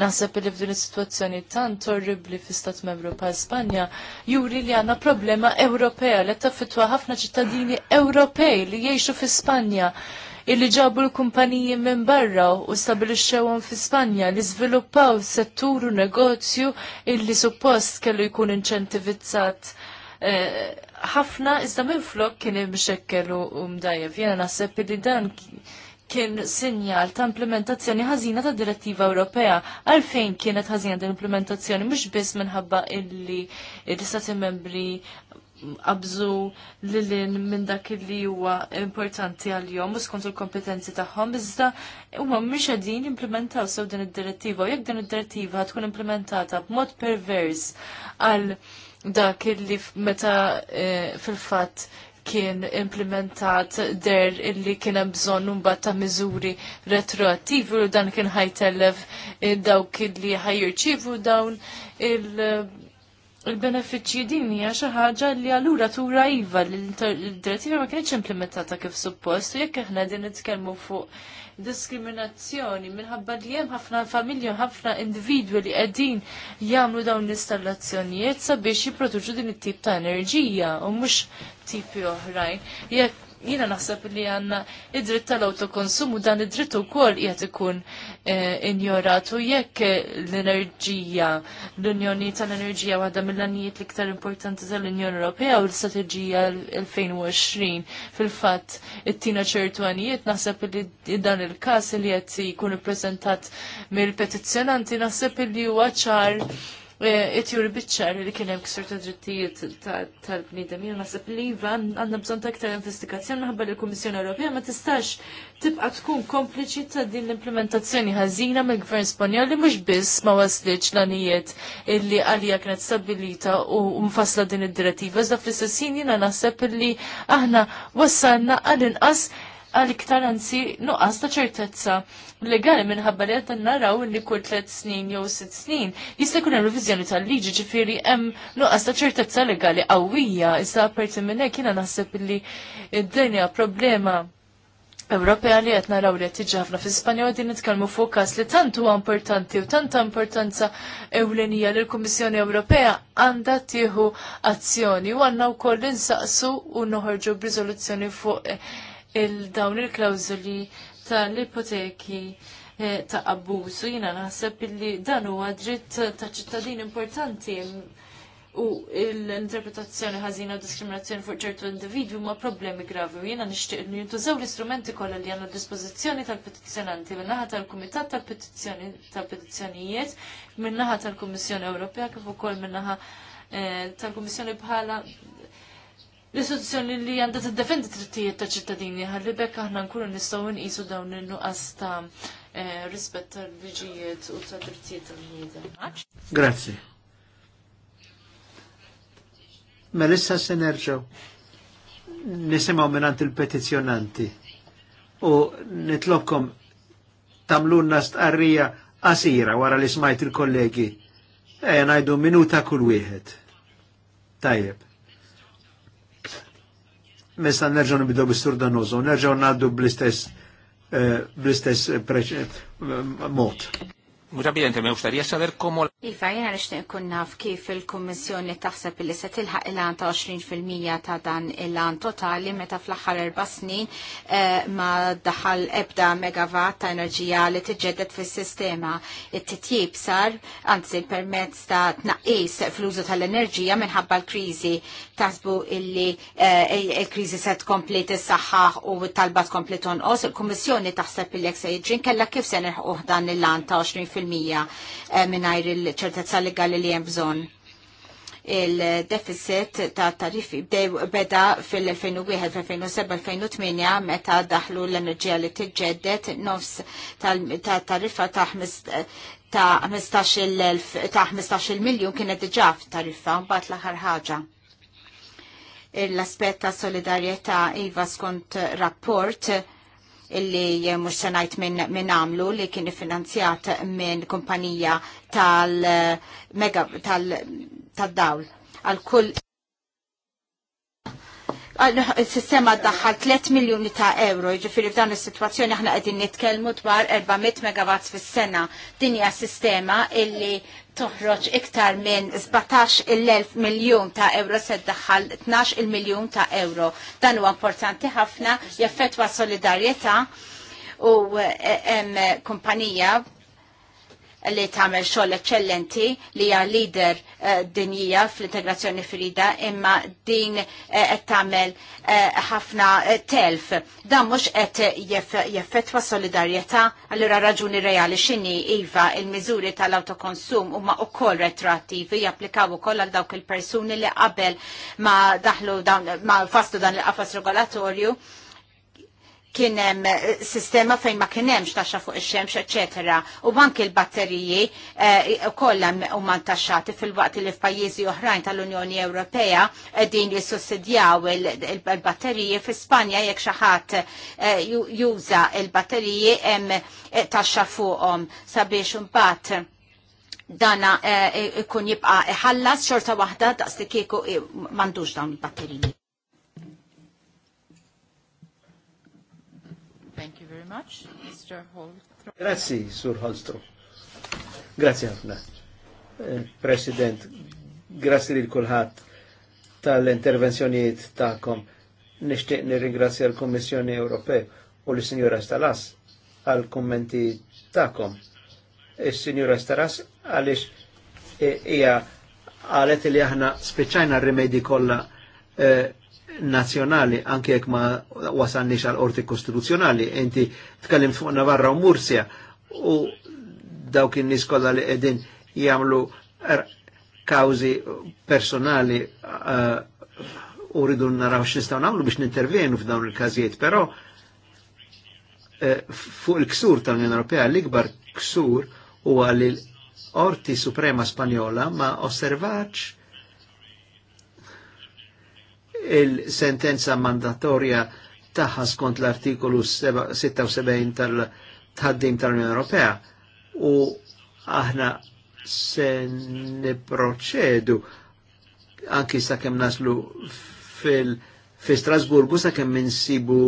Naħseb li f'din is-sitwazzjoni tant torribbli fl-Istat Membru pa' Spanja juri li għandna problema Ewropea li taffitwa ħafna ċittadini Ewropej li jgħixu fi Spanja illi ġabu l-kumpaniji minn barra u stabilixxewhom fi Spanja li żviluppaw settur u negozju illi suppost kellu jkun inċentivizzat eh, ħafna iżda minflok kien hemm xekkel u mdajjeb. Jiena naħseb li dan kien sinjal ta' implementazzjoni ħażina ta' direttiva Ewropea. Għalfejn kienet ħażina din implementazzjoni mhux biss minħabba illi l-istati membri qabżu lilin minn dak li huwa importanti għal-jom u skont il-kompetenzi tagħhom iżda huma mhux qegħdin jimplementaw sew din id-direttiva u jekk din id-direttiva tkun implementata b'mod pervers għal dak li meta eh, fil-fatt kien implementat der illi kien hemm bżonn imbagħad ta' miżuri retroattivi u dan kien ħajtellef eh, dawk illi ħajjirċievu dawn il- il-benefiċċji din hija xi ħaġa li allura tura iva l-direttiva ma kienx implementata kif suppost u jekk aħna din nitkellmu fuq diskriminazzjoni minħabba li hemm ħafna familji u ħafna individwi li qegħdin jagħmlu dawn l-installazzjonijiet sabiex jipproduċu din it-tip ta' enerġija u mhux tipi oħrajn. Jekk jina naħseb li għanna id-dritt tal-autokonsumu dan id-dritt u kol jgħat ikun eh, injorat u jekk l-enerġija, l-Unjoni tal-Enerġija waħda mill-anijiet l-iktar importanti tal-Unjoni Ewropea u l-Strategija 2020 fil-fat it-tina ċertu għanijiet naħseb li dan il-kas li jgħat jkun prezentat mill-petizjonanti naħseb li huwa ċar Eh, it-jur bitċar li kien hemm ksur ta' drittijiet tal-bniedem. Jien naħseb li iva għandna bżonn ta' iktar investigazzjoni naħba li l-Kummissjoni Ewropea ma tistax tibqa' tkun kompliċi ta' din l-implementazzjoni ħażina mill-Gvern Spanjol li mhux biss ma waslitx l-anijiet illi għalija kienet stabilita u mfassla din id-direttiva. Iżda fl-istess jiena naħseb li aħna wassalna għal-inqas għal iktar anzi nuqqas ta' ċertezza legali minħabba li għadna naraw li kull tliet snin jew sitt snin jista' jkun hemm reviżjoni tal-liġi ġifieri hemm nuqqas ta' ċertezza legali qawwija iżda apparti minn hekk jiena naħseb li d-dinja problema Ewropea li qed naraw li qed ħafna fi Spanja għedin din fokas fuq każ li tant huwa importanti u tanta importanza ewlenija li l-Kummissjoni Ewropea għandha tieħu azzjoni u għandna wkoll insaqsu u noħorġu b'riżoluzzjoni fuq il-dawn il-klawżoli tal-ipoteki eh, ta' abbużu jina naħseb illi dan huwa dritt ta' ċittadin importanti u l-interpretazzjoni ħażina u diskriminazzjoni fuq ċertu individwi ma' problemi gravi u jiena nixtieq li jintużaw l-istrumenti kollha li għandna dispożizzjoni tal-petizzjonanti min-naħa tal-Kumitat tal-Petizzjoni tal-Petizzjonijiet, min-naħa tal-Kummissjoni Ewropea kif ukoll min-naħa eh, tal-Kummissjoni bħala l-istituzzjoni li għandha tiddefendi trittijiet ta' ċittadini ħalli bekk aħna nkunu nistgħu nqisu dawn in-nuqqas ta' eh, rispett tal-liġijiet u ta' drittijiet tal-bniedem. Grazzi. Melissa se nerġgħu nisimgħu minant il-petizzjonanti u nitlobkom tamlunna stqarrija qasira wara li smajt il-kollegi. Ejja ngħidu minuta kull wieħed. Tajjeb mesta nerġaw nibdew bistur dan użu, nerġaw naddu bl-istess eh, bl-istess eh, mod. Rapidamente, me gustaría saber cómo... Iva, jena nishtiq kun naf kif il-Kommissjoni taħseb li se tilħaq il-għan ta' 20% ta' dan il-għan totali meta fl-axħar erba' snin eh, ma daħal ebda megawatt ta' enerġija li tiġġedded fis-sistema. It-titjib sar, anzi permezz ta' tnaqqis fl-użu tal-enerġija minħabba l-kriżi tasbu illi eh, il-kriżi se tkompli tissaħħaħ u talbat talba tkompli tonqos. Il-Kommissjoni taħseb il-jek se jiġri kella kif se nerħuq dan il-għan ta' 20% fil-mija eh, mingħajr il-ċertezza legali li hemm bżonn il-deficit ta' tariffi beda fil-2001, 2007, 2008 meta daħlu l-enerġija li tiġġedded nofs ta' tariffa ta' ta' 15 miljon kienet diġà f'tariffa mbagħad l-aħħar ħaġa l-aspett solidarieta solidarjetà iva skont rapport illi eh, mux sanajt minn min għamlu li kien finanzjat minn kumpanija eh, tal-dawl tal, tal, tal, tal dawl Ah, il-sistema daħħal 3 miljoni ta' euro, ġifiri f'dan is-sitwazzjoni aħna qegħdin nitkellmu dwar 400 megawatt fis-sena. Din hija sistema illi toħroġ iktar minn 17.000 miljon ta' euro se daħħal 12 miljon ta' euro. Dan huwa importanti ħafna jaffetwa solidarjetà u hemm eh, eh, kumpanija li tagħmel xogħol eċċellenti li hija leader uh, dinjija fl-integrazzjoni frida imma din eh, qed uh, tagħmel eh, ħafna uh, telf. Dan mhux qed jeffettwa solidarjetà allura raġuni reali x'inhi iva il-miżuri tal-autokonsum huma wkoll retroattivi japplikaw ukoll għal dawk il-persuni li qabel ma daħlu dan ma fastu dan il-qafas regolatorju kienem eh, sistema fejn ma kienem taxxa fuq ix-xemx, eċetera. U bank l-batteriji eh, u kollam u man taxxati fil-waqt li f'pajjiżi oħrajn tal-Unjoni Ewropea din jissussidjaw il-batteriji fi Spanja jekk xi ħadd eh, juża il-batteriji hemm taxxa fuqhom sabiex imbagħad dana ikun jibqa' iħallas xorta waħda daqs li kieku m'għandux dawn il-batteriji. much, Mr. Holtro. Grazzi, Sur Holtro. Grazzi ħafna. Eh, President, grazie li kulħadd tal-intervenzjonijiet tagħkom. Nixtieq nirringrazzja l-Kummissjoni Ewropea u l signora Stalas għal-kummenti tagħkom. is signora Stalas għaliex eh, hija e, qalet li aħna spiċċajna r-rimedi kollha eh, nazjonali, anke jekk ma wasalni għal orti kostituzzjonali, inti tkellimt fuq Navarra u Mursja u dawk in-nies kollha li qegħdin jagħmlu er kawzi personali eh, u rridu naraw x'nistgħu nagħmlu biex nintervenu f'dawn il-każijiet, però eh, fuq il-ksur tal-Unjoni Ewropea l-ikbar ksur huwa li l-Orti Suprema Spanjola ma osservax il-sentenza mandatorja taħħa skont l-artikolu 76 tal ħaddim tal-Unjoni Ewropea u aħna se niproċedu anki sa' kem naslu fil- fi Strasburgu sa' kemm minsibu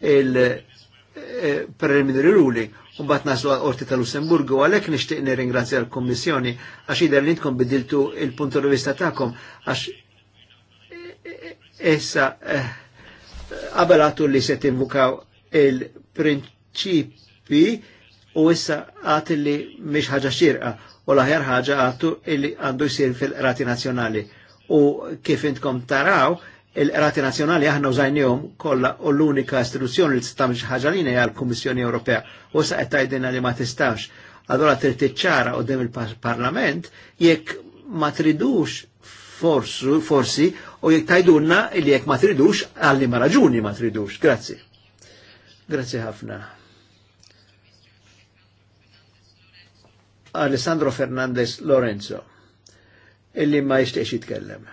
il-preliminary eh, ruling. bat naslu orti tal-Lussemburgu, għalek nishtiq nirringrazzja l-Kommissjoni għax jider li tkom bidiltu il-punto di vista ta'kom, għax essa eh, għabalatu li se tinvukaw il-prinċipi u issa għat li mish ħaġa xirqa u laħjar ħaġa għatu illi għandu jisir fil-rati nazjonali. U kif intkom taraw, il-rati nazjonali aħna użajnijom kolla u l-unika istituzzjoni li tistam ħaġa li għal komissjoni Ewropea u sa' għettajdina li ma tistax. t tirtiċċara u dem il-Parlament jekk ma tridux forsi u jittajdunna illi jekk ma tridux għalli ma raġuni ma tridux. Grazzi. Grazzi ħafna. Alessandro Fernandez Lorenzo illi ma jishtiqx jitkellem.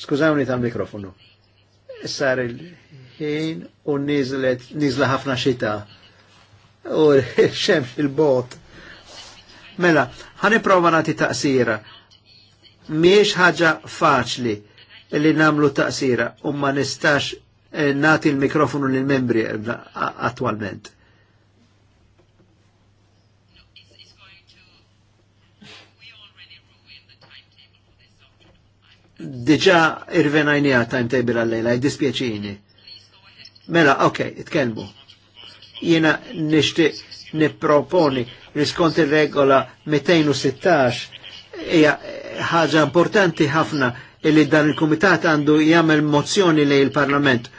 Skużawni ta' mikrofonu. Sar il-ħin u nizlet, nizla ħafna xita. U xemx il-bot. Mela, ħani prova nati taqsira. Miex ħaġa faċli li namlu taqsira u ma nistax eh, nati il-mikrofonu l-membri eh, attualment. diġa irvenajnija timetable għallejla, jiddispieċini. Mela, ok, itkelmu. Jena nishti niproponi li skont il-regola 216 hija ħaġa importanti ħafna li dan il-Kumitat għandu jagħmel mozzjoni lejn il-Parlament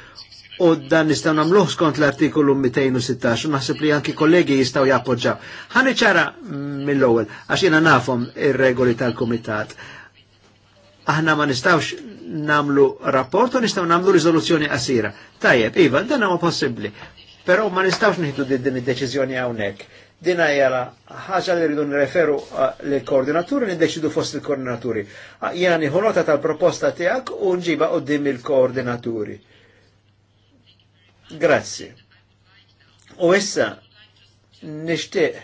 u dan nistgħu nagħmluh skont l-artikolu 216 u naħseb li anki kollegi jistgħu jappoġġaw. Ħani ċara mill-ewwel għax jiena nafhom ir-regoli tal-Kumitat aħna ma nistawx namlu rapport u nistaw namlu rizoluzzjoni qasira. Tajjeb, iva, dan huwa possibbli. Però ma nistawx nieħdu din id-deċiżjoni hawnhekk. Din hija ħaġa li rridu nreferu lil koordinaturi niddeċidu fost il-koordinaturi. Jiena nieħu nota tal-proposta tiegħek u nġiba qudiem il-koordinaturi. Grazzi. U issa nixtieq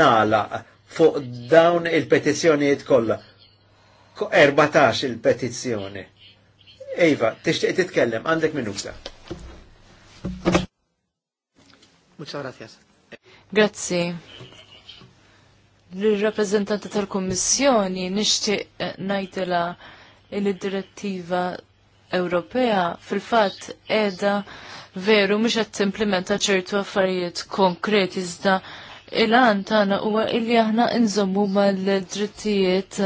nagħlaq fuq dawn il-petizzjonijiet kollha 14 il-petizzjoni. Eva, tixtieq titkellem, għandek minuta. Muchas gracias. Grazzi. L-rappresentanti tal-Kommissjoni nixtieq eh, ngħidilha il-direttiva Ewropea fil-fatt qiegħda veru mhux qed timplementa ċertu affarijiet konkreti iżda il-għan tagħna huwa illi aħna inżommu mal-drittijiet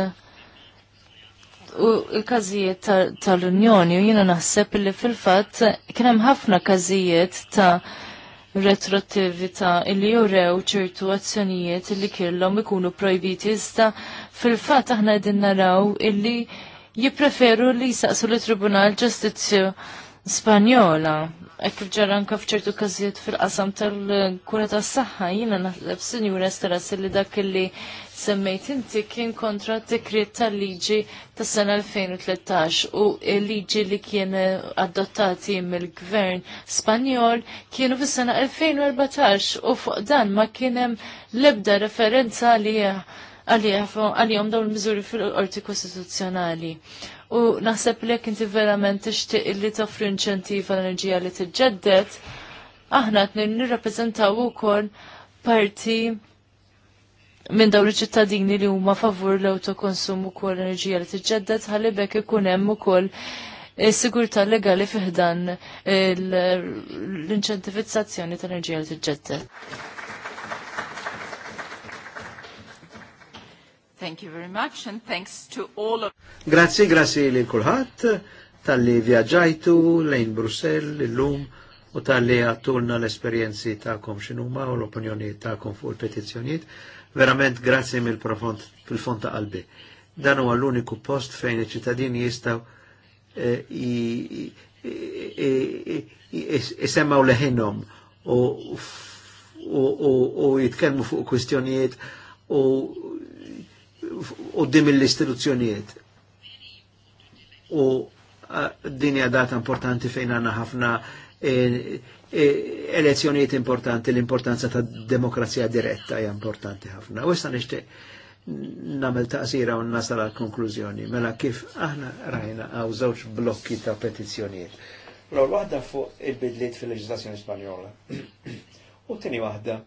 U il-każijiet tal-Unjoni u jiena naħseb li fil-fatt kien hemm ħafna każijiet ta' retroattività illi jurew ċertu azzjonijiet illi kellhom ikunu projbiti iżda fil-fatt aħna qegħdin naraw illi jippreferu li jsaqsu l-Tribunal Ġustizzju Spanjola. Ek ġara anka fċertu każijiet fil-qasam tal-kura tas saħħa jiena naħseb sinjura staras li dak li semmejt inti kien kontra dekret tal-liġi tas sena 2013 u l-liġi li kien adottati mill-gvern Spanjol kienu fis sena 2014 u fuq dan ma kien hemm l-ebda referenza li għalihom dawn il-miżuri fil-qorti kostituzzjonali. U naħseb li jekk inti verament tixtieq li toffri inċentiv enerġija li t-ġeddet, aħna qed nirrappreżentaw ukoll parti minn dawn iċ-ċittadini li huma favur l-autokonsum ukoll enerġija li tiġġedded ħalibek ikun hemm ukoll kol eh, sigurtà legali fiħdan l-inċentivizzazzjoni tal-enerġija li t-ġeddet. Thank you very much and thanks to all of... Grazie, grazzi li kulħat tal-li vjaġġajtu lejn Brussel l-lum u tal-li għattulna l-esperienzi ta'kom xinuma u l-opinjoni ta'kom fuq il-petizjoniet. Verament grazie mill profond fil-fond ta' qalbi. Dan huwa l-uniku post fejn iċ-ċittadini jistaw jisemmaw eh, leħinhom u jitkellmu fuq kwistjonijiet u dim l-istituzzjonijiet. U din hija data importanti fejn għandna ħafna e, e, elezzjonijiet importanti, l-importanza ta' demokrazija diretta hija importanti ħafna. U issa nixtieq namel taqsira u nasal għal konklużjoni. Mela kif aħna rajna għaw żewġ blokki ta' petizzjonijiet. L-għol waħda fuq il-bidliet fil-leġislazzjoni Spanjola. U tini waħda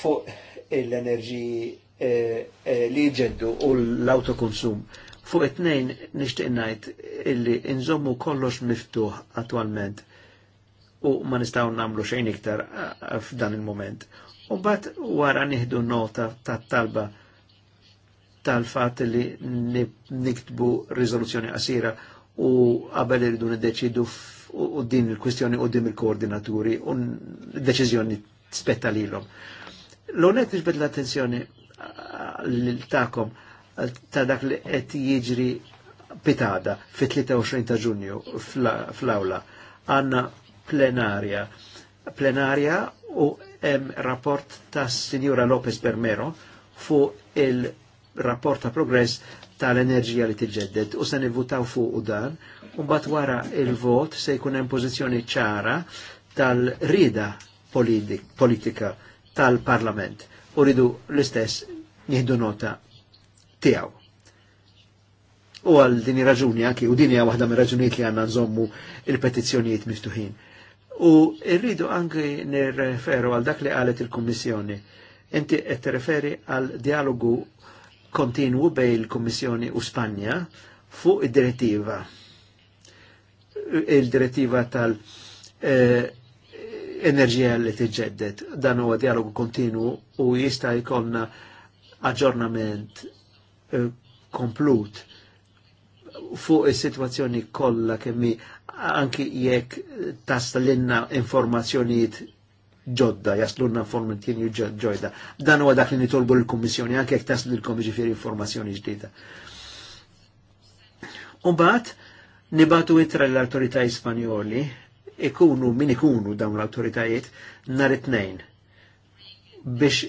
fuq l-enerġiji Eh, eh, li jġeddu u l-autokonsum. Fuq it-tnejn nixtieq ngħid illi nżommu kollox miftuħ attwalment u ma nistgħu nagħmlu xejn iktar eh, f'dan il-moment. U bat wara nieħdu nota tat-talba tal-fat li niktbu riżoluzzjoni qasira u qabel irridu niddeċidu u din il-kwistjoni u din il-koordinaturi u deċiżjoni spetta lilhom. L-onet nixbet l-attenzjoni l-takom ta' dak li qed jiġri pitada fit-23 ta' ġunju fl-awla. Għanna plenarja, plenarja u hemm rapport ta' Sinjura Lopez Bermero fu il-rapport ta' progress tal-enerġija li tiġġedded u se nivvutaw fuq u dan, u mbagħad wara il-vot se jkun hemm pożizzjoni ċara tal-rida politika tal-Parlament u ridu l-istess nieħdu nota tiegħu. U għal din raġuni anki, u din għahda waħda mir raġunijiet li għandna nżommu il-petizzjonijiet miftuħin. U rridu anke nirreferu għal dak li qalet il-Kummissjoni. Inti qed tirreferi għal dialogu kontinwu bej il kommissjoni u Spanja fuq id-direttiva. Il-direttiva tal- eh, enerġija li tiġġedded. Dan huwa dialogu kontinu u jista' jkollna aġġornament eh, komplut fuq is-sitwazzjoni kollha kemmi anki jekk taslinna informazzjonijiet ġodda, jaslunna informazzjoni ġodda. Dan huwa dak li nitolbu l-Kummissjoni, anke jekk taslilkom ġifieri informazzjoni ġdida. Umbagħad nibatu itra l-autorità Ispanjoli ikunu min ikunu dawn l-autoritajiet nar it-tnejn biex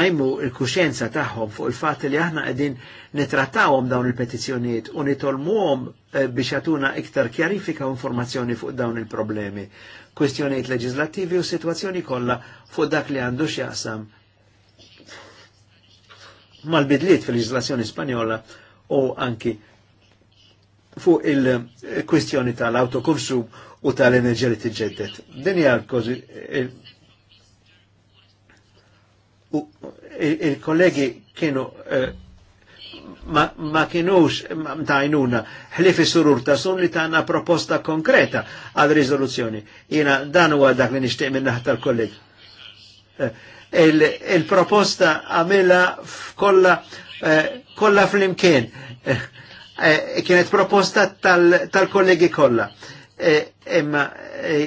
għajmu il-kuxenza taħħom fuq il-fat li aħna għedin nitrattawom dawn il petizjoniet u nitolmuhom eh, biex jatuna iktar kjarifika u informazzjoni fuq dawn il-problemi, kwestjoniet leġislattivi u situazzjoni kollha fuq dak li għandu x'jaqsam mal-bidliet fil-leġislazzjoni Spanjola u anki fuq il-kwistjoni tal-autokonsum u tal-enerġija li tiġġedded. Din hija il-kollegi kienu eh, ma kienux tajnuna ħlif surur ta' sun li tagħna proposta konkreta għal riżoluzzjoni. Jiena dan huwa dak li nixtieq minn naħta l-kollegi. Eh, il-proposta għamilha kollha kollha eh, flimkien Eh, e kienet proposta tal-kollegi tal kollha. Eh, imma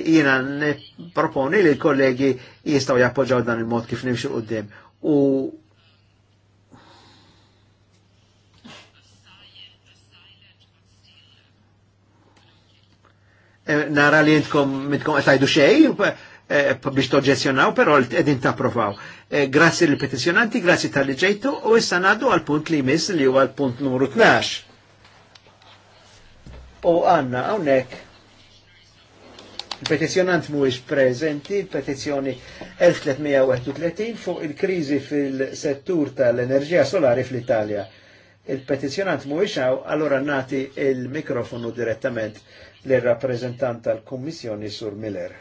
jina eh, jiena proponi li l-kollegi jistgħu jappoġġaw dan il-mod kif nimxu qudiem. U nara li jintkom mitkom għetajdu xej biex toġġezzjonaw, pero edin ta' provaw. Grazzi l-petizjonanti, grazzi tal liġejtu u issa għal-punt li jmiss li huwa l-punt numru 12. U għanna, għonek, il-petizjonant mhuwiex prezenti, il-petizjoni 1331 fuq il krizi fil-settur tal-enerġija solari fl-Italja. Il-petizjonant mhuwiex hawn, allora nati il-mikrofonu direttament l rappreżentant tal-Kummissjoni Sur Miller.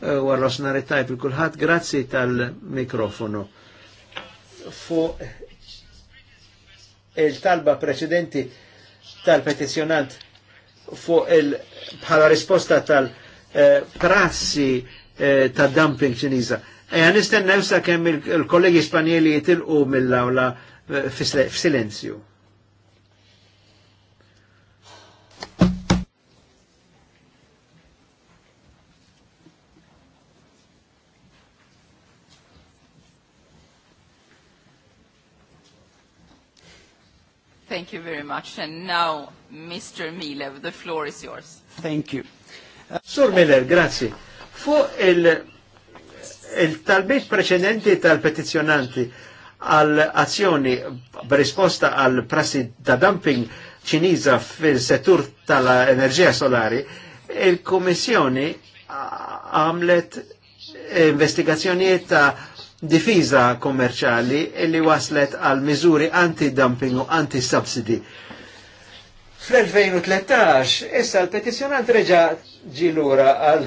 Eh, Warlos naritajb il-kulħadd, grazzi tal-mikrofonu. Fuq il-talba precedenti tal-petizjonant fuq il bħala risposta tal-prassi eh, eh, ta' dumping ċiniża. Eja nistennew sa' kemm il-kollegi spanjeli jitilqu mill-awla eh, f'silenzju. you very much. And now, Mr. Milev, the floor is yours. Thank you. Sur Milev, grazie. Fu il, talbit talbiet precedenti tal-petizjonanti għal azzjoni b'risposta għal prassi da dumping ċiniża fil-settur tal-enerġija solari, il-Kommissjoni għamlet investigazzjonijiet ta' difiża kommerċali illi waslet għal miżuri anti-dumping u anti-subsidi. Fl-2013, issa l-petizjonant reġa ġilura għal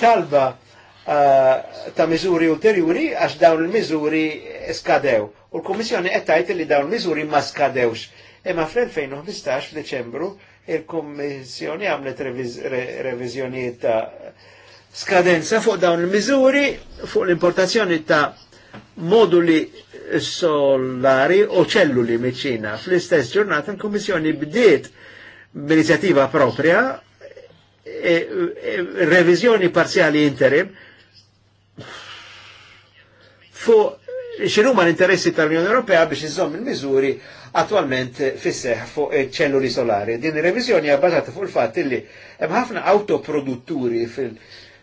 talba uh, ta' miżuri ulterjuri għax dawn il-miżuri skadew. U l komissjoni qed tgħid li dawn miżuri ma skadewx. Imma fl-2015 f'Deċembru il komissjoni għamlet reviżjonijiet ta' skadenza fuq dawn il-miżuri fuq l-importazzjoni ta' moduli solari o ċelluli miċina. Fl-istess ġurnata l-Kommissjoni bdiet b'inizjattiva propria e, e, revizjoni parzjali interim fuq xinuma l-interessi tal-Unjoni Ewropea biex iżomm il-miżuri attualment fisseħ fuq ċelluli solari. Din ir-reviżjoni hija bbażata fuq il-fatt li hemm ħafna autoprodutturi fil-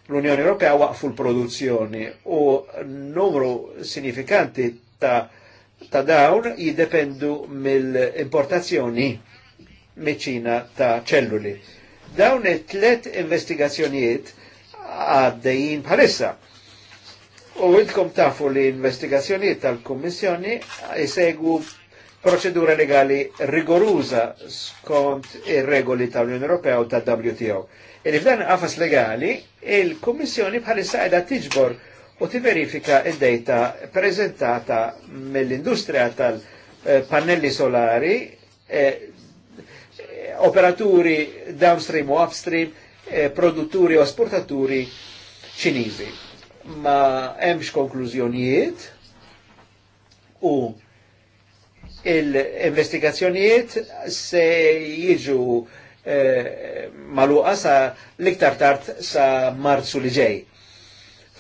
l-Unjoni Ewropea waqfu l-produzzjoni u numru sinifikanti ta', ta dawn jidependu mill-importazzjoni meċina ta' ċelluli. Dawn it-tlet investigazzjonijiet għaddejjin bħalissa. U idkom tafu li investigazzjonijiet tal-Kommissjoni jisegwu proċedura legali rigoruza skont ir-regoli tal-Unjoni Ewropea u tal-WTO. Illi f'dan għafas legali, il-Kummissjoni bħalissa qiegħda tiġbor u tiverifika id-dejta prezentata mill-industrija tal-pannelli solari, eh, eh, operaturi downstream u upstream, eh, produtturi u esportaturi ċinizi. Ma hemmx konklużjonijiet u il-investigazzjonijiet se jiġu Eh, maluqa sa liktar tart sa marzu li ġej.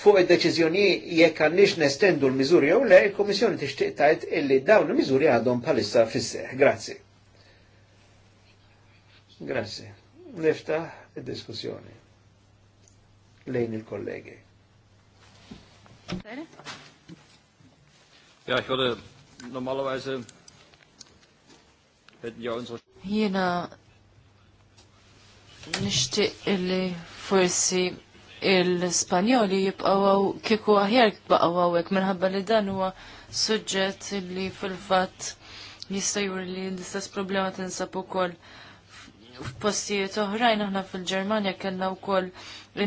Fuq id deċizjoni jekk għandix nestendu l-miżuri jew le, il-Komissjoni tixtieq tgħid illi dawn il-miżuri għadhom bħalissa fis-seħ. Grazzi. Grazzi. Niftaħ id-diskussjoni lejn il-kollegi. Ja, normalerweise hätten ja unsere. Jena nixtieq li forsi il-Spanjoli jibqgħu kieku aħjar jibqgħu hawnhekk minħabba li dan huwa suġġett li fil-fatt jista' jur li l-istess problema tinsab ukoll f'postijiet oħrajn aħna fil-Ġermanja kellna wkoll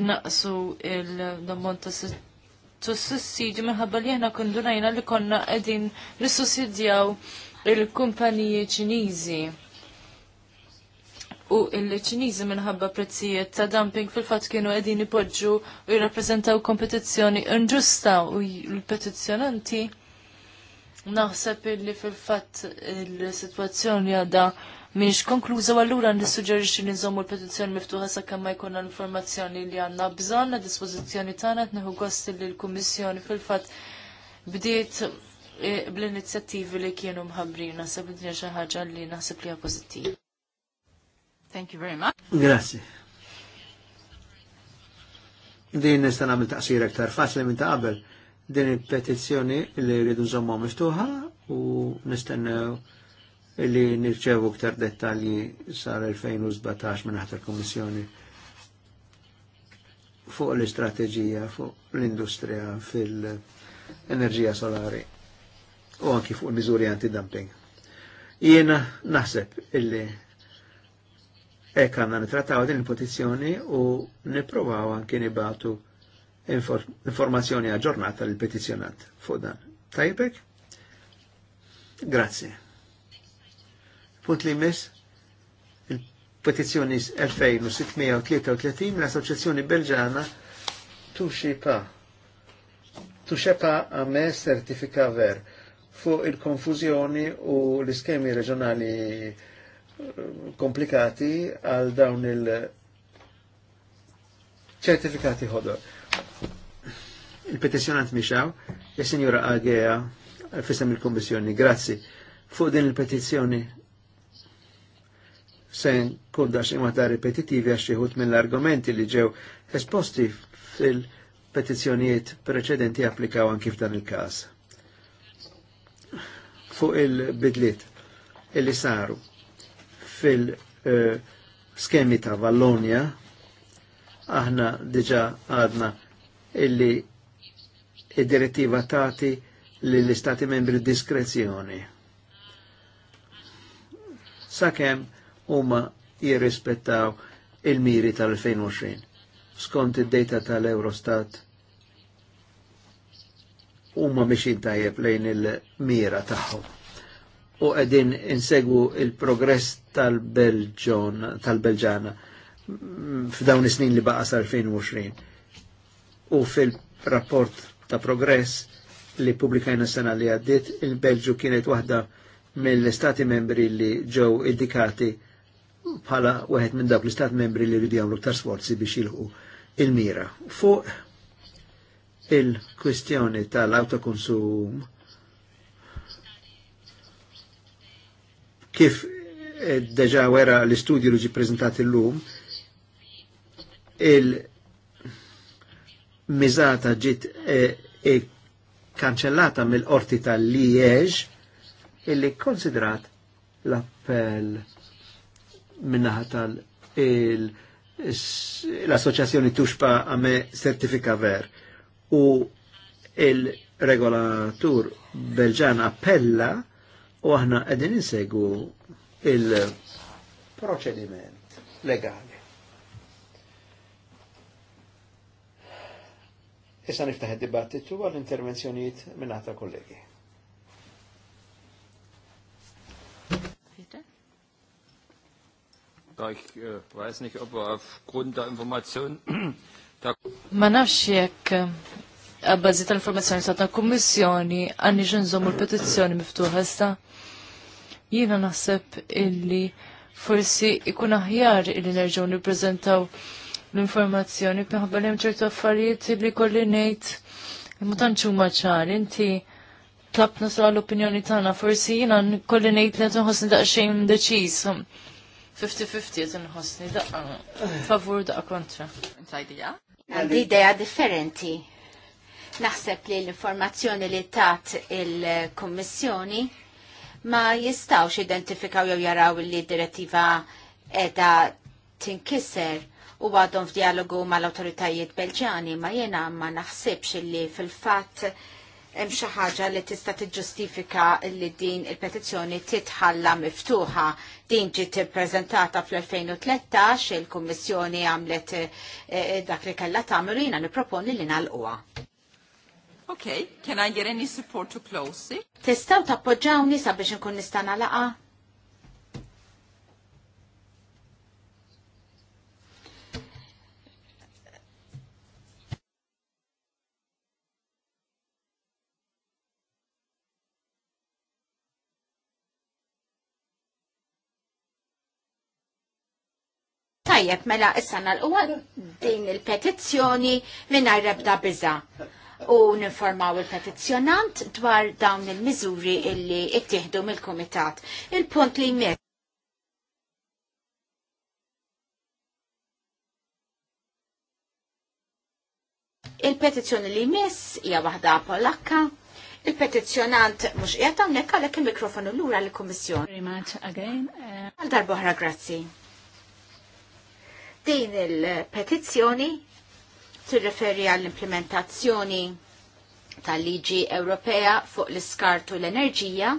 innaqsu l-ammont ta' sussidju minħabba li aħna kondunajna li konna qegħdin nissussidjaw il-kumpaniji Ċiniżi u il-ċiniżi minħabba prezzijiet ta' dumping fil-fatt kienu qegħdin ipoġġu u jirrappreżentaw kompetizzjoni inġusta u l-petizzjonanti naħseb illi fil-fatt il-sitwazzjoni għadha miex konkluża allura nissuġġerixxi li nżommu l-petizzjoni miftuħa sakemm ma jkunna l-informazzjoni li għandna bżonn a dispożizzjoni tagħna qed neħu gost li l-Kummissjoni fil-fatt bdiet eh, bl-inizjattivi li kienu mħabbrin naħseb li xi ħaġa li naħseb li hija pożittiva. Thank you very much. Grazie. Din nista' nagħmel taqsir aktar faċli minn ta' qabel. Din il-petizzjoni li rridu nżommu miftuħa u nistennew li nirċevu aktar dettalji sar 2017 minn aħtar kummissjoni fuq l-istrateġija, fuq l-industrija fil-enerġija solari u anki fuq miżuri anti-dumping. Jiena naħseb illi Ek għanna nitrataw din il-petizjoni u niprovaw anki nibatu informazzjoni aġġornata l petizjonat fuq dan. Tajbek? Grazie. Punt li mis, il-petizjoni 2633 l associazzjoni Belġana Tuxipa. Tuxipa għame certifika ver fuq il-konfuzjoni u l-iskemi reġjonali komplikati għal dawn il-ċertifikati ħodor. Il-petizjonant Mixaw, il-Sinjura Agea, fissem il-Kommissjoni, grazzi. Fuq din il-petizjoni sen kundax imata ripetitivi għax xieħut mill-argumenti li ġew esposti fil-petizjonijiet preċedenti applikaw anki f'dan il-kas. Fuq il il illi saru fil-skemi ta' Vallonia, aħna diġa għadna illi id-direttiva tati li l-istati membri diskrezzjoni. Sakem huma jirrispettaw il-miri tal-2020 skont id-data tal-Eurostat huma biex tajjeb lejn il-mira tagħhom. U qegħdin insegwu il-progress tal-Belġon, tal-Belġana f'dawn is-snin li baqa sar 2020. U fil-rapport ta' progress li pubblikajna sena li għaddit, il-Belġu kienet waħda mill-istati membri li ġew indikati bħala wieħed minn dawk l-istat membri li rridu jagħmlu ktar sforzi biex jilħu il-mira. Fuq il-kwistjoni tal-autokonsum kif E deġa wera l-istudju li ġi prezentat il-lum, il-mizata ġit e, kanċellata e mill-orti tal-Liex, illi konsidrat l-appell minnaħat tal-Associazzjoni Tuxpa għame Certifika Ver u il-regolatur Belġan appella u aħna għedin insegu il-proċediment legali. Issa niftaħ id-dibattitu għall-intervenzjonijiet minnata kollegi. Ich äh, weiß nicht, ob wir aufgrund der Information Ma nafx jekk äh, għabbażi tal-informazzjoni ta' kummissjoni għanni ġenżom l-petizzjoni miftuħa sta' Jiena naħseb illi forsi ikun aħjar illi nerġgħu nippreżentaw l-informazzjoni minħabba li hemm ċertu affarijiet illi kolli ngħid mutanċu tantx huma ċar inti tlabna sa l-opinjoni tagħna forsi jiena kolli ngħid li tinħossni xejn deċiż. 50-50 tinħossni daqqa favur daqqa kontra. Intajdija? Għandi idea differenti. Naħseb li l-informazzjoni li tat il-Kommissjoni ma jistawx identifikaw jew jaraw li direttiva edha tinkisser u għadhom f'dialogu mal-autoritajiet belġani ma jena ma naħsibx li fil-fatt hemm xi ħaġa li tista' tiġġustifika li din il-petizzjoni titħalla miftuħa. Din ġiet ippreżentata fl-2013 il-Kummissjoni għamlet eh, dak li kellha tagħmel jiena nipproponi li nagħlquha. Okay, can I get any support to close it? Tistaw tappoġġawni sabiex nkun nista' nalaqa? tajjeb mela issa nalquwa din il-petizzjoni minn rebda biża u ninformaw il-petizzjonant dwar dawn il-miżuri illi ittieħdu mill-Kumitat. Il-punt li jmiss. Il-petizzjoni li jmiss hija waħda Polakka. Il-petizzjonant mhux qiegħed hawnhekk għalhekk il-mikrofonu lura lill-Kummissjoni. Uh, Għal darba oħra grazzi. Din il-petizzjoni tirreferi għall-implementazzjoni tal-liġi Ewropea fuq l-iskartu l-enerġija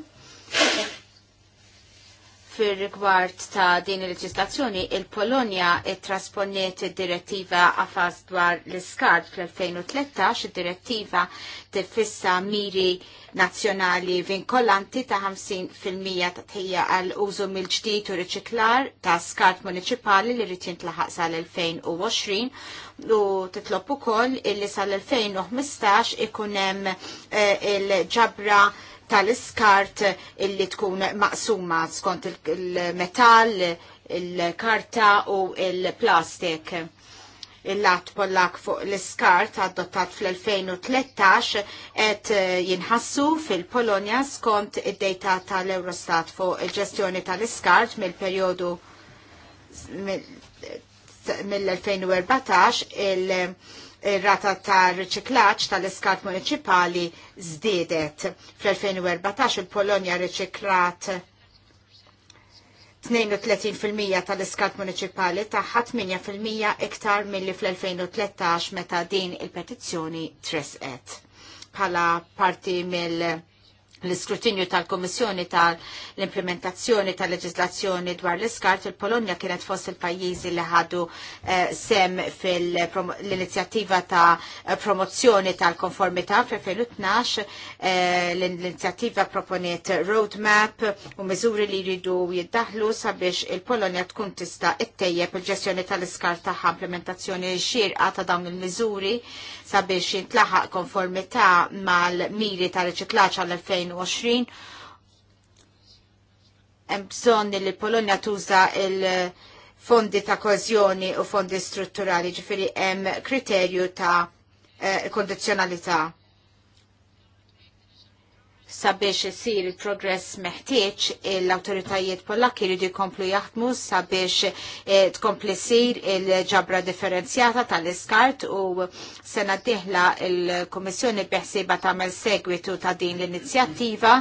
Fir-rigward ta' din il-leġislazzjoni, il-Polonja it-trasponiet id-direttiva għafas dwar l-iskad fl-2013, id-direttiva tifissa miri nazzjonali vinkolanti ta' 50% ta' tħija għal użu mill-ġdid u riċiklar ta' skart municipali li rrit jintlaħaq sal-2020 u titlob ukoll illi sal-2015 ikunem eh, il-ġabra eh, tal-iskart illi tkun maqsuma skont il-metall, il-karta u il-plastik il-lat pollak fuq l-iskart adottat fl-2013 et jinħassu fil-Polonja skont id-data tal-Eurostat fuq il-ġestjoni tal-iskart mill-periodu mill-2014 il- rata ta' riċiklaċ tal-iskat municipali zdidet. Fl-2014 il-Polonja riċiklat 32% tal-iskat municipali taħħa 8% iktar milli fl-2013 meta din il-petizzjoni tresqet. Pala parti mill- l-iskrutinju tal-Komissjoni tal-implementazzjoni tal-leġislazzjoni dwar l-iskart, il-Polonja kienet fost il-pajjiżi li ħadu eh, sem fil-inizjattiva ta' promozzjoni tal-konformità fl-2012, eh, l-inizjattiva proponiet roadmap u miżuri li jridu jiddaħlu sabiex il-Polonja tkun tista' ittejjeb il-ġestjoni tal-iskart tagħha implementazzjoni xirqa ta' dawn il-miżuri sabiex jintlaħaq konformità mal-miri ta' reċiklaċ għal-2020. Hemm bżonn li Polonja tuża il-fondi ta' kozjoni u fondi strutturali, ġifiri hemm kriterju ta' eh, kondizjonalità sabiex isir il-progress meħtieġ l-autoritajiet pollak jridu jkomplu jaħdmu sabiex eh, tkompli sir il-ġabra differenzjata tal-iskart u sena diħla il komissjoni biħsiba tagħmel segwitu ta' din l-inizjattiva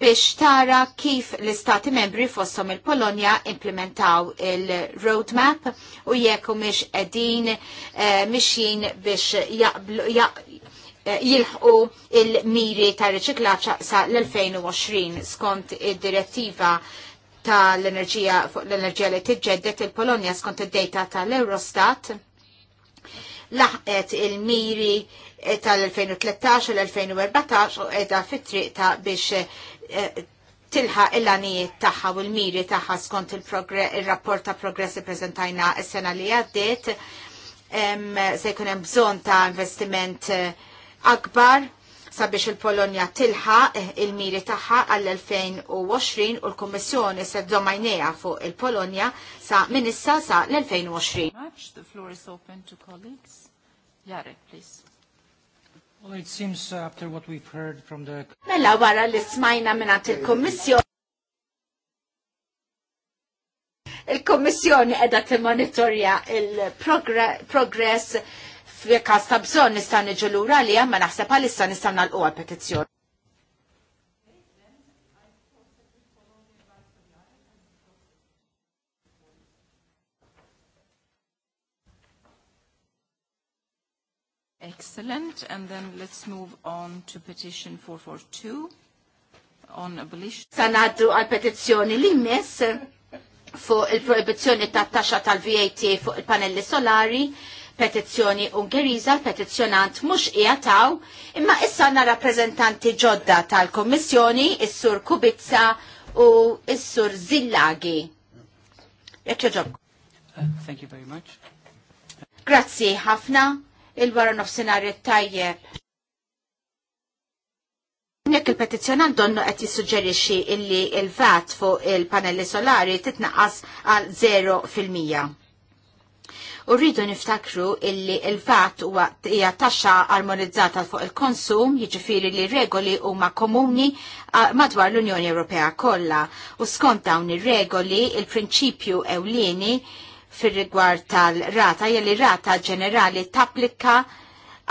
biex tara kif l-istati membri fossom il-Polonja implementaw il-roadmap u jekk miex edin eh, mixin biex Eh, jilħqu il-miri ta' riċiklaċ sa' l-2020 skont id-direttiva tal-enerġija fuq l-enerġija li tiġġeddet il-Polonja skont id-data tal-Eurostat laħqet il-miri eh, tal-2013 u l-2014 u edha fit-triq ta' biex eh, tilħa il lanijiet taħħa u l-miri taħħa skont il-rapport ta' progressi prezentajna s-sena li għaddit se jkun hemm bżonn ta' investiment uh, akbar sabiex il-Polonja tilħa eh, il-miri tagħha għall-2020 u l-Kommissjoni se domajnija fuq il-Polonja sa minn issa sa l-2020. The floor is open to colleagues. Jarek, please. Well, it seems uh, after what we've heard from the... Mela wara li smajna minnat il-Kommissjoni il-Kommissjoni edha timonitorja il-progress f'kas ta' bżon nista' niġu lura li ma naħseb għalissa nista' nagħlqu petizzjoni. Excellent, and then let's move on to petition 442 on abolition. Sanaddu għal petizzjoni li mess fuq il prohibizjoni ta' taxxa tal-VAT fuq il-panelli solari petizzjoni Ungeriża, petizzjonant mhux taw, imma issa għandna rappresentanti ġodda tal-Kommissjoni, is-Sur Kubizza u is-Sur Zillagi. Jekk ġob. Thank you very much. Grazzi ħafna il-wara nofsinhar tajjeb. Nek il-petizjonant donnu qed jissuġġerixxi illi il-VAT fuq il-panelli solari titnaqqas għal 0 U rridu niftakru illi il fat huwa hija taxxa armonizzata fuq il-konsum, jiġifieri li regoli huma komuni madwar l-Unjoni Ewropea kollha. U skont dawn ir-regoli il-prinċipju ewlieni fir-rigward tal-rata, jelli rata ġenerali tapplika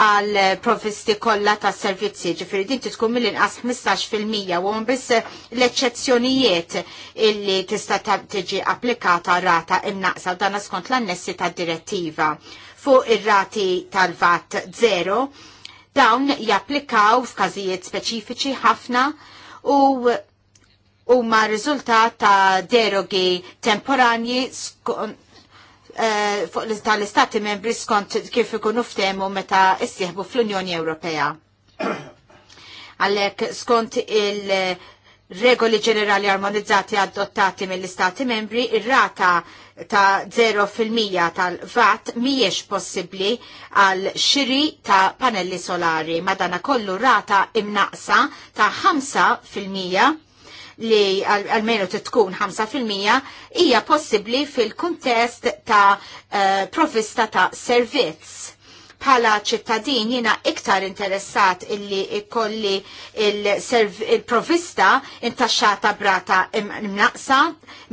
għal provisti kollha ta' servizzi. Ġifieri din tkun mill-inqas 15% u biss l-eċċezzjonijiet illi tista' tiġi applikata rata imnaqsa dan skont l-annessi tad-direttiva fuq ir-rati tal-VAT 0 dawn japplikaw f'każijiet speċifiċi ħafna u huma riżultat ta' derogi temporanji skont Eh, tal-istati membri skont kif ikunu ftehmu meta issieħbu fl-Unjoni Ewropea. Għalhekk skont il-regoli ġenerali armonizzati adottati mill-istati membri, ir-rata ta' 0% tal-VAT mhijiex possibbli għal xiri ta' panelli solari, madana kollu rata imnaqsa ta' 5% li għalmenu tkun 5% hija possibbli fil-kuntest ta' eh, profista ta' servizz. Pala ċittadin jina iktar interessat illi ikolli il-provista intaxxata brata imnaqsa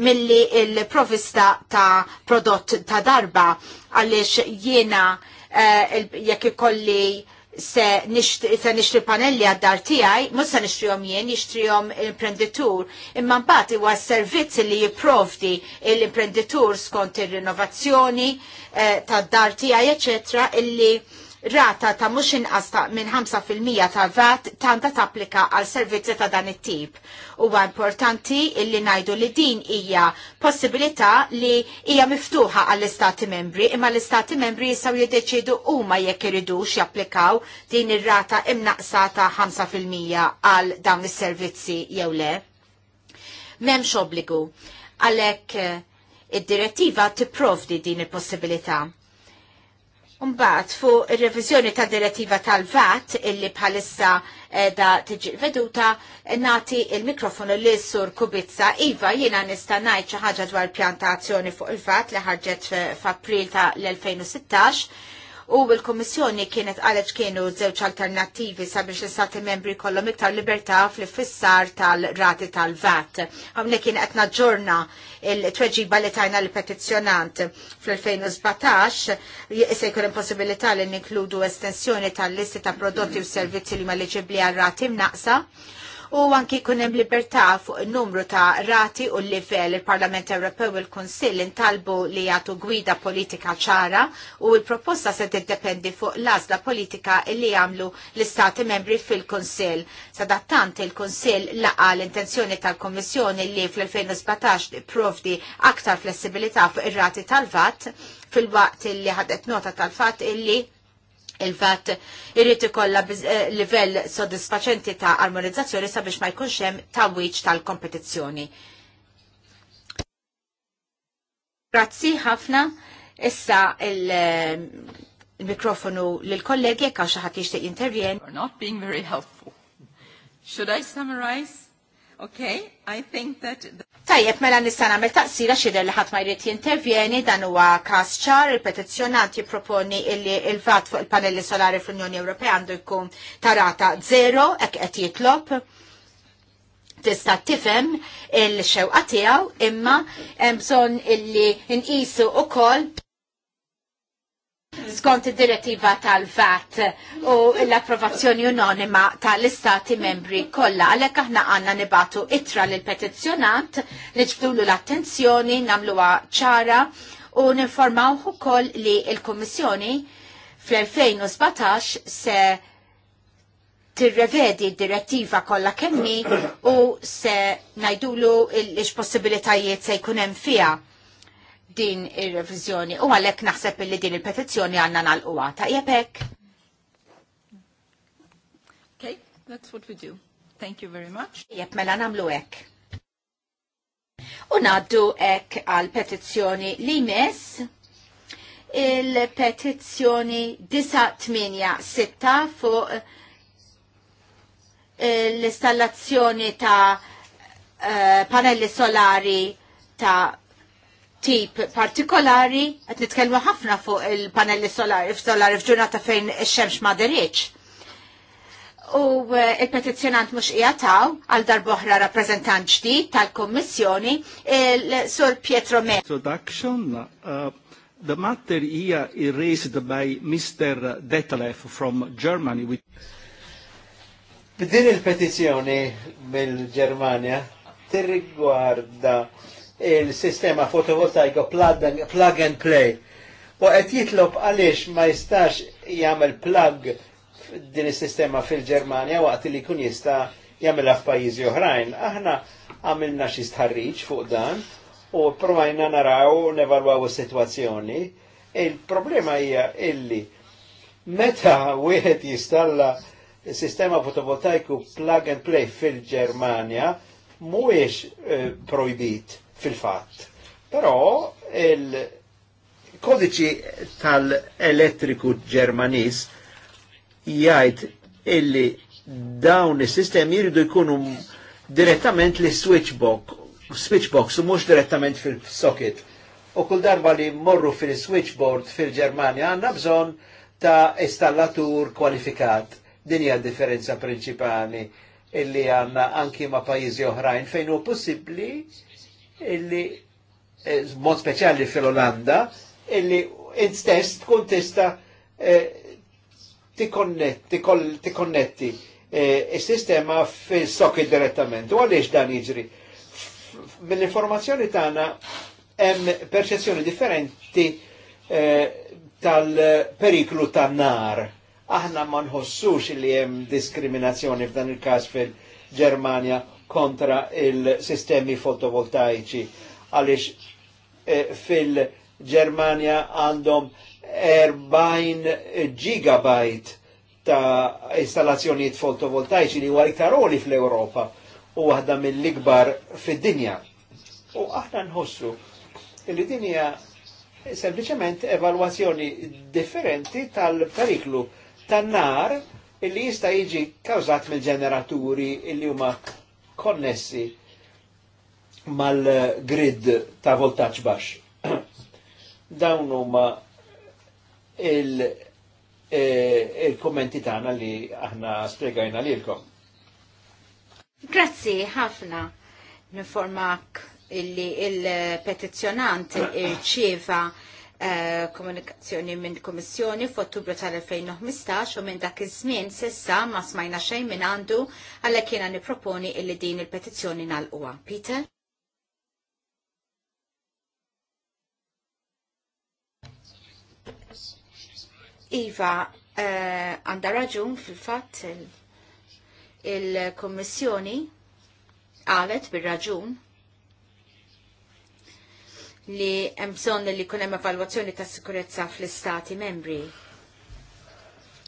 milli il-provista ta' prodott ta' darba għalix jiena eh, jekk ikolli se nixtri panelli għad-dar tijaj, mus se jom jien, jom imprenditur, imma mbagħad huwa servizz li jipprovdi l-imprenditur skont ir-rinnovazzjoni eh, tad-dar tijaj, eċetera, illi rata ta' mhux inqas ta' minn 5% ta' VAT tanda tapplika għal servizzi ta' dan it-tip. Huwa importanti illi ngħidu li din hija possibilità li hija miftuħa għall-Istati membri imma l-Istati membri jistgħu jiddeċidu huma jekk iridux japplikaw din ir-rata imnaqsa ta' 5% għal dawn is-servizzi jew le memx obbligu. Għalek eh, id-direttiva tipprovdi din il-possibilità. Umbat, fuq revizjoni ta' direttiva tal-VAT illi bħalissa da tiġi veduta, nati il-mikrofonu li sur Kubizza. Iva, jina nista najt ħaġa dwar pjantazzjoni fuq il-VAT li ħarġet f'April ta' l-2016 u l-Kommissjoni kienet għalet kienu żewġ alternattivi sabiex l-Stati membri kollu iktar libertà fl-fissar tal-rati tal-VAT. Għamne kien qed naġġorna il-tweġiba li tajna l-petizzjonant fl-2017 se jkun impossibilità li ninkludu estensjoni tal-listi ta' prodotti u servizzi li ma liġibli għal rati mnaqsa u anki kunem libertà fuq numru ta' rati u livell il-Parlament Ewropew u l-Konsil intalbu li jagħtu gwida politika ċara u l-proposta se tiddependi fuq l-għażla politika li jagħmlu l-Istati membri fil-Konsil. Sadattant il-Konsil laqa l-intenzjoni tal-Kommissjoni li fl-2017 provdi aktar flessibilità fuq ir-rati tal-VAT fil-waqt li ħadet nota tal-fatt illi Il-fat irrit ikolla eh, livell soddisfaċenti ta' armonizzazzjoni sabiex ma jkunx hemm tawwiċ tal-kompetizzjoni. Grazzi ħafna. Issa eh, il-mikrofonu lill-kollegi jekk għax ħadd jixtieq jintervjen. Not being very helpful. Should I summarize? Okay, I think that... Tajjeb, mela nista' nagħmel taqsira xi li ħadd ma jrid jintervjeni dan huwa każ ċar il-petizzjonant jipproponi illi il-vat fuq il-panelli solari fl-Unjoni Ewropea għandu jkun tarata zero hekk qed jitlob tista tifhem il-xewqa tiegħu imma hemm bżonn illi nqisu wkoll skont id-direttiva tal-VAT u l-approvazzjoni unonima tal-istati membri kollha. Għalhekk aħna għandna nibatu itra l-petizjonant, li l-attenzjoni, nagħmluha ċara u ninformawh ukoll li l-Kummissjoni fl-2017 se tirrevedi d-direttiva kollha kemmi u se ngħidulu l-possibilitajiet se jkun hemm fiha din ir revizjoni u għalhekk naħseb li din il-petizzjoni għandna nagħlquha ta' hekk. Okay, that's what we do. Thank you very much. Jep, mela nagħmlu hekk. U ngħaddu hekk għal petizzjoni li mess il-petizzjoni 986 fuq eh, l-installazzjoni ta' eh, panelli solari ta' tip partikolari, għet nitkellmu ħafna fuq il-panelli solari, f-solari f-ġurnata fejn il-xemx ma U eh, il-petizjonant mux ijataw għal darboħra rappresentant ġdid tal-Kommissjoni, il-Sur Pietro Me. Introduction, uh, the matter here is raised by Mr. Detlef from Germany. Bidin il-petizjoni mill-Germania tirrigwarda il-sistema fotovoltaiko plug and play. U qed jitlob għaliex ma jistax jagħmel plug din is-sistema fil-Ġermanja waqt li jkun jista' jagħmilha f'pajjiżi oħrajn. Aħna għamilna xi stħarriġ fuq dan u provajna naraw nevalwaw is-sitwazzjoni. Il-problema hija illi meta wieħed jistalla sistema fotovoltaiku plug and play fil-Ġermanja mhuwiex eh, projbit fil-fatt. Però il-kodiċi tal-elettriku ġermanis jgħid illi dawn is-sistemi jridu jkunu direttament li switchbox, switchbox u mhux direttament fil-socket. U kull darba li morru fil-switchboard fil-Ġermanja għandna bżonn ta' installatur kwalifikat. Din hija differenza prinċipali illi għanna anki ma' pajjiżi oħrajn fejn hu possibbli illi eh, mod speċjali fil-Olanda illi instess tkun tista eh, tikkonnetti eh, il-sistema fil-socket direttament. U għaliex dan jiġri? Mill-informazzjoni tagħna hemm perċezzjoni differenti tal-periklu tan-nar. Aħna ma nħossux li hemm diskriminazzjoni f'dan il-każ fil germania kontra il-sistemi fotovoltaici għaliex eh, fil-Germania għandhom 40 gigabyte ta' installazzjonijiet fotovoltaici li huwa iktar fl europa u waħda mill-ikbar fid-dinja. U aħna nħossu li dinja sempliċement evalwazzjoni differenti tal-periklu tan-nar illi jista' jiġi kawżat mill-ġeneraturi li huma konnessi mal-grid ta' voltaġġ baxx. Dawn huma e, il-kommenti tagħna li aħna spjegajna lilkom. Grazzi ħafna nifformak illi il-petizzjonant irċieva il Eh, komunikazzjoni minn Kommissjoni f'Ottubru tal-2015 u minn dak iż-żmien sissa ma smajna xejn minn għandu għalhekk jiena nipproponi illi din il-petizzjoni nagħlquha. Peter? Iva, eh, għanda raġun fil-fatt il-Kommissjoni għalet bil-raġun li hemm bżonn li jkun hemm evalwazzjoni ta' sikurezza fl-istati membri.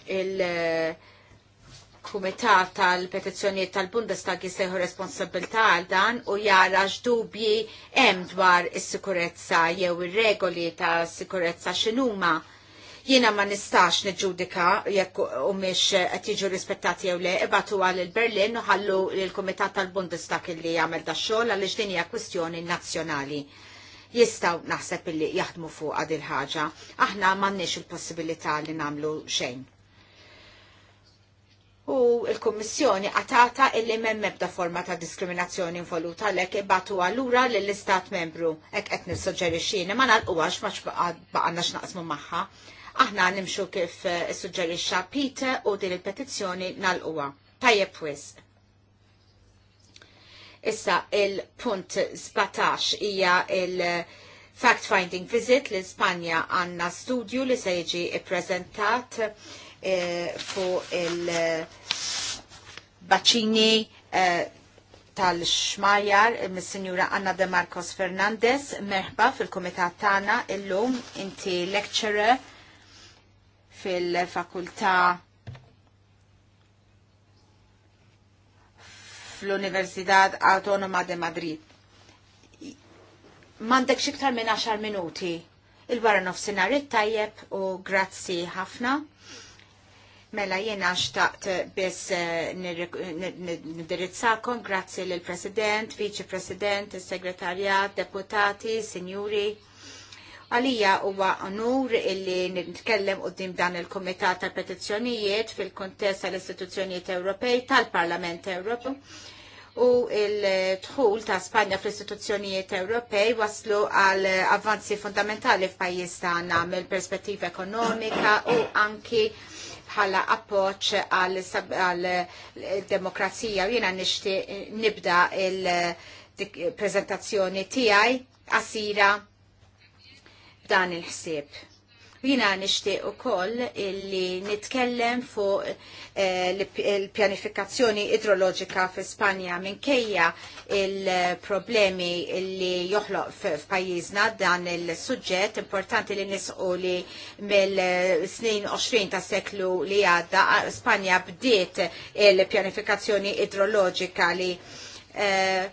Il-Kumitat eh, tal-Petizzjonijiet tal-Bundestag jistejħu responsabilità għal dan u jara x'dubji hemm dwar is-sikurezza jew ir-regoli ta' sikurezza x'inhuma jiena ma nistax niġġudika jekk u miex qed jiġu rispettati jew le ibatu għal il-Berlin u ħallu l-Kumitat tal-Bundestag li jagħmel da' xogħol għaliex din hija kwistjoni nazzjonali jistaw naħseb illi jaħdmu fuq għadil il-ħaġa. Aħna mannix il-possibilità li namlu xejn. U il-Kommissjoni għatata illi mem mebda forma ta' diskriminazzjoni involuta lek batu għallura l-istat membru ek etni suġġerixxini ma nalquwax ma baqanna x'naqsmu magħha aħna nimxu kif suġġerixxa Peter u din il-petizzjoni nal Tajjeb wisq. Issa il-punt 17 hija il- Fact-finding visit l ispanja għanna studju li se jiġi ippreżentat eh, fuq il-baċini eh, tal-xmajar mis-Sinjura Anna De Marcos Fernandez, merħba fil-Komitat tagħna illum inti lecturer fil-Fakultà fl-Universidad Autonoma de Madrid. Mandek xiktar minn 10 minuti. Il-wara nofsinhar tajjeb u grazzi ħafna. Mela jena xtaqt biss eh, nindirizzakom, grazzi lill president Vice president is segretarjat Deputati, Signuri. Għalija huwa onur illi nitkellem dim dan il-Kumitat tal Petizzjonijiet fil-kontest tal-Istituzzjonijiet Ewropej tal-Parlament Ewropew u il-tħul ta' Spanja fl-istituzzjonijiet Ewropej waslu għal avvanzi fundamentali f'pajjiż tagħna mill-perspettiva ekonomika u anki bħala appoċ għal demokrazija u jena nibda il-prezentazzjoni tijaj asira dan il-ħsieb. Jina nishtiq u koll illi nitkellem fuq eh, il-pjanifikazzjoni idroloġika fi Spanja minkejja il-problemi illi joħloq f'pajjiżna dan il-suġġett importanti li nisqu li mill-snin 20 ta' seklu li għadda Spanja bdiet il-pjanifikazzjoni idroloġika li Eh,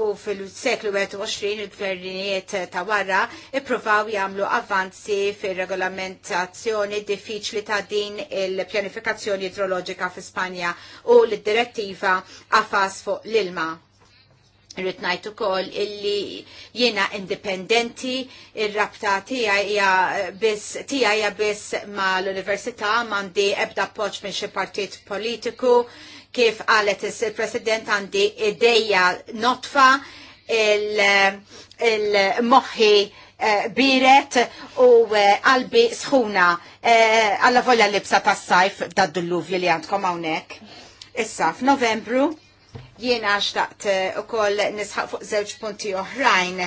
u fil-seklu 21 il-gvernijiet ta' wara ippruvaw jagħmlu avanzi fir-regolamentazzjoni diffiċli ta' din il-pjanifikazzjoni idroloġika fi Spanja u l-direttiva għafas fuq l-ilma. Ritnajt ngħid ukoll illi jiena indipendenti, il rabta tiegħi bis biss l-Universita mandi mal-università m'għandi ebda poċ minn xi partit politiku kif għalet il-President għandi ideja notfa il-moħi eh, biret u eh, qalbi sħuna għalla eh, uh, volja libsa tas sajf dad li għandkom għawnek. Issa, f'Novembru Jiena xtaqt eh, ukoll nisħaq fuq żewġ punti oħrajn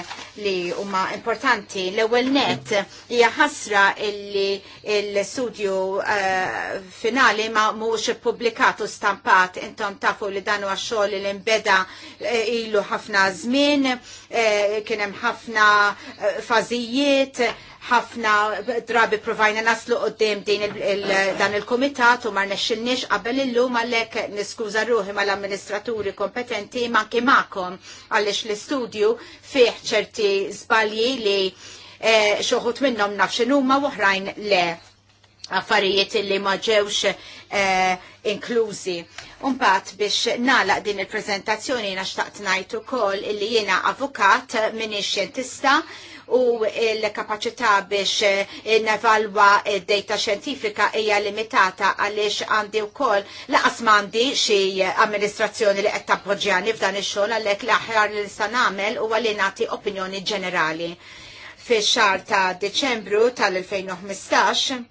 li huma importanti. L-ewwel net hija ħasra illi l-studju uh, finali ma mhux u stampat intom tafu li dan huwa xogħol li nbeda uh, ilu ħafna żmien, uh, kien hemm ħafna fażijiet ħafna drabi provajna naslu qoddim din dan il-komitat u ma nexxilniex qabel illum għalhekk niskuża ruħi mal-amministraturi kompetenti ma kimakom għallix għaliex l-istudju fih ċerti żbalji li eh, xoħut minnhom nafx ma u oħrajn le affarijiet li ma ġewx eh, inklużi. Unbat biex nalaq din il-prezentazzjoni jena xtaqt najt ukoll illi jiena avukat eh, minni xjentista u l-kapacità biex eh, nevalwa data xjentifika hija limitata għaliex għandi wkoll laqas m'għandi xi amministrazzjoni li qed tappoġġjani f'dan ix-xogħol għalhekk l-aħjar li nista' nagħmel huwa li nagħti opinjoni ġenerali. Fix-xahar ta' Deċembru tal-2015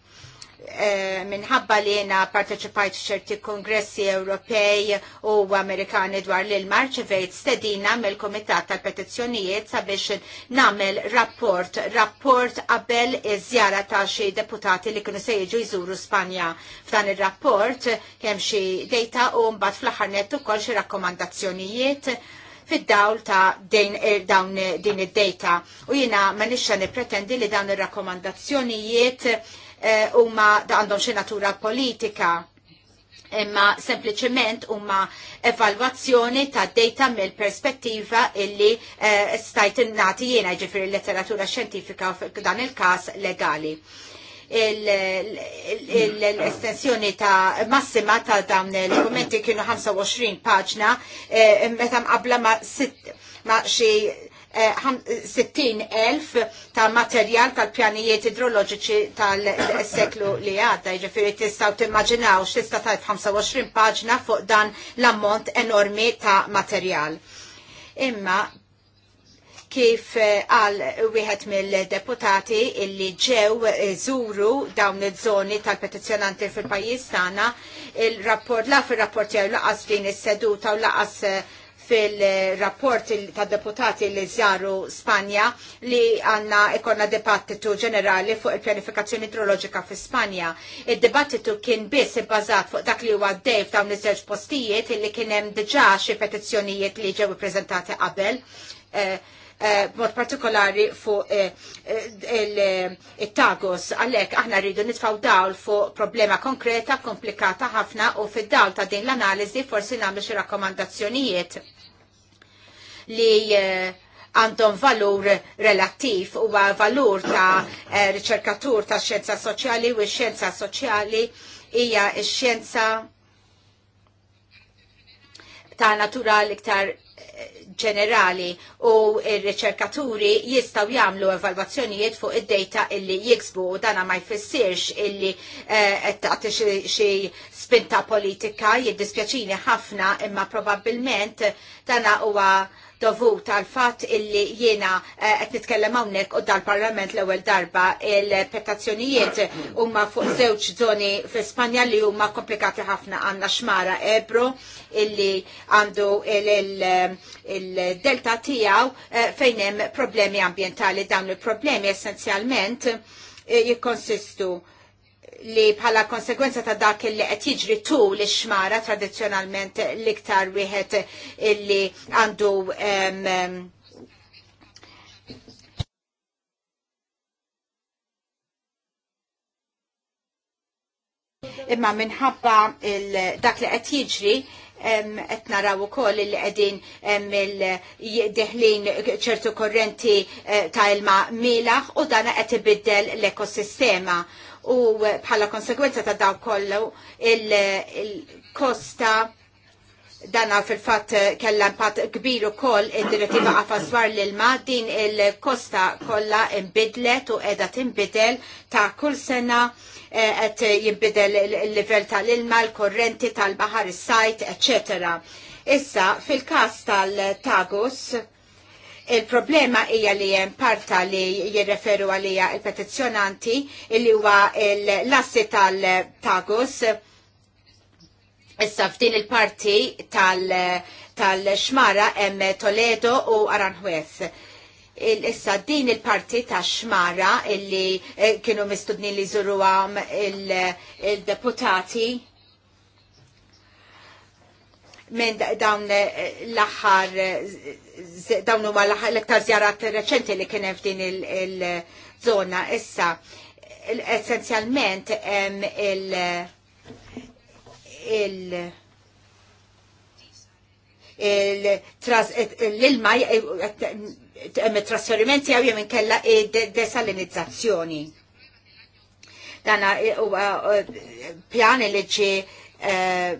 Eh, minħabba li jena parteċipajt f'ċerti kongressi Ewropej u Amerikani dwar l Marċivejt stedina mill komitat tal-petizzjonijiet sabiex namel rapport, rapport qabel iż-żjara ta' xi deputati li kienu se jiġu jżuru Spanja. F'dan ir-rapport kemm xi dejta u mbagħad fl-aħħar nett ukoll xi rakkomandazzjonijiet fid-dawl ta' din, dawn din id-data. U jina ma nixxa nipretendi li dawn ir-rakkomandazzjonijiet Eh, huma da għandhom xi natura politika imma sempliciment umma evalwazzjoni ta' data mill perspettiva illi uh, stajt innati jena ġifiri letteratura xjentifika dan il-kas legali l-estensjoni ta' massima ta' dawn il-dokumenti kienu 25 paġna eh, meta qabla ma' ma' xi 60.000 ta' materjal tal-pjanijiet idroloġiċi tal-seklu li għadda. Ġifiri tistaw timmaġinaw x'tista' tajt 25 paġna fuq dan l-ammont enormi ta' materjal. Imma kif eh, għal wieħed mill-deputati illi ġew eh, żuru dawn iż-żoni tal-petizzjonanti fil-pajjiż tagħna, il-rapport la fil-rapport jew laqas din is-seduta u laqas eh, fil-rapport ta' deputati li zjaru Spanja li għanna ikonna dibattitu ġenerali fuq il-pjanifikazzjoni idrologika fi Spanja. il dibattitu kien biss ibbażat fuq dak li huwa dejf f'dawn iż-żewġ postijiet li kien hemm diġà xi petizzjonijiet li ġew ippreżentati qabel. Eh, eh, Mod partikolari fuq eh, il-tagos, għalek aħna rridu nitfaw dawl fuq problema konkreta, komplikata ħafna u fid-dawl ta' din l-analizi forsi namlu xi rakkomandazzjonijiet li eh, għandhom valur relattiv u valur ta' eh, riċerkatur ta' xjenza soċjali u x-xjenza soċjali hija x-xjenza ta' natura l-iktar eh, ġenerali u il-riċerkaturi jistaw jamlu evalwazzjonijiet fuq id-data illi jiksbu u dana ma jfissirx illi għatti xie spinta politika jiddispjaċini ħafna imma probabilment dana huwa dovut għal fatt illi jiena eh, qed nitkellem hawnhekk u dal-Parlament l-ewwel darba il-petazzjonijiet huma fuq żewġ żoni fl-Ispanja li huma komplikati ħafna għandna xmara Ebro illi għandu il-delta tiegħu eh, fejn hemm problemi ambjentali dawn il-problemi essenzjalment eh, jikkonsistu li bħala konsekwenza ta' dak li qed jiġri tu li xmara tradizzjonalment l-iktar wieħed li għandu um, um, imma minħabba dak li qed jiġri qed naraw ukoll li qegħdin deħlin ċertu korrenti eh, ta' ilma milaħ u dana qed ibiddel l-ekosistema u eh, bħala konsegwenza ta' daw kollu il-kosta dana fil-fat eh, kella impatt kbir u koll id-direttiva għafaswar l-ilma din il-kosta kolla imbidlet u edha timbidel ta' kull sena għet eh, jimbidel il-level tal-ilma, l-korrenti tal-bahar, il-sajt, eccetera. Issa, fil-kas tal-tagus, Il-problema hija li hemm parta li jirreferu għalija il-petizzjonanti li huwa l-assi tal-tagus. Issa f'din il-parti tal-xmara hemm Toledo u Aranjuez. Issa din il-parti ta' xmara illi eh, kienu mistudni li għam il-deputati minn dawn l-aħħar dawn huma l-aktar żjarat reċenti li kien hemm f'din il-żona il issa essenzjalment hemm il, il, l-ilma hemm trasferimenti jew inkella desalinizzazzjoni. Dana eh, huwa eh, pjan li Eh,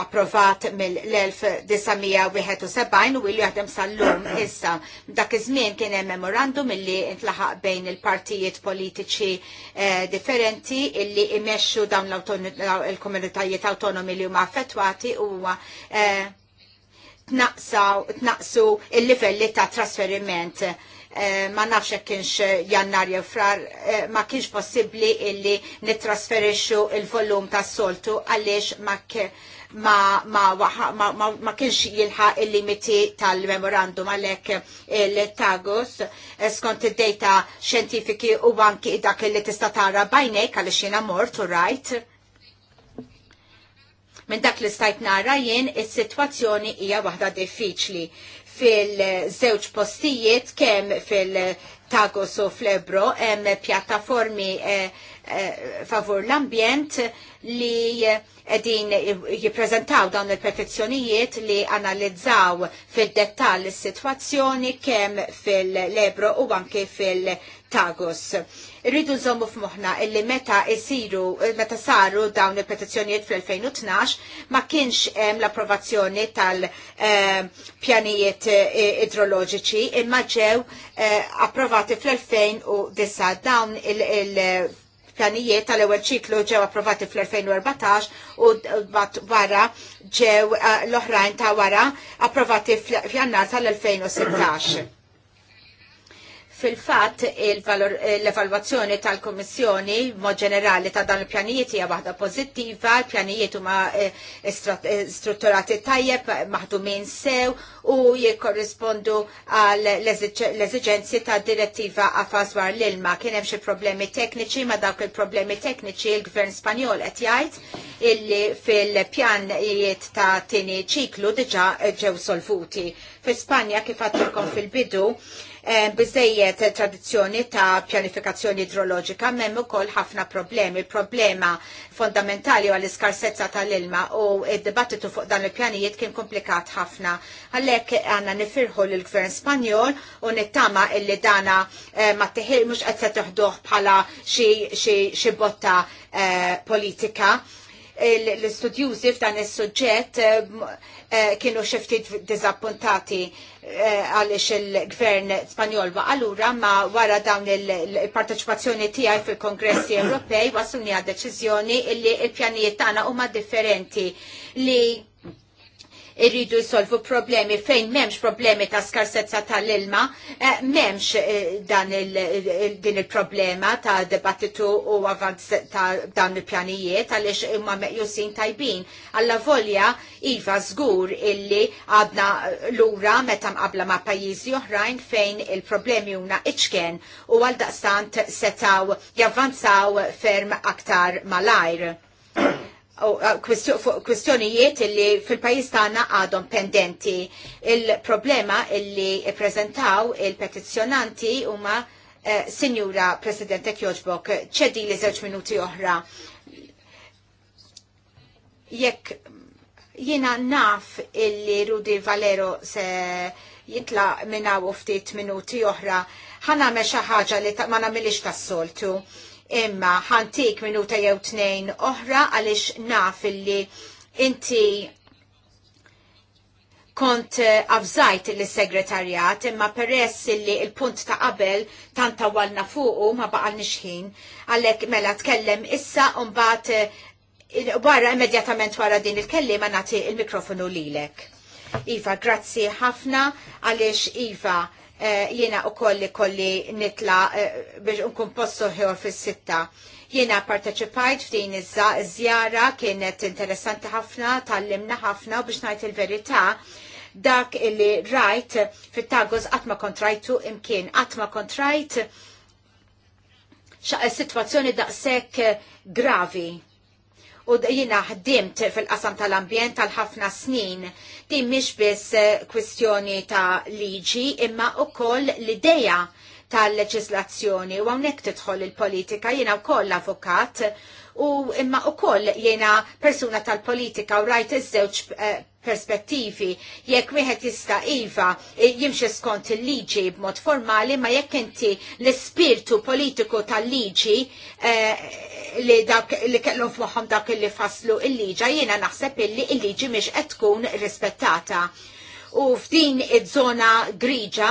approvat mill-1971 u illi jaħdem sal-lum issa. Dak iż-żmien kien hemm memorandum illi intlaħaq bejn il-partijiet politiċi eh, differenti illi imexxu dawn il-komunitajiet autonomi li huma affettwati huwa eh, tnaqsu il-livelli ta' trasferiment Eh, ma nafx hekk kienx eh, jannar jew frar eh, ma kienx possibbli illi nittrasferixxu il-volum tas-soltu għaliex ma ma, ma, ma, ma, ma kienx jilħaq il-limiti tal-memorandum għalhekk il-tagus skont id-data xjentifiki u anki dak li tista tara bajnejk għaliex jiena mort u rajt. Minn dak li stajt nara jien, is-sitwazzjoni hija waħda diffiċli fil-żewġ postijiet kemm fil-Tagos u fl-Ebro hemm pjattaformi eh, eh, favur l-ambjent li eh, edin jiprezentaw dawn il perfezzjonijiet li analizzaw fil dettall is-sitwazzjoni kemm fil-Lebro u anke fil Tagos. Irridu nżommu f'moħna illi meta isiru, meta saru dawn il-petizzjonijiet fl-2012 ma kienx hemm l-approvazzjoni tal-pjanijiet e, idroloġiċi imma ġew e, approvati fl-2009 dawn il- pjanijiet tal-ewwel ċiklu ġew approvati fl-2014 u wara ġew e, l-oħrajn ta' wara approvati f'jannar tal-2016. Fil-fatt l-evalwazzjoni tal komissjoni mod ġenerali ta' dan il-pjanijiet hija waħda pożittiva, il-pjanijiet huma eh, eh, strutturati tajjeb, maħdumin sew u jikkorrispondu għal l-eżigenzi ta' direttiva għafas war l-ilma. Kien hemm xi problemi tekniċi, ma dawk il-problemi tekniċi il-Gvern Spanjol qed jgħid illi fil-pjanijiet ta' tieni ċiklu diġà ġew solvuti. Fi Spanja kif għattilkom fil-bidu, Eh, bizzejiet tradizzjoni ta' pjanifikazzjoni idroloġika memm ukoll ħafna problemi. Problema fondamentali għal iskarsezza tal-ilma u id-dibattitu fuq dan il-pjanijiet kien komplikat ħafna. Għalhekk għandna nifirħu l-Gvern Spanjol u nittama illi dana eh, ma teħil mhux qed bħala xi botta eh, politika l-istudjużi f'dan is-suġġett eh, eh, kienu xi ftit diżappuntati eh, għaliex il-gvern Spanjol ma allura ma wara dawn il partecipazzjoni tiegħi fil-Kongressi Ewropej wasluni għad deċiżjoni illi l pjanijiet tagħna huma differenti li irridu jsolvu problemi fejn memx problemi ta' skarsezza tal-ilma, eh, memx eh, dan il, din il-problema ta' debattitu u avanz ta' dan il-pjanijiet għalix imma meqjusin tajbin. Alla volja Iva zgur illi għadna l-ura meta mqabla ma' pajizi oħrajn fejn il-problemi una iċken u għaldaqstant setaw javanzaw ferm aktar malajr kwistjonijiet illi fil-pajis tagħna għadhom pendenti. Il-problema illi ippreżentaw il-petizzjonanti huma eh, Sinjura President Kjoġbok, ċedi li żewġ minuti oħra. Jekk jiena naf illi Rudi Valero se jitla minna u ftit minuti oħra, ħana meċa ħaġa li ma namilix tas-soltu imma ħantik minuta jew tnejn oħra għaliex naf illi inti kont eh, avżajt li segretarjat imma peress illi il-punt ta' qabel tant tawalna fuqu ma baqal nixħin għalek mela tkellem issa bat eh, wara immedjatament wara din il-kellima nati il-mikrofonu lilek. Iva, grazzi ħafna għaliex Iva Eh, jiena u kolli kolli nitla eh, biex unkun posto ħor fis-sitta. Jiena parteċipajt f'din iż-żjara kienet interessanti ħafna, tal-limna ħafna u biex ngħid il-verità dak illi rajt fit-tagos għatma kontrajtu imkien, għatma kontrajt xaq situazzjoni daqsek gravi. U jina ħdimt fil-qasam tal-ambjent tal-ħafna snin, Din mhix biss eh, kwestjoni ta' liġi imma ukoll l-idea tal-leġislazzjoni u hawnhekk tidħol il-politika jiena wkoll avukat u imma u koll persuna tal-politika u rajt iż-żewġ eh, perspettivi jekk wieħed jista' iva jimxi skont il-liġi b'mod formali ma jekk inti l-ispirtu politiku tal-liġi eh, li dak li kellhom f'moħħhom dak li faslu il-liġa jiena naħseb illi il-liġi mhix qed tkun rispettata. U f'din iż-żona griġa,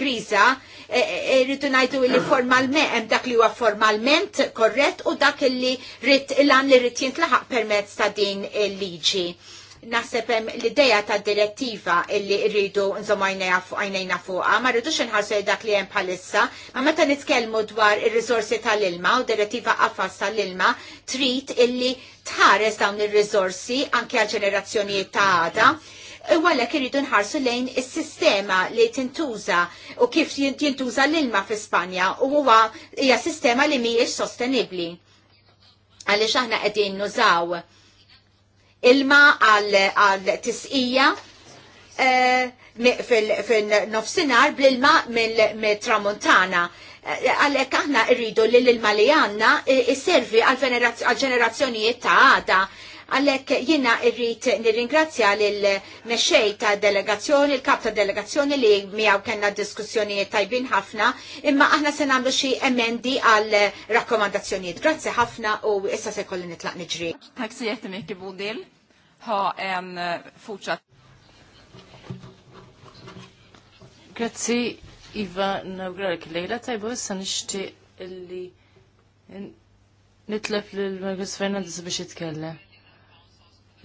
griża, eh, rridu ngħidu li formalment hemm dak li huwa formalment korrett u dak li rid il-għan li rrid jintlaħaq permezz ta' din il-liġi. il liġi naħseb hemm l-idea ta' direttiva illi rridu nżomm għajnejna fuqha, ma rridux inħarsu dak li hemm bħalissa, ma meta nitkellmu dwar ir-riżorsi tal-ilma u direttiva qafas tal-ilma trid illi tħares dawn ir-riżorsi anke għal ġenerazzjonijiet ta' għada għalek irridu nħarsu lejn is-sistema li tintuża u kif jintuża l-ilma fi Spanja u huwa hija sistema li mhijiex sostenibbli. Għaliex aħna qegħdin nużaw ilma għal tisqija eh, fil-nofsinar bl-ilma mill-tramontana. Eh, Għalek aħna rridu li l-ilma li għanna isservi għal-ġenerazzjonijiet ta' għada għallek jina irrit nirringrazzja l mexej ta' delegazzjoni, l-kap ta' delegazzjoni li miaw kena diskussjoni tajbin ħafna, imma aħna se nagħmlu xie emendi għal rakkomandazzjonijiet. Grazie ħafna u issa se kolli nitlaq niġri. Tack så jättemycket budil, Ha en eh, fuċat. Grazie Iva, nawgrarek lejla tajba, issa nishti illi nitlef l magus Fernandez biex jitkellem.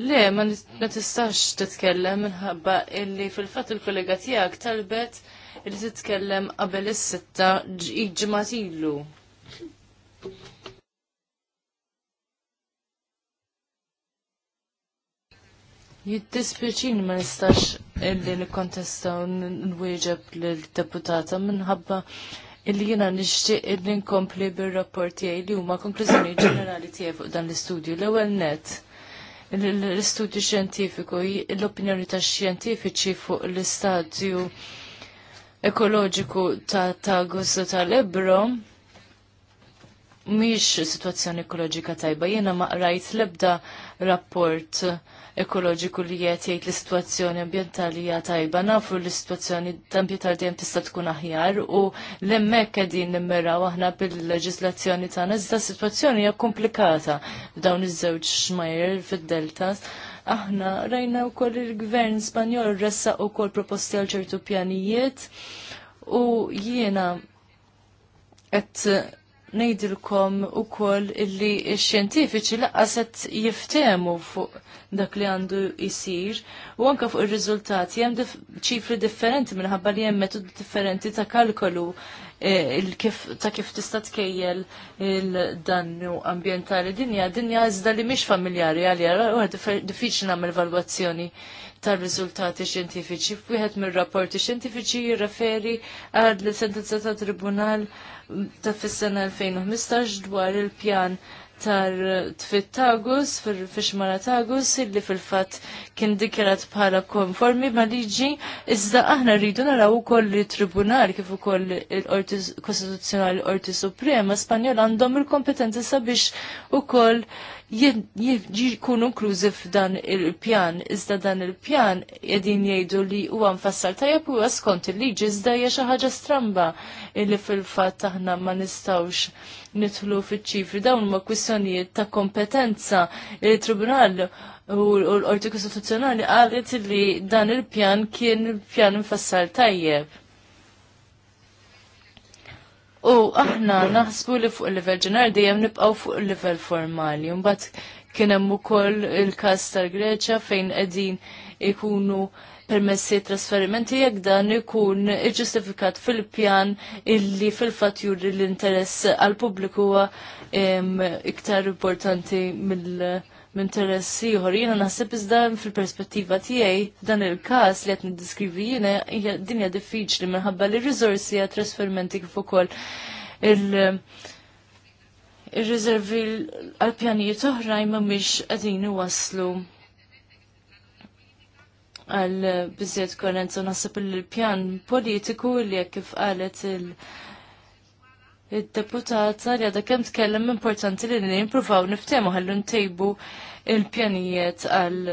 Le, ma tistax titkellem minħabba illi fil-fat il-kollega tijak talbet illi titkellem qabel is-sitta ġimatilu. Jittispieċini ma nistax illi nikontesta u nwieġeb l-deputata minħabba illi jena nishtiq illi nkompli bil-rapport tiegħi li huma konklużjoni ġenerali tiegħi fuq dan l-istudju. L-ewwel net l-istudju xjentifiku, l-opinjoni ta' xjentifiċi fuq l-istadju ekoloġiku ta' gusto ta' Lebro mhix situazzjoni ekoloġika tajba. jiena ma' rajt lebda rapport ekoloġiku li qed jgħid li sitwazzjoni ambjentali hija tajba. Nafu l-sitwazzjoni tal-ambjental dejjem tista' tkun aħjar u l emmek qegħdin nimmiraw aħna bil-leġislazzjoni tagħna iżda s-sitwazzjoni hija komplikata f'dawn iż-żewġ xmajer fid-deltas aħna rajna u il-gvern spanjol ressa u proposti għal ċertu pjanijiet u jiena qed nejdilkom u koll illi xjentifiċi laqqas qed jiftemu fuq dak li għandu jisir u anka fuq ir-riżultati hemm ċifri differenti minħabba li hemm metodi differenti ta' kalkolu eh, ta' kif tista' tkejjel il-dannu ambjentali dinja dinja iżda li mhix familjari għal u diffiċli nagħmel valwazzjoni tar-riżultati xjentifiċi. Wieħed mir-rapporti xjentifiċi jirreferi għal sentenza ta' tribunal ta' fis-sena 2015 dwar il-pjan tar-tfit tagus, fil-fixmara tagus, illi fil-fat kien dikjarat bħala konformi ma liġi, iżda aħna rridu naraw ukoll tribunal kif ukoll il-Qorti Kostituzzjonali Qorti Suprema Spanjol għandhom il kompetenza sabiex ukoll kun inklużi f'dan il-pjan, iżda dan il-pjan qegħdin jgħidu li huwa mfassal tajjeb huwa skont il-liġi iżda hija xi ħaġa stramba illi fil-fatt aħna ma nistgħux nidħlu fiċ-ċifri dawn huma kwistjonijiet ta' kompetenza il-tribunal u l-Qorti Kostituzzjonali qalet li dan il-pjan kien pjan infassal tajjeb. U aħna naħsbu li fuq il-level ġenerali dejjem nibqgħu fuq il-level formali. Mbagħad kien hemm ukoll il-każ tal-Greċja fejn qegħdin ikunu permessi trasferimenti jekk dan ikun iġġustifikat fil-pjan illi fil-fatt juri l-interess għal pubbliku huwa iktar importanti mill- minn interess ieħor. Jiena naħseb iżda fil-perspettiva tiegħi f'dan il-każ li qed niddiskrivi jiena hija dinja diffiċli minħabba li riżorsi għat trasferimenti kif ukoll il- rizervi għal-pjanijiet oħra ma miex għadin waslu għal bizziet korrenza naħseb il-pjan politiku li kif qalet il- il-deputata li għadha kemm tkellem importanti li nimpruvaw niftehmu ħallu ntejbu il-pjanijiet għal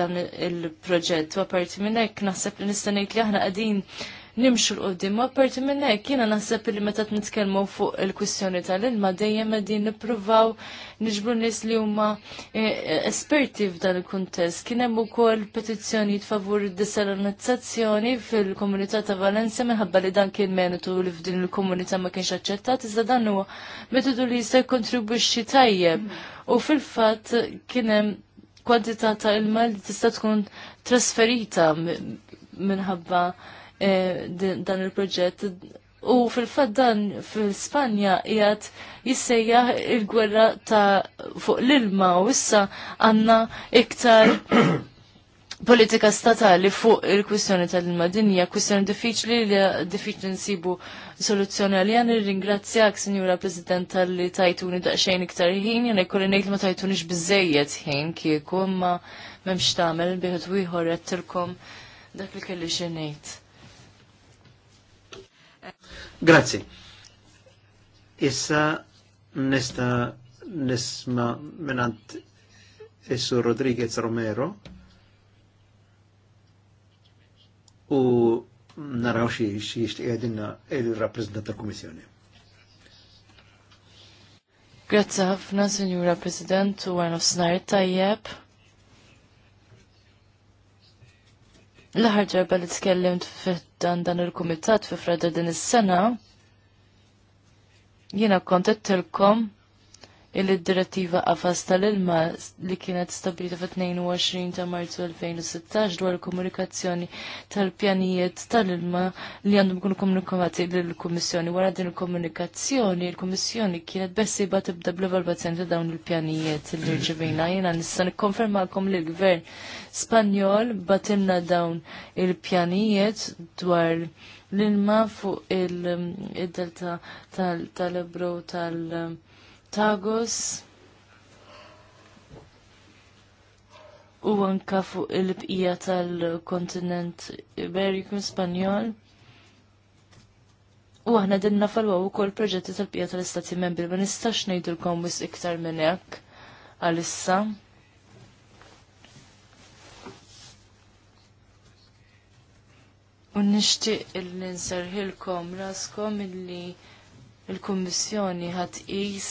dan il-proġett. U apparti minn hekk naħseb li nista' ngħid li aħna qegħdin nimxu l-qoddim. U apparti minn kiena jiena naħseb li meta t-nitkelmu fuq il-kwistjoni tal-ilma dejjem qegħdin nippruvaw niġbru nies li huma eh, esperti f'dan il-kuntest. Kien hemm ukoll petizzjonijiet favur id-desalinizzazzjoni fil-komunità ta' Valencia minħabba li dan kien menitu li f'din il-komunità ma kienx aċċettat, iżda dan huwa metodu li jista' jkontribwixxi tajjeb. U fil-fatt kien hemm kwantità ta' ilma li tista' tkun trasferita minħabba Eh, dan il-proġett u fil-fat dan fil-Spanja jgħat jissejja il-gwerra ta' fuq l-ilma u issa għanna iktar politika statali fuq il-kwistjoni tal-ilma dinja, kwistjoni diffiċli li diffiċli nsibu soluzzjoni għalli għan ringrazzjak, Signora President, tal-li tajtuni daqxajn iktar ħin, jgħan ikkoli nejt ma tajtunix bizzejiet ħin, kieku ma memx tamel biħet wieħor għattilkom dak li kelli xenejt. Grazie. Issa nesta nisma minant issu Rodriguez Romero u naraw xie xie xie il-rappresentant tal-Komissjoni. Grazie ħafna, Sinjura President, u għan snar tajjeb. L-ħar ġerba li tkellimt dan dan il-kumitat fi freda din is-sena, jiena kontettilkom il-direttiva għafas tal-ilma li kienet stabilita fit-22 ta' Marzu 2016 dwar komunikazzjoni tal-pjanijiet tal-ilma li għandhom kunu komunikati lill-Kummissjoni. Wara din il-komunikazzjoni, il-Kummissjoni kienet ba tibda bl-evalvazzjoni ta' dawn il-pjanijiet li ġivina. Jena nista' nikkonfermalkom li l-Gvern Spanjol batilna dawn il-pjanijiet dwar l-ilma fuq il-delta tal-Ebro tal-, tal, tal, tal, tal, tal, tal, tal, tal Tagus u anka fuq il-bqija tal-kontinent Iberiku Spanjol. U aħna dinna falwa u kol proġetti tal-bqija tal-istati membri, ma nistax l wis iktar minn hekk għalissa. U nishtiq il-ninserħilkom raskom illi il-Kummissjoni ħadd is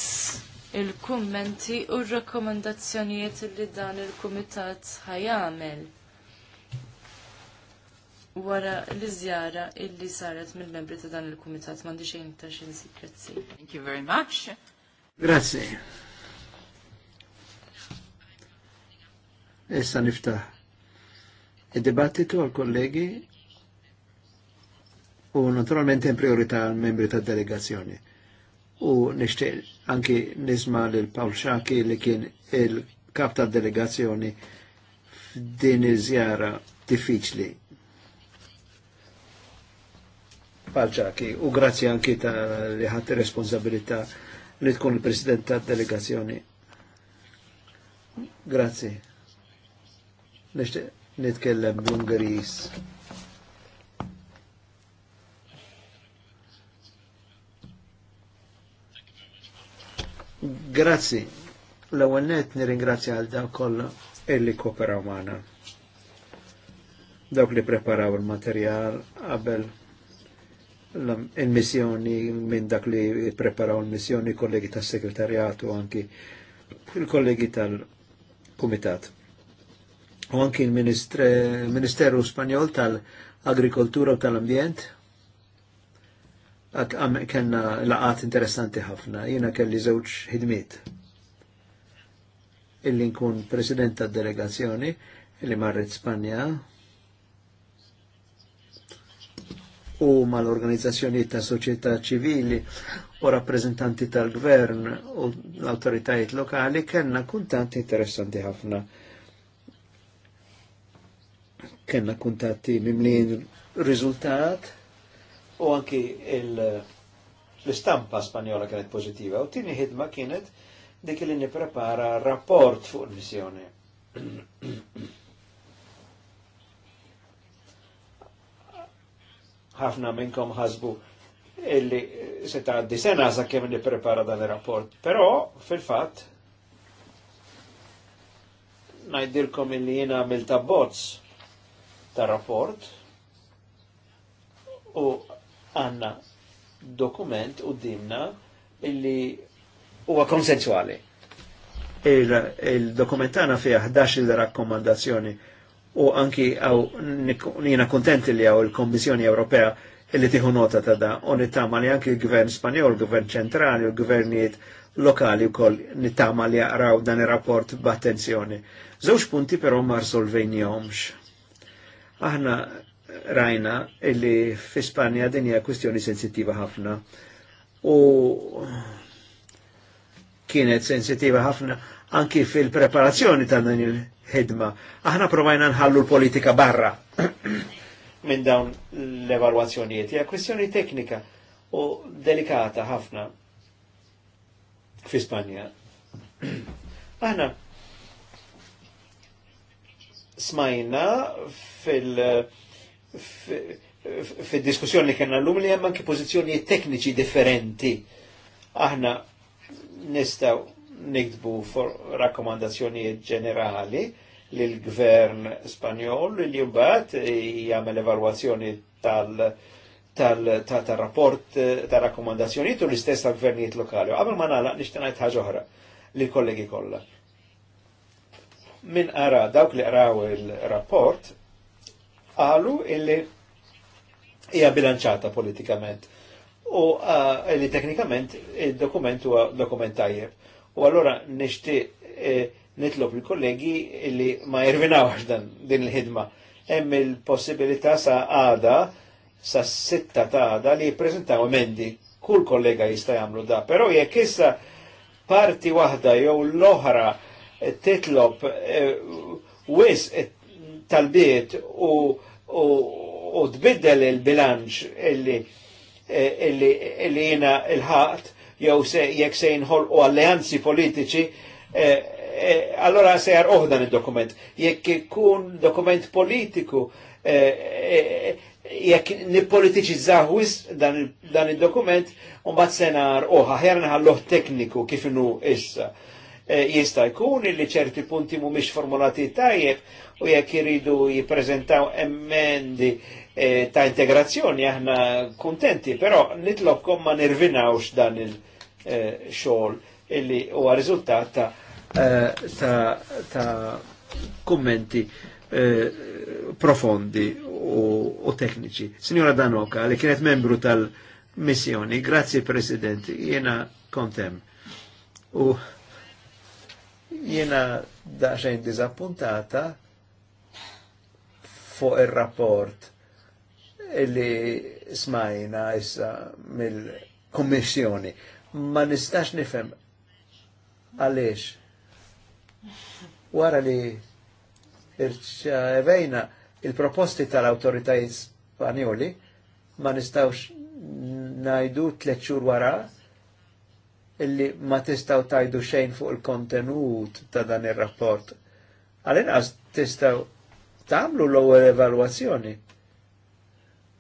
il-kummenti u r-rakkomandazzjonijiet li dan il-Kumitat ħajamel wara l-iżjara illi saret mill-membri ta' dan il-Kumitat m'għandi xejn ta' xejn sikretzi. Thank you very much. Grazie. Issa niftaħ. Id-dibattitu għal-kollegi u naturalment in priorità għal membri tad delegazzjoni u nishtiq anki nisma lil Paul Xaki li kien il-kap ta' delegazzjoni f'din iż-żjara diffiċli. Paul Xaki, u grazzi anki ta' li ħadd responsabilità li tkun il-president ta' delegazzjoni. Grazzi. Nishtiq nitkellem bl-Ungeris. Grazzi. L-ewwel net nirringrazzja għal daw kollha illi kooperaw magħna. Dawk li preparaw il-materjal qabel il-missjoni minn dak li preparaw il-missjoni kollegi tas-segretarjat u anki il-kollegi tal-kumitat. U anki il-Ministeru Spanjol tal-Agrikoltura u tal-Ambjent kena laqat interessanti ħafna, jina kelli zewċ hidmiet illi nkun president tad delegazzjoni illi marret Spanja u mal-organizzazzjoni ta' soċjetà ċivili u rappresentanti tal-gvern u l-autoritajiet lokali kellna kuntanti interessanti ħafna. kena kuntatti mimlin riżultat u anki l-istampa spanjola kienet pozitiva, u tini ħidma kienet dik li niprepara rapport fuq il-missjoni. ħafna minnkom ħasbu illi se tgħaddi sena sa li prepara dan il rapport Pero, fil fat najdilkom illi jina għamil ta' bozz ta' rapport u għanna dokument u dimna illi huwa konsensuali. il dokument il, għana fi 11 il-rakkomandazzjoni u anki għaw nina kontenti li għaw il-Kommissjoni Ewropea illi tiħu nota ta' da u nittama li anki il-Gvern Spanjol, il-Gvern ċentrali, il-Gvernijiet lokali u koll nittama li jaqraw dan il-rapport b'attenzjoni. Zewx punti però mar solvejnjomx. Aħna rajna illi f'Ispanja din hija kwistjoni sensittiva ħafna u kienet sensitiva ħafna anki fil-preparazzjoni ta' dan il-ħidma. Aħna provajna nħallu l-politika barra minn dawn l-evalwazzjonijiet. Hija kwestjoni teknika u delikata ħafna fi Spanja. Aħna smajna fil- fil-diskussjoni kena l-lum li hemm anki pożizzjoni tekniċi differenti. Aħna nistaw nikdbu rakkomandazzjonijiet ġenerali l gvern Spanjol li mbagħad jagħmel evalwazzjoni tal- tal-rapport ta' rakkomandazzjonijiet u l-istess tal-gvernijiet lokali. Qabel ma nalaq nixtieq ngħid ħaġa oħra lill kollegi kollha. Min ara dawk li qraw il-rapport għalu illi hija bilanċata politikament u uh, illi teknikament il-dokument huwa dokument tajjeb. U allora nixti eh, nitlob il-kollegi illi ma jirvinawx dan din il-ħidma. Hemm il-possibilità sa għada sa sitta ta' għada li jippreżentaw emendi. Kull kollega jista' jagħmlu da, però jekk issa parti waħda jew l-oħra titlob eh, wis eh, talbiet u u tbiddel il-bilanċ illi eh, illi jina il-ħat jew se jekk se jinħol u alleanzi politiċi eh, eh, allora se jar uħdan il-dokument jekk ikun dokument politiku jekk zaħwis dan il-dokument un bat senar uħa, ħjar nħalluħ tekniku kif inu issa Eh, jista' jkun li ċerti punti mhumiex formulati tajjeb u jekk iridu jiprezentaw emmendi eh, ta' integrazzjoni aħna kuntenti, però nitlobkom ma nirvinawx dan il-xogħol eh, illi huwa riżultat ta' ta', ta kummenti profondi u, u tekniċi. Signora Danoka, li kienet membru tal-missjoni, grazie President, jena kontem. U Jena daċen dizappuntata fuq il-rapport illi smajna issa mill-kommissjoni. Ma nistax nifem għalix. Wara li irċevejna il-proposti tal-autoritajiet spanjoli, ma nistawx najdu tliet wara illi ma tistaw tajdu xejn fuq il-kontenut ta' dan ir-rapport. Għal-inqas tistaw tagħmlu l-ewwel evalwazzjoni.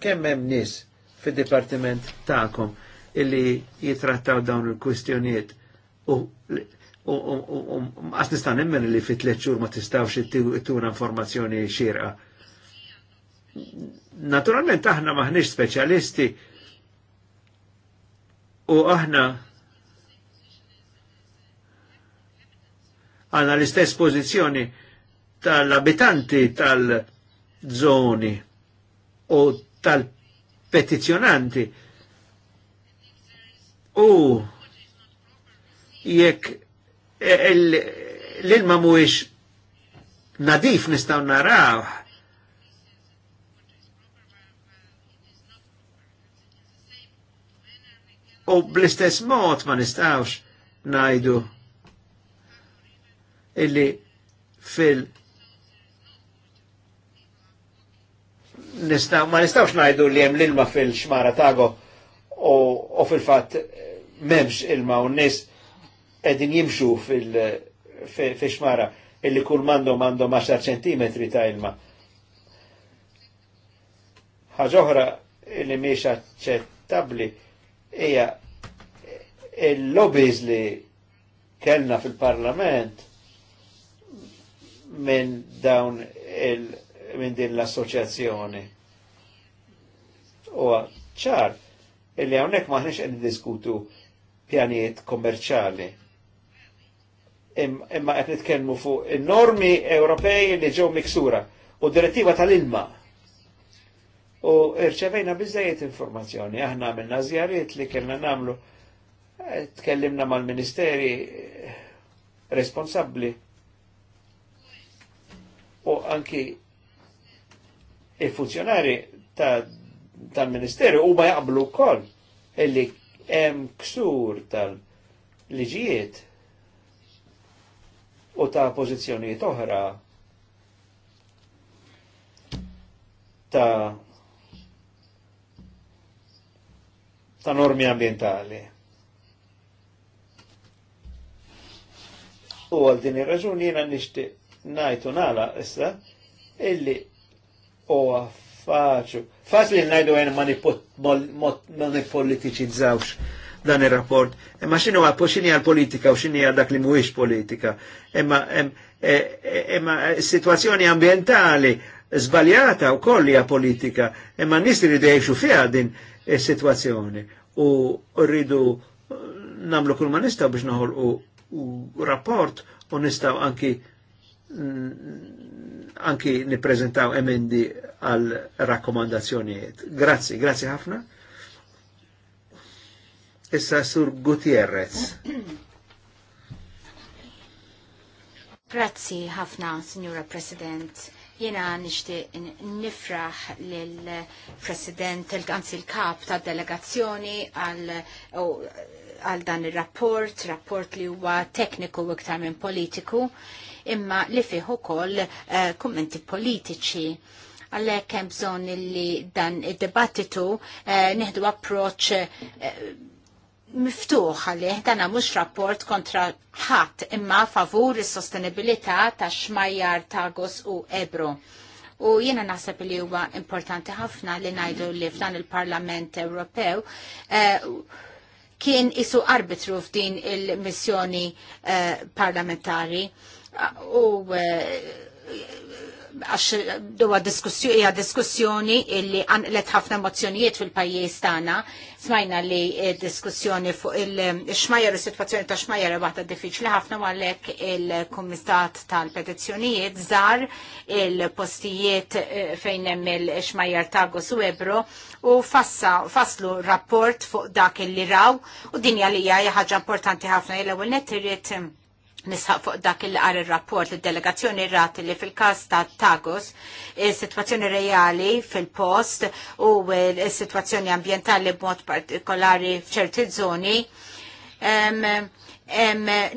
Kemm hemm nies fid-dipartiment tagħkom illi jitrattaw dawn il-kwistjonijiet u għas nista' nemmen li fit tliet xhur ma tistawx ittuna informazzjoni xierqa. Naturalment aħna maħniex speċjalisti u aħna għanna l-istess pozizjoni tal-abitanti tal zoni u tal-petizjonanti. U jekk e- l-ilma mhuwiex nadif nistaw naraw u bl-istess mod ma nistawx najdu illi fil Nista, ma nistawx najdu li jem l-ilma fil-xmara tago u, fil-fat eh, memx ilma u n-nis edin jimxu fil-xmara illi kull mandom mandom 10 centimetri ta' ilma. Ħaġoħra illi miex aċċettabli hija il-lobbies li kellna fil-parlament minn dawn il minn din l-assoċjazzjoni. U ċar, illi hawnhekk maħniex qed diskutu pjanijiet kommerċali. Imma qed nitkellmu fuq in-normi Ewropej li ġew miksura u direttiva tal-ilma. U irċevejna biżejjed informazzjoni, aħna għamilna żjarijiet li kellna nagħmlu tkellimna mal-ministeri responsabbli u anki il-funzjonari tal-ministeru u ma jaqblu kol illi hemm ksur tal-liġijiet u ta' pożizzjonijiet oħra ta' ta' normi ambientali. U għal din ir-raġuni jiena nixtieq najtu nala issa illi u faċu. Faċ li najdu għen ma dan il-rapport. Imma xinu għapu xini għal politika u xini għal dak li muħiċ politika. Imma e- e- imma situazzjoni ambientali zbaljata u kolli għal politika. Imma nis li rridu fiha din situazzjoni u rridu namlu kull ma nistaw biex naħol u rapport u nistaw anki Mm, anki niprezentaw emendi għal rakkomandazzjonijiet. Grazzi, grazzi ħafna. Issa sur Gutierrez. Grazzi ħafna, Signora President. Jena nishti nifraħ l-President, anzi l-Kap ta' delegazzjoni għal għal dan il-rapport, rapport li huwa tekniku u iktar minn politiku imma li fih ukoll uh, kummenti politiċi għallek hemm bżonn li dan id-dibattitu eh, nieħdu approċ eh, miftuħ għalih dan mhux rapport kontra ħadd imma favur is-sostenibilità ta' xmajjar Tagos u Ebro. U jiena naħseb li huwa importanti ħafna li ngħidu li f'dan il-Parlament Ewropew eh, kien isu arbitru f'din il-missjoni parlamentari u eh, għax duwa diskussjoni, hija diskussjoni illi għanqlet ħafna mozzjonijiet fil-pajjiż tagħna. Smajna li diskussjoni fuq il xmajer u situazzjoni ta' Xmajer waħda diffiċli ħafna għalhekk il-Kumitat tal-Petizzjonijiet żar il-postijiet eh, fejn hemm il ta' Tagos u Ebro u fassa, faslu rapport fuq dak il-li raw u dinja li hija ħaġa importanti ħafna il ewwel nettirrit nisħaq fuq dak il għar il-rapport il delegazzjoni rati li fil-kas ta' Tagus, il-situazzjoni reali fil-post u il-situazzjoni ambientali b'mod partikolari f'ċerti zoni,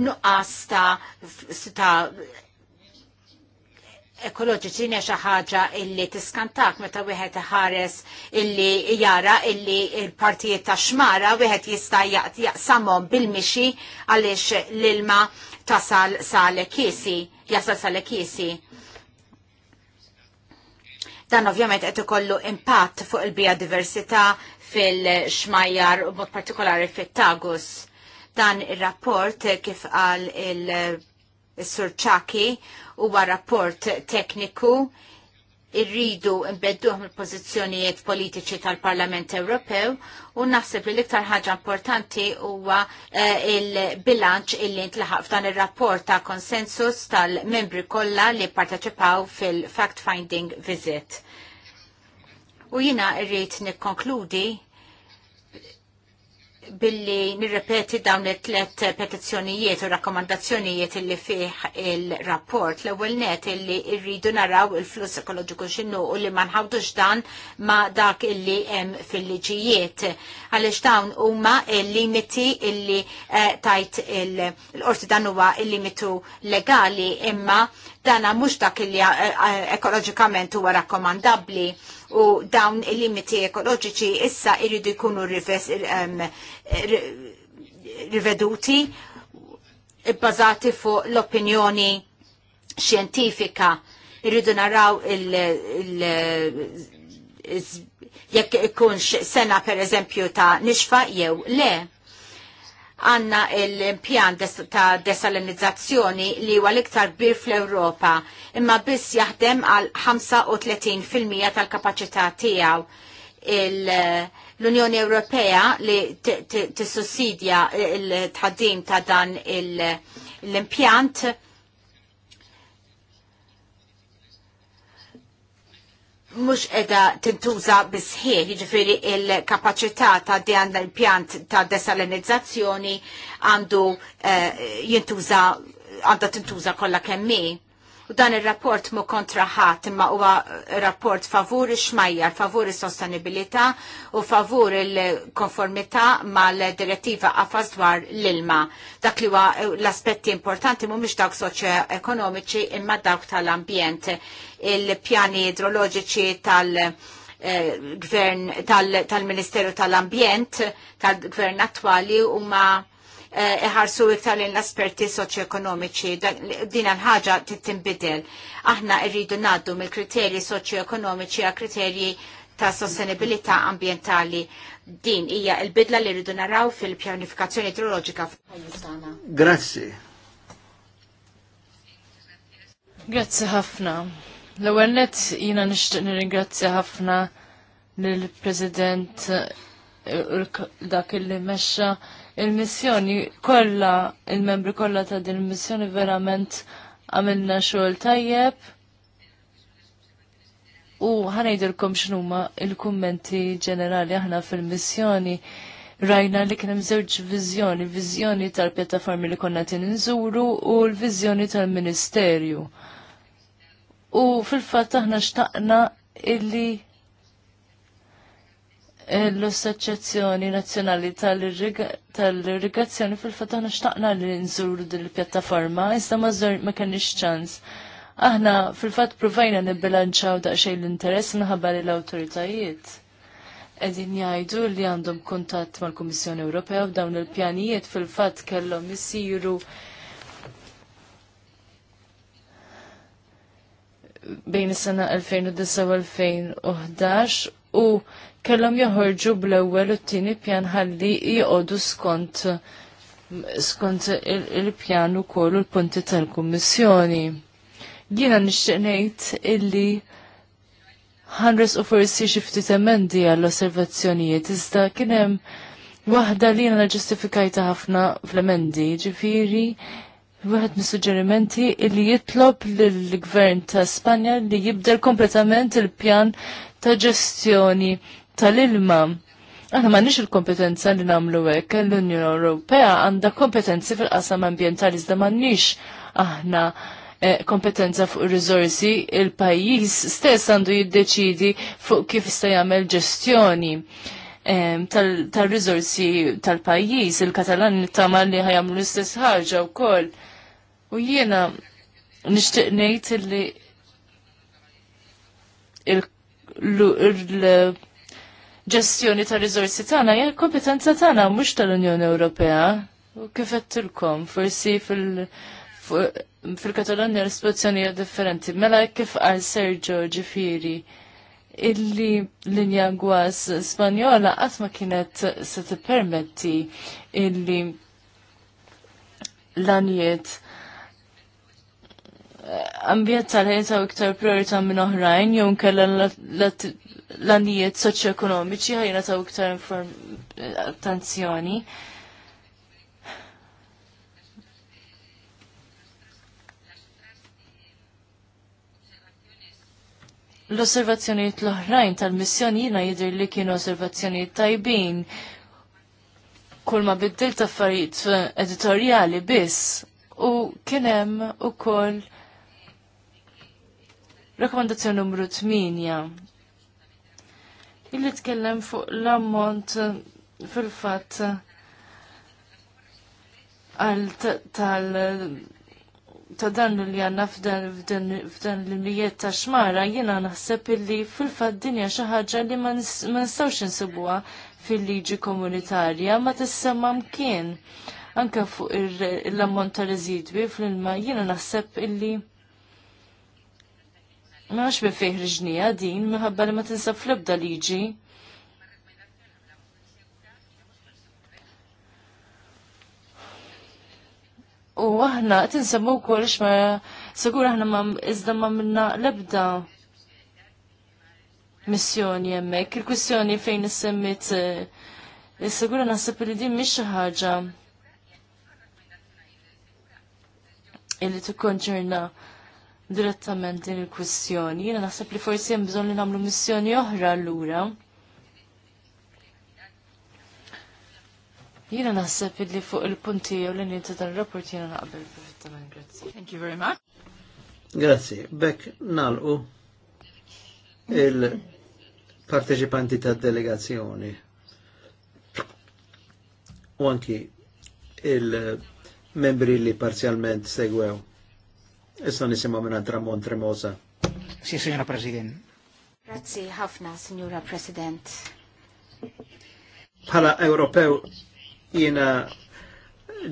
nuqqas ta' ekoloġiċi hija ħaġa illi tiskantak meta wieħed iħares illi jara illi l-partijiet ta' xmara wieħed jista' jaqsamhom bil-mixi għaliex l-ilma tasal sale kisi jasal sale kisi Dan ovvjament qed ikollu impatt fuq il-biodiversità fil-xmajjar u mod partikolari fit-tagus. Dan ir-rapport kif qal il-Surċaki huwa rapport tekniku irridu imbedduħ mill pożizzjonijiet politiċi tal-Parlament Ewropew u naħseb li l-iktar ħaġa importanti huwa eh, il-bilanċ illi ntlaħaq f'dan ir-rapport ta' konsensus tal-membri kollha li parteċipaw fil-fact-finding visit. U jina irrid nikkonkludi billi nirrepeti dawn it-tlet petizzjonijiet u rakkomandazzjonijiet li fih il-rapport. L-ewwel net illi rridu naraw il-fluss ekoloġiku x'inhu u li ma nħawdux dan ma dak illi hemm fil-liġijiet. Għaliex dawn huma il-limiti illi eh, tajt l-qorti dan huwa il-limitu legali imma dana mhux dak illi eh, eh, ekoloġikament huwa rakkomandabbli u dawn il-limiti ekoloġiċi issa irridu jkunu riveduti bbażati fuq l-opinjoni xjentifika irridu naraw il- jekk ikunx sena per eżempju ta' nixfa jew le għanna l-impjan ta' desalinizzazzjoni li huwa l-iktar bir fl-Ewropa imma biss jaħdem għal 35% tal-kapacità tiegħu. L-Unjoni Ewropea li tissussidja il tħaddim ta' dan l-impjant mux edha tintuża bisħieħ, jiġifieri il-kapacità ta' di il impjant ta' desalinizzazzjoni għandu eh, jintuża għanda tintuża kollha kemmi. U dan il-rapport mu kontraħat imma huwa rapport favur ix-xmajjar, favur is-sostenibilità u favur il-konformità mal-direttiva qafas dwar l-ilma. Dak li huwa l-aspetti importanti mhumiex dawk soċjo-ekonomiċi imma dawk tal-ambjent. Il-pjani idroloġiċi tal- eh, gvern tal-Ministeru tal-Ambjent, tal-Gvern attwali huma Eh, iħarsu iktar l asperti soċjoekonomiċi, din l-ħaġa tinbidel. Aħna rridu naddu mill-kriterji soċjoekonomiċi għal kriterji ta' sostenibilità ambientali. Din hija l-bidla li rridu naraw fil-pjanifikazzjoni idroloġika fil-Pajjiż Grazzi. Grazzi ħafna. L-ewwel nett jiena nixtieq nirringrazzja ħafna lill-President eh, dak li mexxa il-missjoni kollha il-membri kollha ta' din il-missjoni verament għamilna xogħol tajjeb. U ħanajdilkom x'numa il-kummenti ġenerali aħna fil-missjoni rajna li kienem żewġ viżjoni, viżjoni tal-pjattaformi li konna tin nżuru u l-viżjoni tal-Ministerju. U fil-fatt aħna xtaqna illi l-Ossoċjazzjoni Nazzjonali tal-Irrigazzjoni fil-fatt aħna xtaqna li nżuru din il-pjattaforma, iżda ma kenniex ċans. Aħna fil-fatt provajna nibbilanċaw daqsxejn l-interess minħabba li l-awtoritajiet. Edin jgħidu li għandhom kuntatt mal-Kummissjoni Ewropea u dawn il-pjanijiet fil-fatt kellhom isiru bejn is-sena 2009 u 2011 u kellhom joħorġu bl-ewwel u t-tieni pjan ħalli jqogħdu skont skont il-pjan il ukoll u l-punti tal-Kummissjoni. Jiena nixtieq ngħid illi ħanres u forsi xi ftit emendi għall-osservazzjonijiet iżda kien hemm waħda li jiena ġustifikajta ħafna fl-emendi, ġifieri Waħed mis-suġġerimenti li jitlob lill-Gvern ta' Spanja li jibdel kompletament il-pjan ta' ġestjoni tal-ilma. Aħna m'għandniex il-kompetenza li nagħmlu hekk, l-Unjoni Ewropea għandha kompetenzi fil-qasam ambjentali iżda m'għandniex aħna eh, kompetenza fuq ir rizorsi il-pajjiż stess għandu jiddeċidi fuq kif jista' jagħmel ġestjoni eh, tal rizorsi tal-pajjiż, il-Katalan nittama li ħajamlu l-istess ħaġa wkoll. U jiena nixtieq ngħid li il ġestjoni ta' rizorsi tagħna hija kompetenza tagħna mhux tal-Unjoni Ewropea. U kif għettilkom, forsi fil- katalonja l-situazzjoni hija differenti. Mela kif qal Sergio ġifieri illi linja gwas Spanjola qatt ma kienet se tippermetti illi l-anijiet eh, ambjentali u iktar priorita minn oħrajn jew nkella l soċ-ekonomiċi ħajna ta' uktar attenzjoni. L-osservazzjonijiet l-oħrajn tal-missjoni jina jidir li kienu osservazzjonijiet tajbin. Kull ma biddil ta' affarijiet editorjali biss u kienem u koll Rekomendazzjoni numru 8 illi tkellem fuq l-ammont eh, fil-fatt eh, għal tal ta' dan li għanna f'dan l-imlijiet ta' xmara jina naħseb illi fil-fat dinja xaħġa li ma nistawx nsibuwa fil-liġi komunitarja ma tissemma kien. anka fuq l-ammont ta' residwi fil-ma, jina naħseb illi Maħx bi minn fejn ħriġnija din minħabba li ma tinsab flibda ebda liġi. U aħna tinsabu kol ma sagur aħna ma izda ma minna l missjoni jemmek, il kwissjoni fejn issemmit is-sigura eh, sepp li din miex ħagġa ħaġa illi tikkonċerna direttament din il-kwistjoni. Jiena naħseb li forsi hemm bżonn li nagħmlu missjoni oħra allura. Jiena naħseb li fuq il-punti jew l ta' dan rapport jiena naqbel perfettament. Grazzi. Thank you very much. Grazzi. Bekk nalqu il-parteċipanti tad delegazzjoni u anki il-membri li parzjalment segwew Issa nisimgħu minn Dramon Tremosa. Si, Signora President. Grazzi ħafna, Signora President. Bħala Ewropew jiena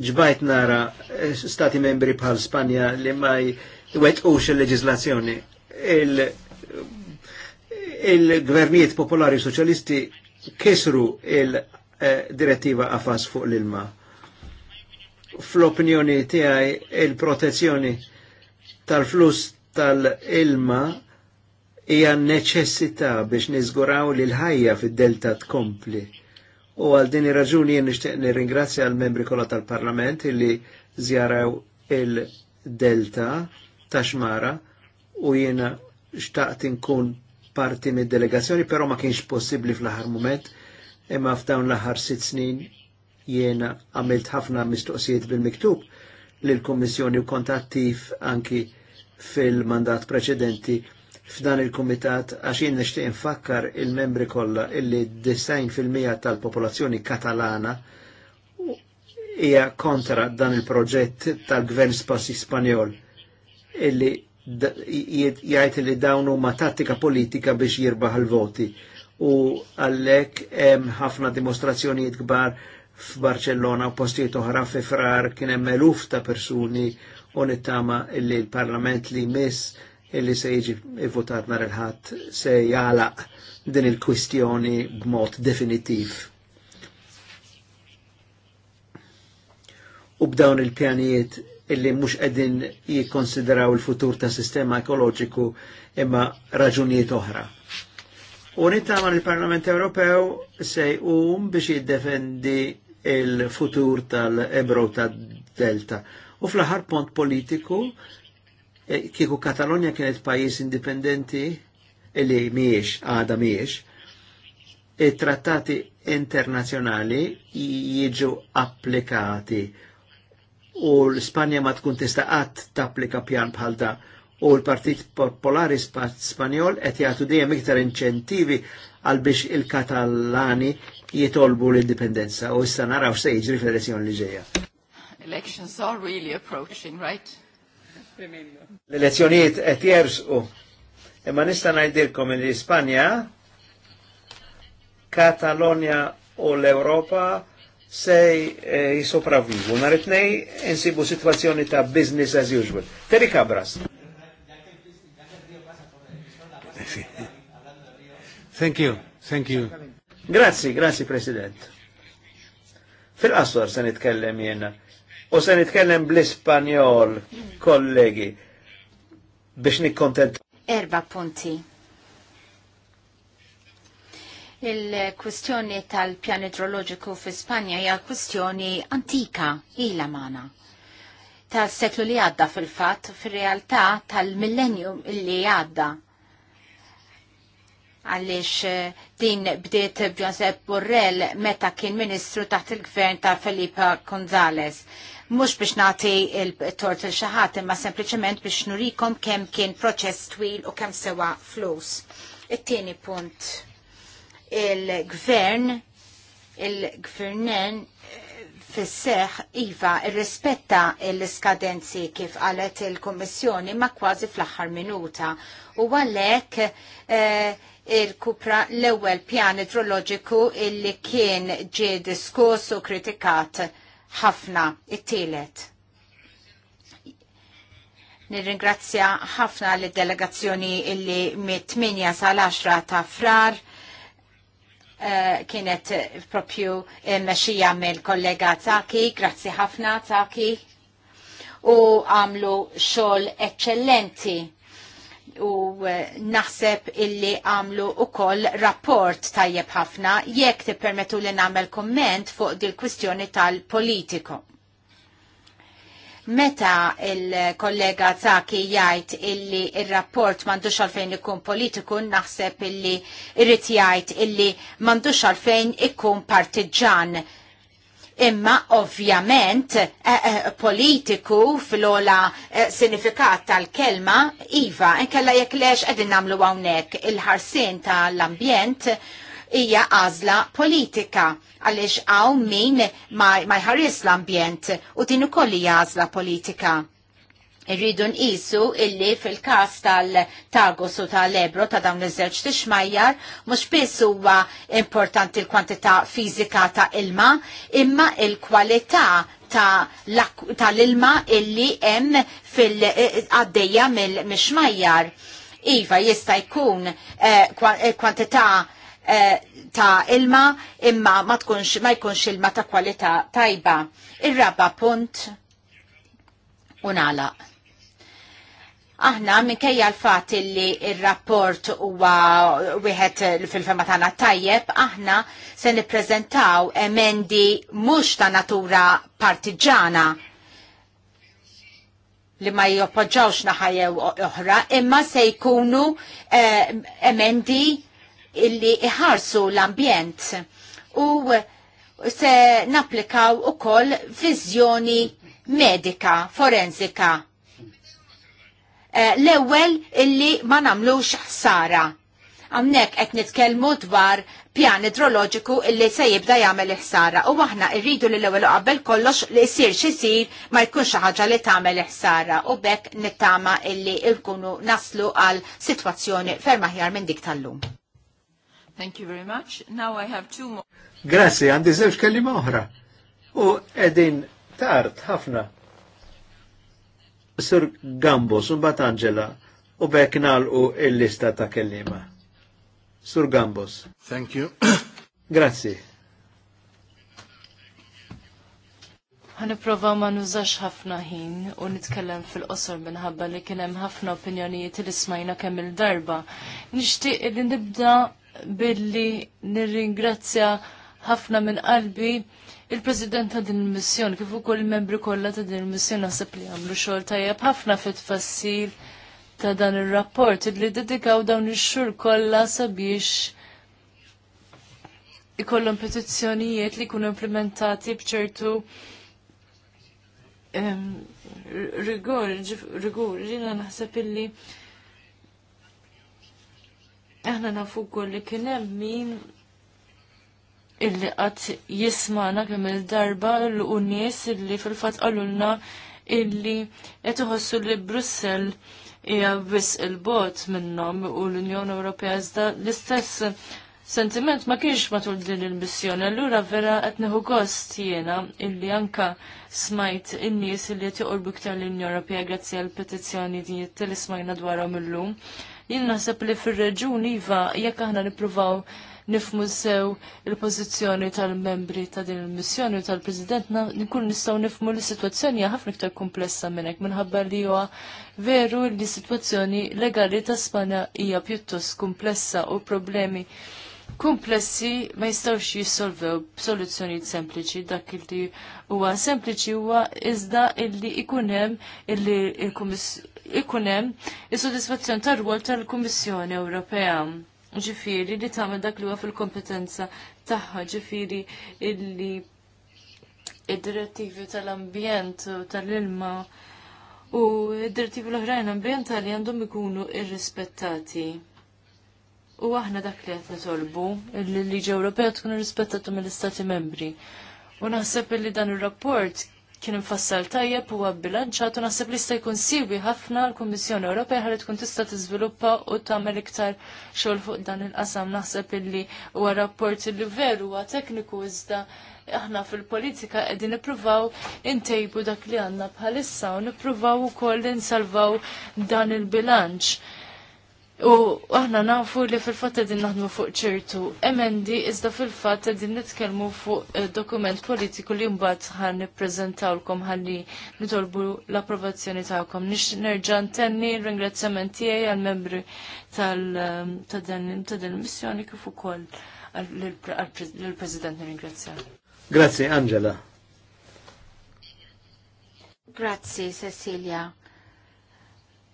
ġbajt nara eh, stati membri pal Spanja li maj wet ux il-leġizlazzjoni. Il-gvernijiet il popolari soċjalisti kisru il-direttiva għafas fuq l-ilma. Fl-opinjoni tijaj il-protezzjoni il protezzjoni tal-flus tal-ilma hija neċessità biex niżguraw li l-ħajja fid-delta tkompli. U għal din ir-raġuni jien nixtieq nirringrazzja għall membri kollha tal-Parlament illi żjaraw il-delta ta' xmara u jiena xtaqt inkun parti mid-delegazzjoni, però ma kienx possibbli fl-aħħar mument. imma f'dawn l-aħħar sitt snin jiena għamilt ħafna mistoqsijiet bil-miktub lill-Kummissjoni u kontattiv anki fil-mandat preċedenti f'dan il-Kumitat għax jien nixtieq infakkar il-membri kollha illi 90% tal-popolazzjoni katalana hija kontra dan il-proġett tal-Gvern Spassi Spanjol illi jgħid li dawn huma tattika politika biex jirbaħ il-voti u għallek hemm ħafna dimostrazzjonijiet kbar f'Barcellona u postijiet oħra fi frar kien hemm eluf ta' persuni u nittama illi l-Parlament li miss illi se jiġi votat nar il-ħat se jalaq din il-kwistjoni b'mod definitiv. U b'dawn il-pjanijiet illi mhux qegħdin jikkonsideraw il-futur ta' sistema ekoloġiku imma raġunijiet oħra. U nittama l parlament Ewropew se jqum biex jiddefendi il-futur tal-Ebro tad-Delta U fl-aħħar pont politiku, e, kieku Katalonja kienet pajis indipendenti, li miex, għada miex, trattati internazjonali jiġu applikati u l-Spanja ma tkun tista' qatt tapplika pjan bħal da u l-Partit Popolari Spanjol qed jagħtu dejjem iktar inċentivi għal biex il-Katalani jitolbu l-indipendenza u issa naraw se jiġri fl-elezzjoni li ġejja elections are really approaching, right? l elezzjoniet qed jersqu. Imma nista' ngħidilkom li Spanja, Katalonja u l-Ewropa se eh, jisopravvivu. Nhar it tnejn insibu situazzjoni ta' business as usual. Terry Cabras. Thank you, thank you. Grazie, grazie President. Fil-qasor se nitkellem jena u se nitkellem bl-Ispanjol, kollegi, biex nikkontent. Erba punti. Il-kwistjoni tal-pjan idroloġiku fi Spanja hija kwistjoni antika ila mana tal-seklu li għadda fil-fat, fil-realtà tal-millennium li għadda. Għalix eh, din bdiet Giuseppe Borrell meta kien ministru taħt il-gvern ta' Felipa Gonzales mhux biex nagħti il-tort il xaħat imma sempliċement biex nurikom kemm kien proċess twil u kemm sewa flus. It-tieni punt il-gvern il-gvernen eh, fis-seħ iva rispetta l-iskadenzi kif qalet il-Kommissjoni ma kważi fl-aħħar minuta u għalek eh, il-kupra l-ewwel pjan idroloġiku li kien ġie diskuss u kritikat ħafna it-tielet. Nirringrazzja ħafna l delegazzjoni illi mit-8 sal-10 ta' frar eh, kienet propju meċija mill kollega Taki, grazzi ħafna Taki, u għamlu xol eccellenti u eh, naħseb illi għamlu u koll rapport tajjeb ħafna jekk tippermetu li namel komment fuq dil kwistjoni tal-politiko. Meta il-kollega Zaki jgħid illi il-rapport mandux għalfejn ikun politiku, naħseb illi irrit jgħid illi mandux għalfejn ikun partiġan imma ovvjament eh, eh, politiku fil-ola eh, sinifikat tal-kelma iva, inkella jekk lex għedin namlu għawnek il-ħarsin tal-ambjent hija għażla politika għaliex għaw min ma, ma jħares l-ambjent u din ukoll hija għażla politika. Irridu nqisu illi fil-każ tal tagos u tal-Ebro ta' dawn iż-żewġ tixmajjar mhux biss huwa importanti l-kwantità fiżika ta' ilma, imma il-kwalità tal-ilma illi hemm fil-għaddejja e- e- mill-mixmajjar. Iva jista' jkun eh, eh, kwantità eh, ta' ilma imma ma tkunx ma jkunx ilma ta' kwalità tajba. Ir-raba punt unala. Aħna minkejja l-fat li il-rapport huwa wieħed fil-fema tagħna tajjeb, aħna se nippreżentaw emendi mhux ta' natura partiġana li ma joppoġġawx naħajew oħra, imma se jkunu eh, emendi illi iħarsu l-ambjent u se napplikaw ukoll viżjoni medika, forensika Eh, l-ewwel illi ma nagħmlux ħsara. Għamnek qed nitkellmu dwar pjan idroloġiku illi se jibda jagħmel ħsara u aħna rridu li l-ewwel qabel kollox li jsir xisir ma jkunx xi ħaġa li tagħmel ħsara u bekk nittama illi nkunu naslu għal sitwazzjoni ferm aħjar minn dik tal-lum. Thank you very much. Now I have two more. Grazie, għandi żewġ kelli oħra. U edin tard ħafna Sir Gambos, un Angela, u bekk nalqu il-lista ta' kellima. Sur Gambos. Thank you. Grazzi. Għaniprofa ma nużax ħafna ħin u nitkellem fil-qosor minħabba li kienem ħafna opinjonijiet li smajna kemm il-darba. Nixtieq li nibda billi nirringrazzja ħafna minn qalbi il-President ta' din il-missjoni, kif ukoll il-membri kollha ta' din il-missjoni naħseb li għamlu xogħol tajjeb ħafna fit-tfassil ta' dan ir-rapport li dedikaw dawn ix-xhur kollha sabiex ikollhom petizzjonijiet li jkunu implementati bċertu rigur. rigur, jina naħseb illi aħna nafu li kien hemm min illi qatt jismana kemm il-darba l nies illi fil-fatt qalulna illi qed iħossu li Brussell hija biss il-bot minnhom u l-Unjoni Ewropea iżda l-istess sentiment ma kienx matul din il-missjoni, allura vera qed neħu gost jiena illi anka smajt in-nies illi qed joqorbu iktar l-Unjoni Ewropea grazzi għall petizzjoni din li smajna dwarhom illum. Jien naħseb li fir-reġun iva jekk aħna nippruvaw nifmu sew il-pożizzjoni tal-membri ta' din il-missjoni u tal-President nkun nistgħu nifmu li situazzjoni ħafna iktar komplessa minn hekk minħabba li huwa veru li situazzjoni legali ta' Spanja hija pjuttost komplessa u problemi komplessi ma jistawx jissolvew b'soluzzjonijiet sempliċi dak li huwa sempliċi huwa iżda illi ikun hemm illi il-Kummissjoni ikunem il-sodisfazzjon tar-rwol tal-Kummissjoni Ewropea ġifiri li tagħmel dak li huwa fil-kompetenza tagħha ġifiri illi id-direttivi tal-ambjent u tal-ilma u id-direttivi l-oħrajn ambjentali għandhom ikunu irrispettati. U aħna dak li qed nitolbu li l-liġi Ewropea tkun irrispettatu mill-Istati membri. U naħseb li dan ir-rapport kien infassal tajjeb u għabbilanċat u naħseb li jista' jkun siwi ħafna l-Kummissjoni Ewropea ħalli tkun tista' tiżviluppa u tagħmel iktar xogħol fuq dan il-qasam naħseb illi huwa rapport li veru huwa tekniku iżda aħna fil-politika qegħdin nippruvaw intejbu dak li għandna bħalissa u nippruvaw ukoll insalvaw dan il-bilanċ U aħna nafu li fil-fat din naħdmu fuq ċertu emendi, iżda fil-fat din nitkellmu fuq eh, dokument politiku li mbagħad ħan nippreżentawlkom ħalli nitolbu l-approvazzjoni tagħkom. Nix nerġa' ntenni r-ringrazzjament tiegħi għall-membri eh, ta' din il-missjoni kif ukoll lill-President nirringrazzja. Grazzi Angela. Grazzi Cecilia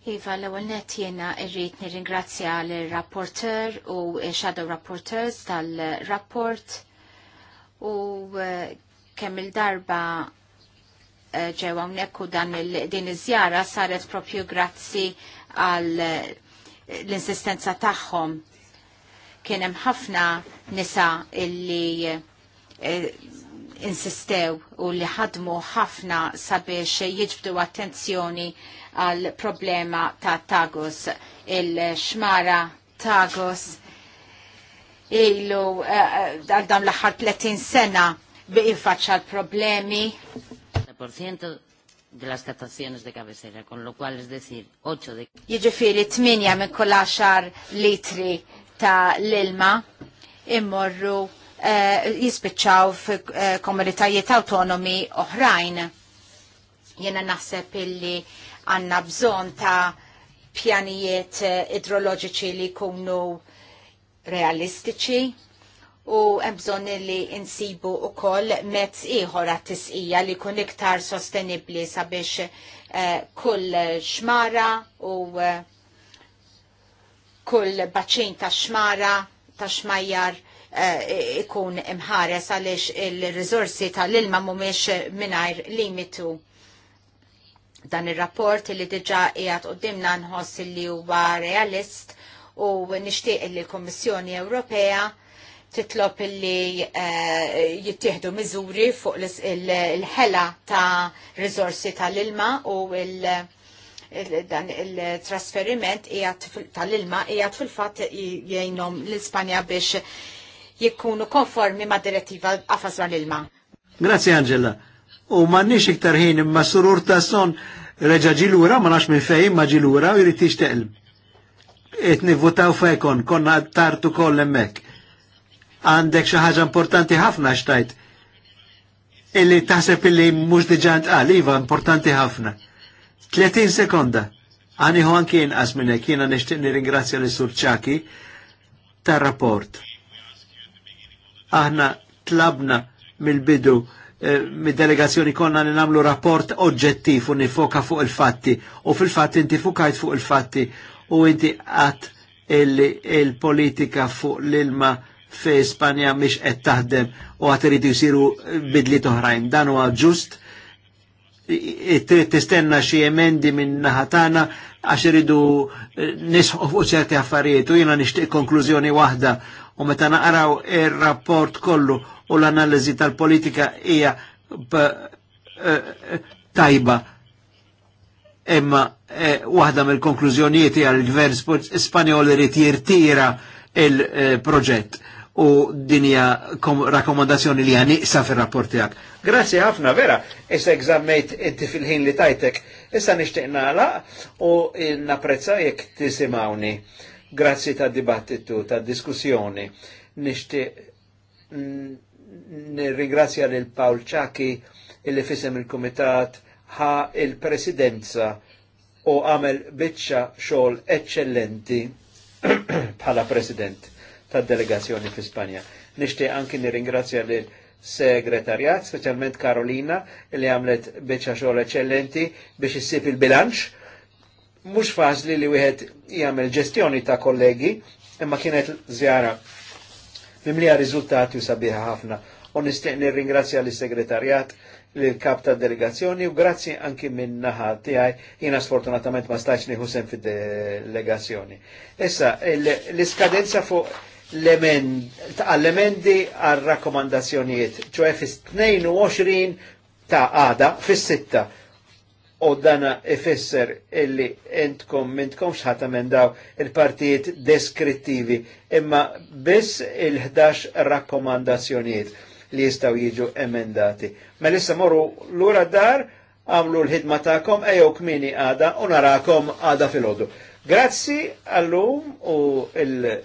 Iva, l ewwel net jena irrit nirringrazzja l-rapporter u shadow rapporteurs tal-rapport u eh, kemm il-darba eh, hawnhekk u dan din iż-żjara saret propju grazzi għal eh, l-insistenza tagħhom. Kien hemm ħafna nisa illi insistew u li ħadmu ħafna sabiex jiġbdu attenzjoni għal problema ta' tagus. Il-xmara tagus ilu eh, eh, għal dam l-ħar 30 sena bifaċċa l-problemi. de las cataciones de cabecera, con lo cual es decir, 8 de... Jiġifiri 8 minn kull 10 litri ta' l-ilma immorru eh, jispiċċaw f'komunitajiet autonomi oħrajn. Jena naħseb illi għanna bżon ta' pjanijiet eh, idroloġiċi li jkunu realistiċi u bżon li insibu u koll mezz iħor għat-tisqija li kun iktar sostenibli sabiex eh, kull xmara u eh, kull baċin ta' xmara ta' xmajjar ikun imħares għalix il-rizorsi tal-ilma mumiex minajr limitu dan il-rapport li diġa qiegħed qudiemna nħoss li huwa realist u nixtieq li l-Kummissjoni Ewropea titlob li eh, jittieħdu miżuri fuq il-ħela ta' riżorsi tal-ilma u dan il-trasferiment tal-ilma jgħat fil-fatt jgħinhom l-Ispanja biex jikkunu konformi ma' direttiva għafazwa l-ilma. Grazie Angela u mannix iktar ħin imma surur ta' son reġa ġilura, ma nax minn fej, ma ġilura u jrid xteql. Et nivvotaw fejkon, konna tartu koll emmek. Għandek xi ħaġa importanti ħafna xtajt. Illi taħseb illi mhux diġant ntqal, iva importanti ħafna. 30 sekonda. Għani ho anki inqas minn hekk jiena nixtieq nirringrazzja li sur ta' tar-rapport. Aħna tlabna mill-bidu Eh, mid-delegazzjoni konna li namlu rapport oġġettiv u nifoka fuq il-fatti u fil-fatti inti fukajt fuq il-fatti u inti għat il-politika fuq l-ilma fi Spanja miex qed taħdem u għat irridu jisiru bidli toħrajn. Dan huwa ġust tistenna xi emendi minn naħatana għax irridu eh, nisħu fuq ċerti affarijiet u jiena nixtieq konklużjoni waħda U meta naqraw ir-rapport kollu u l-analiżi tal-politika hija eh, eh, tajba imma eh, waħda mill-konklużjonijiet hija l-Gvern Spanjol irid jirtira il-proġett u dinja rakomandazzjoni li għaniqsa fil-rapport tijak. Grazie ħafna, vera, issa egzammejt inti fil-ħin li tajtek, issa nixtieq nagħlaq u napprezza jek tisimawni. Grazzi ta' dibattitu, ta' diskussjoni. Nishti nirringrazzja lil Paul Ciacchi illi fisem il-Komitat ħa il-Presidenza u għamel bitxa xogħol eccellenti bħala President tad delegazzjoni fi Spanja. Nishti anki nirringrazzja lil segretarjat, specialment Karolina, li għamlet bitxa xogħol eccellenti biex issib il-bilanċ mhux faċli li wieħed jagħmel ġestjoni ta' kollegi, imma kienet żjara mimlija riżultati u sabiħa ħafna. U nistieq nirringrazzja l segretarjat lill kap ta' delegazzjoni u grazzi anki minn naħa tiegħi jiena sfortunatament ma stax nieħu sem fid-delegazzjoni. Issa l-iskadenza fuq l-emendi għal rakkomandazzjonijiet, ċoħe fis-22 ta' għada, fis-sitta u dana ifisser illi entkom mintkom xħat emendaw il-partijiet deskrittivi imma biss il-11 rakkomandazzjoniet li jistaw jiġu emendati. Ma mela lissa morru l-ura dar għamlu l-ħidma ta'kom ejo kmini għada u narakom għada fil-ħodu. Grazzi għallum u il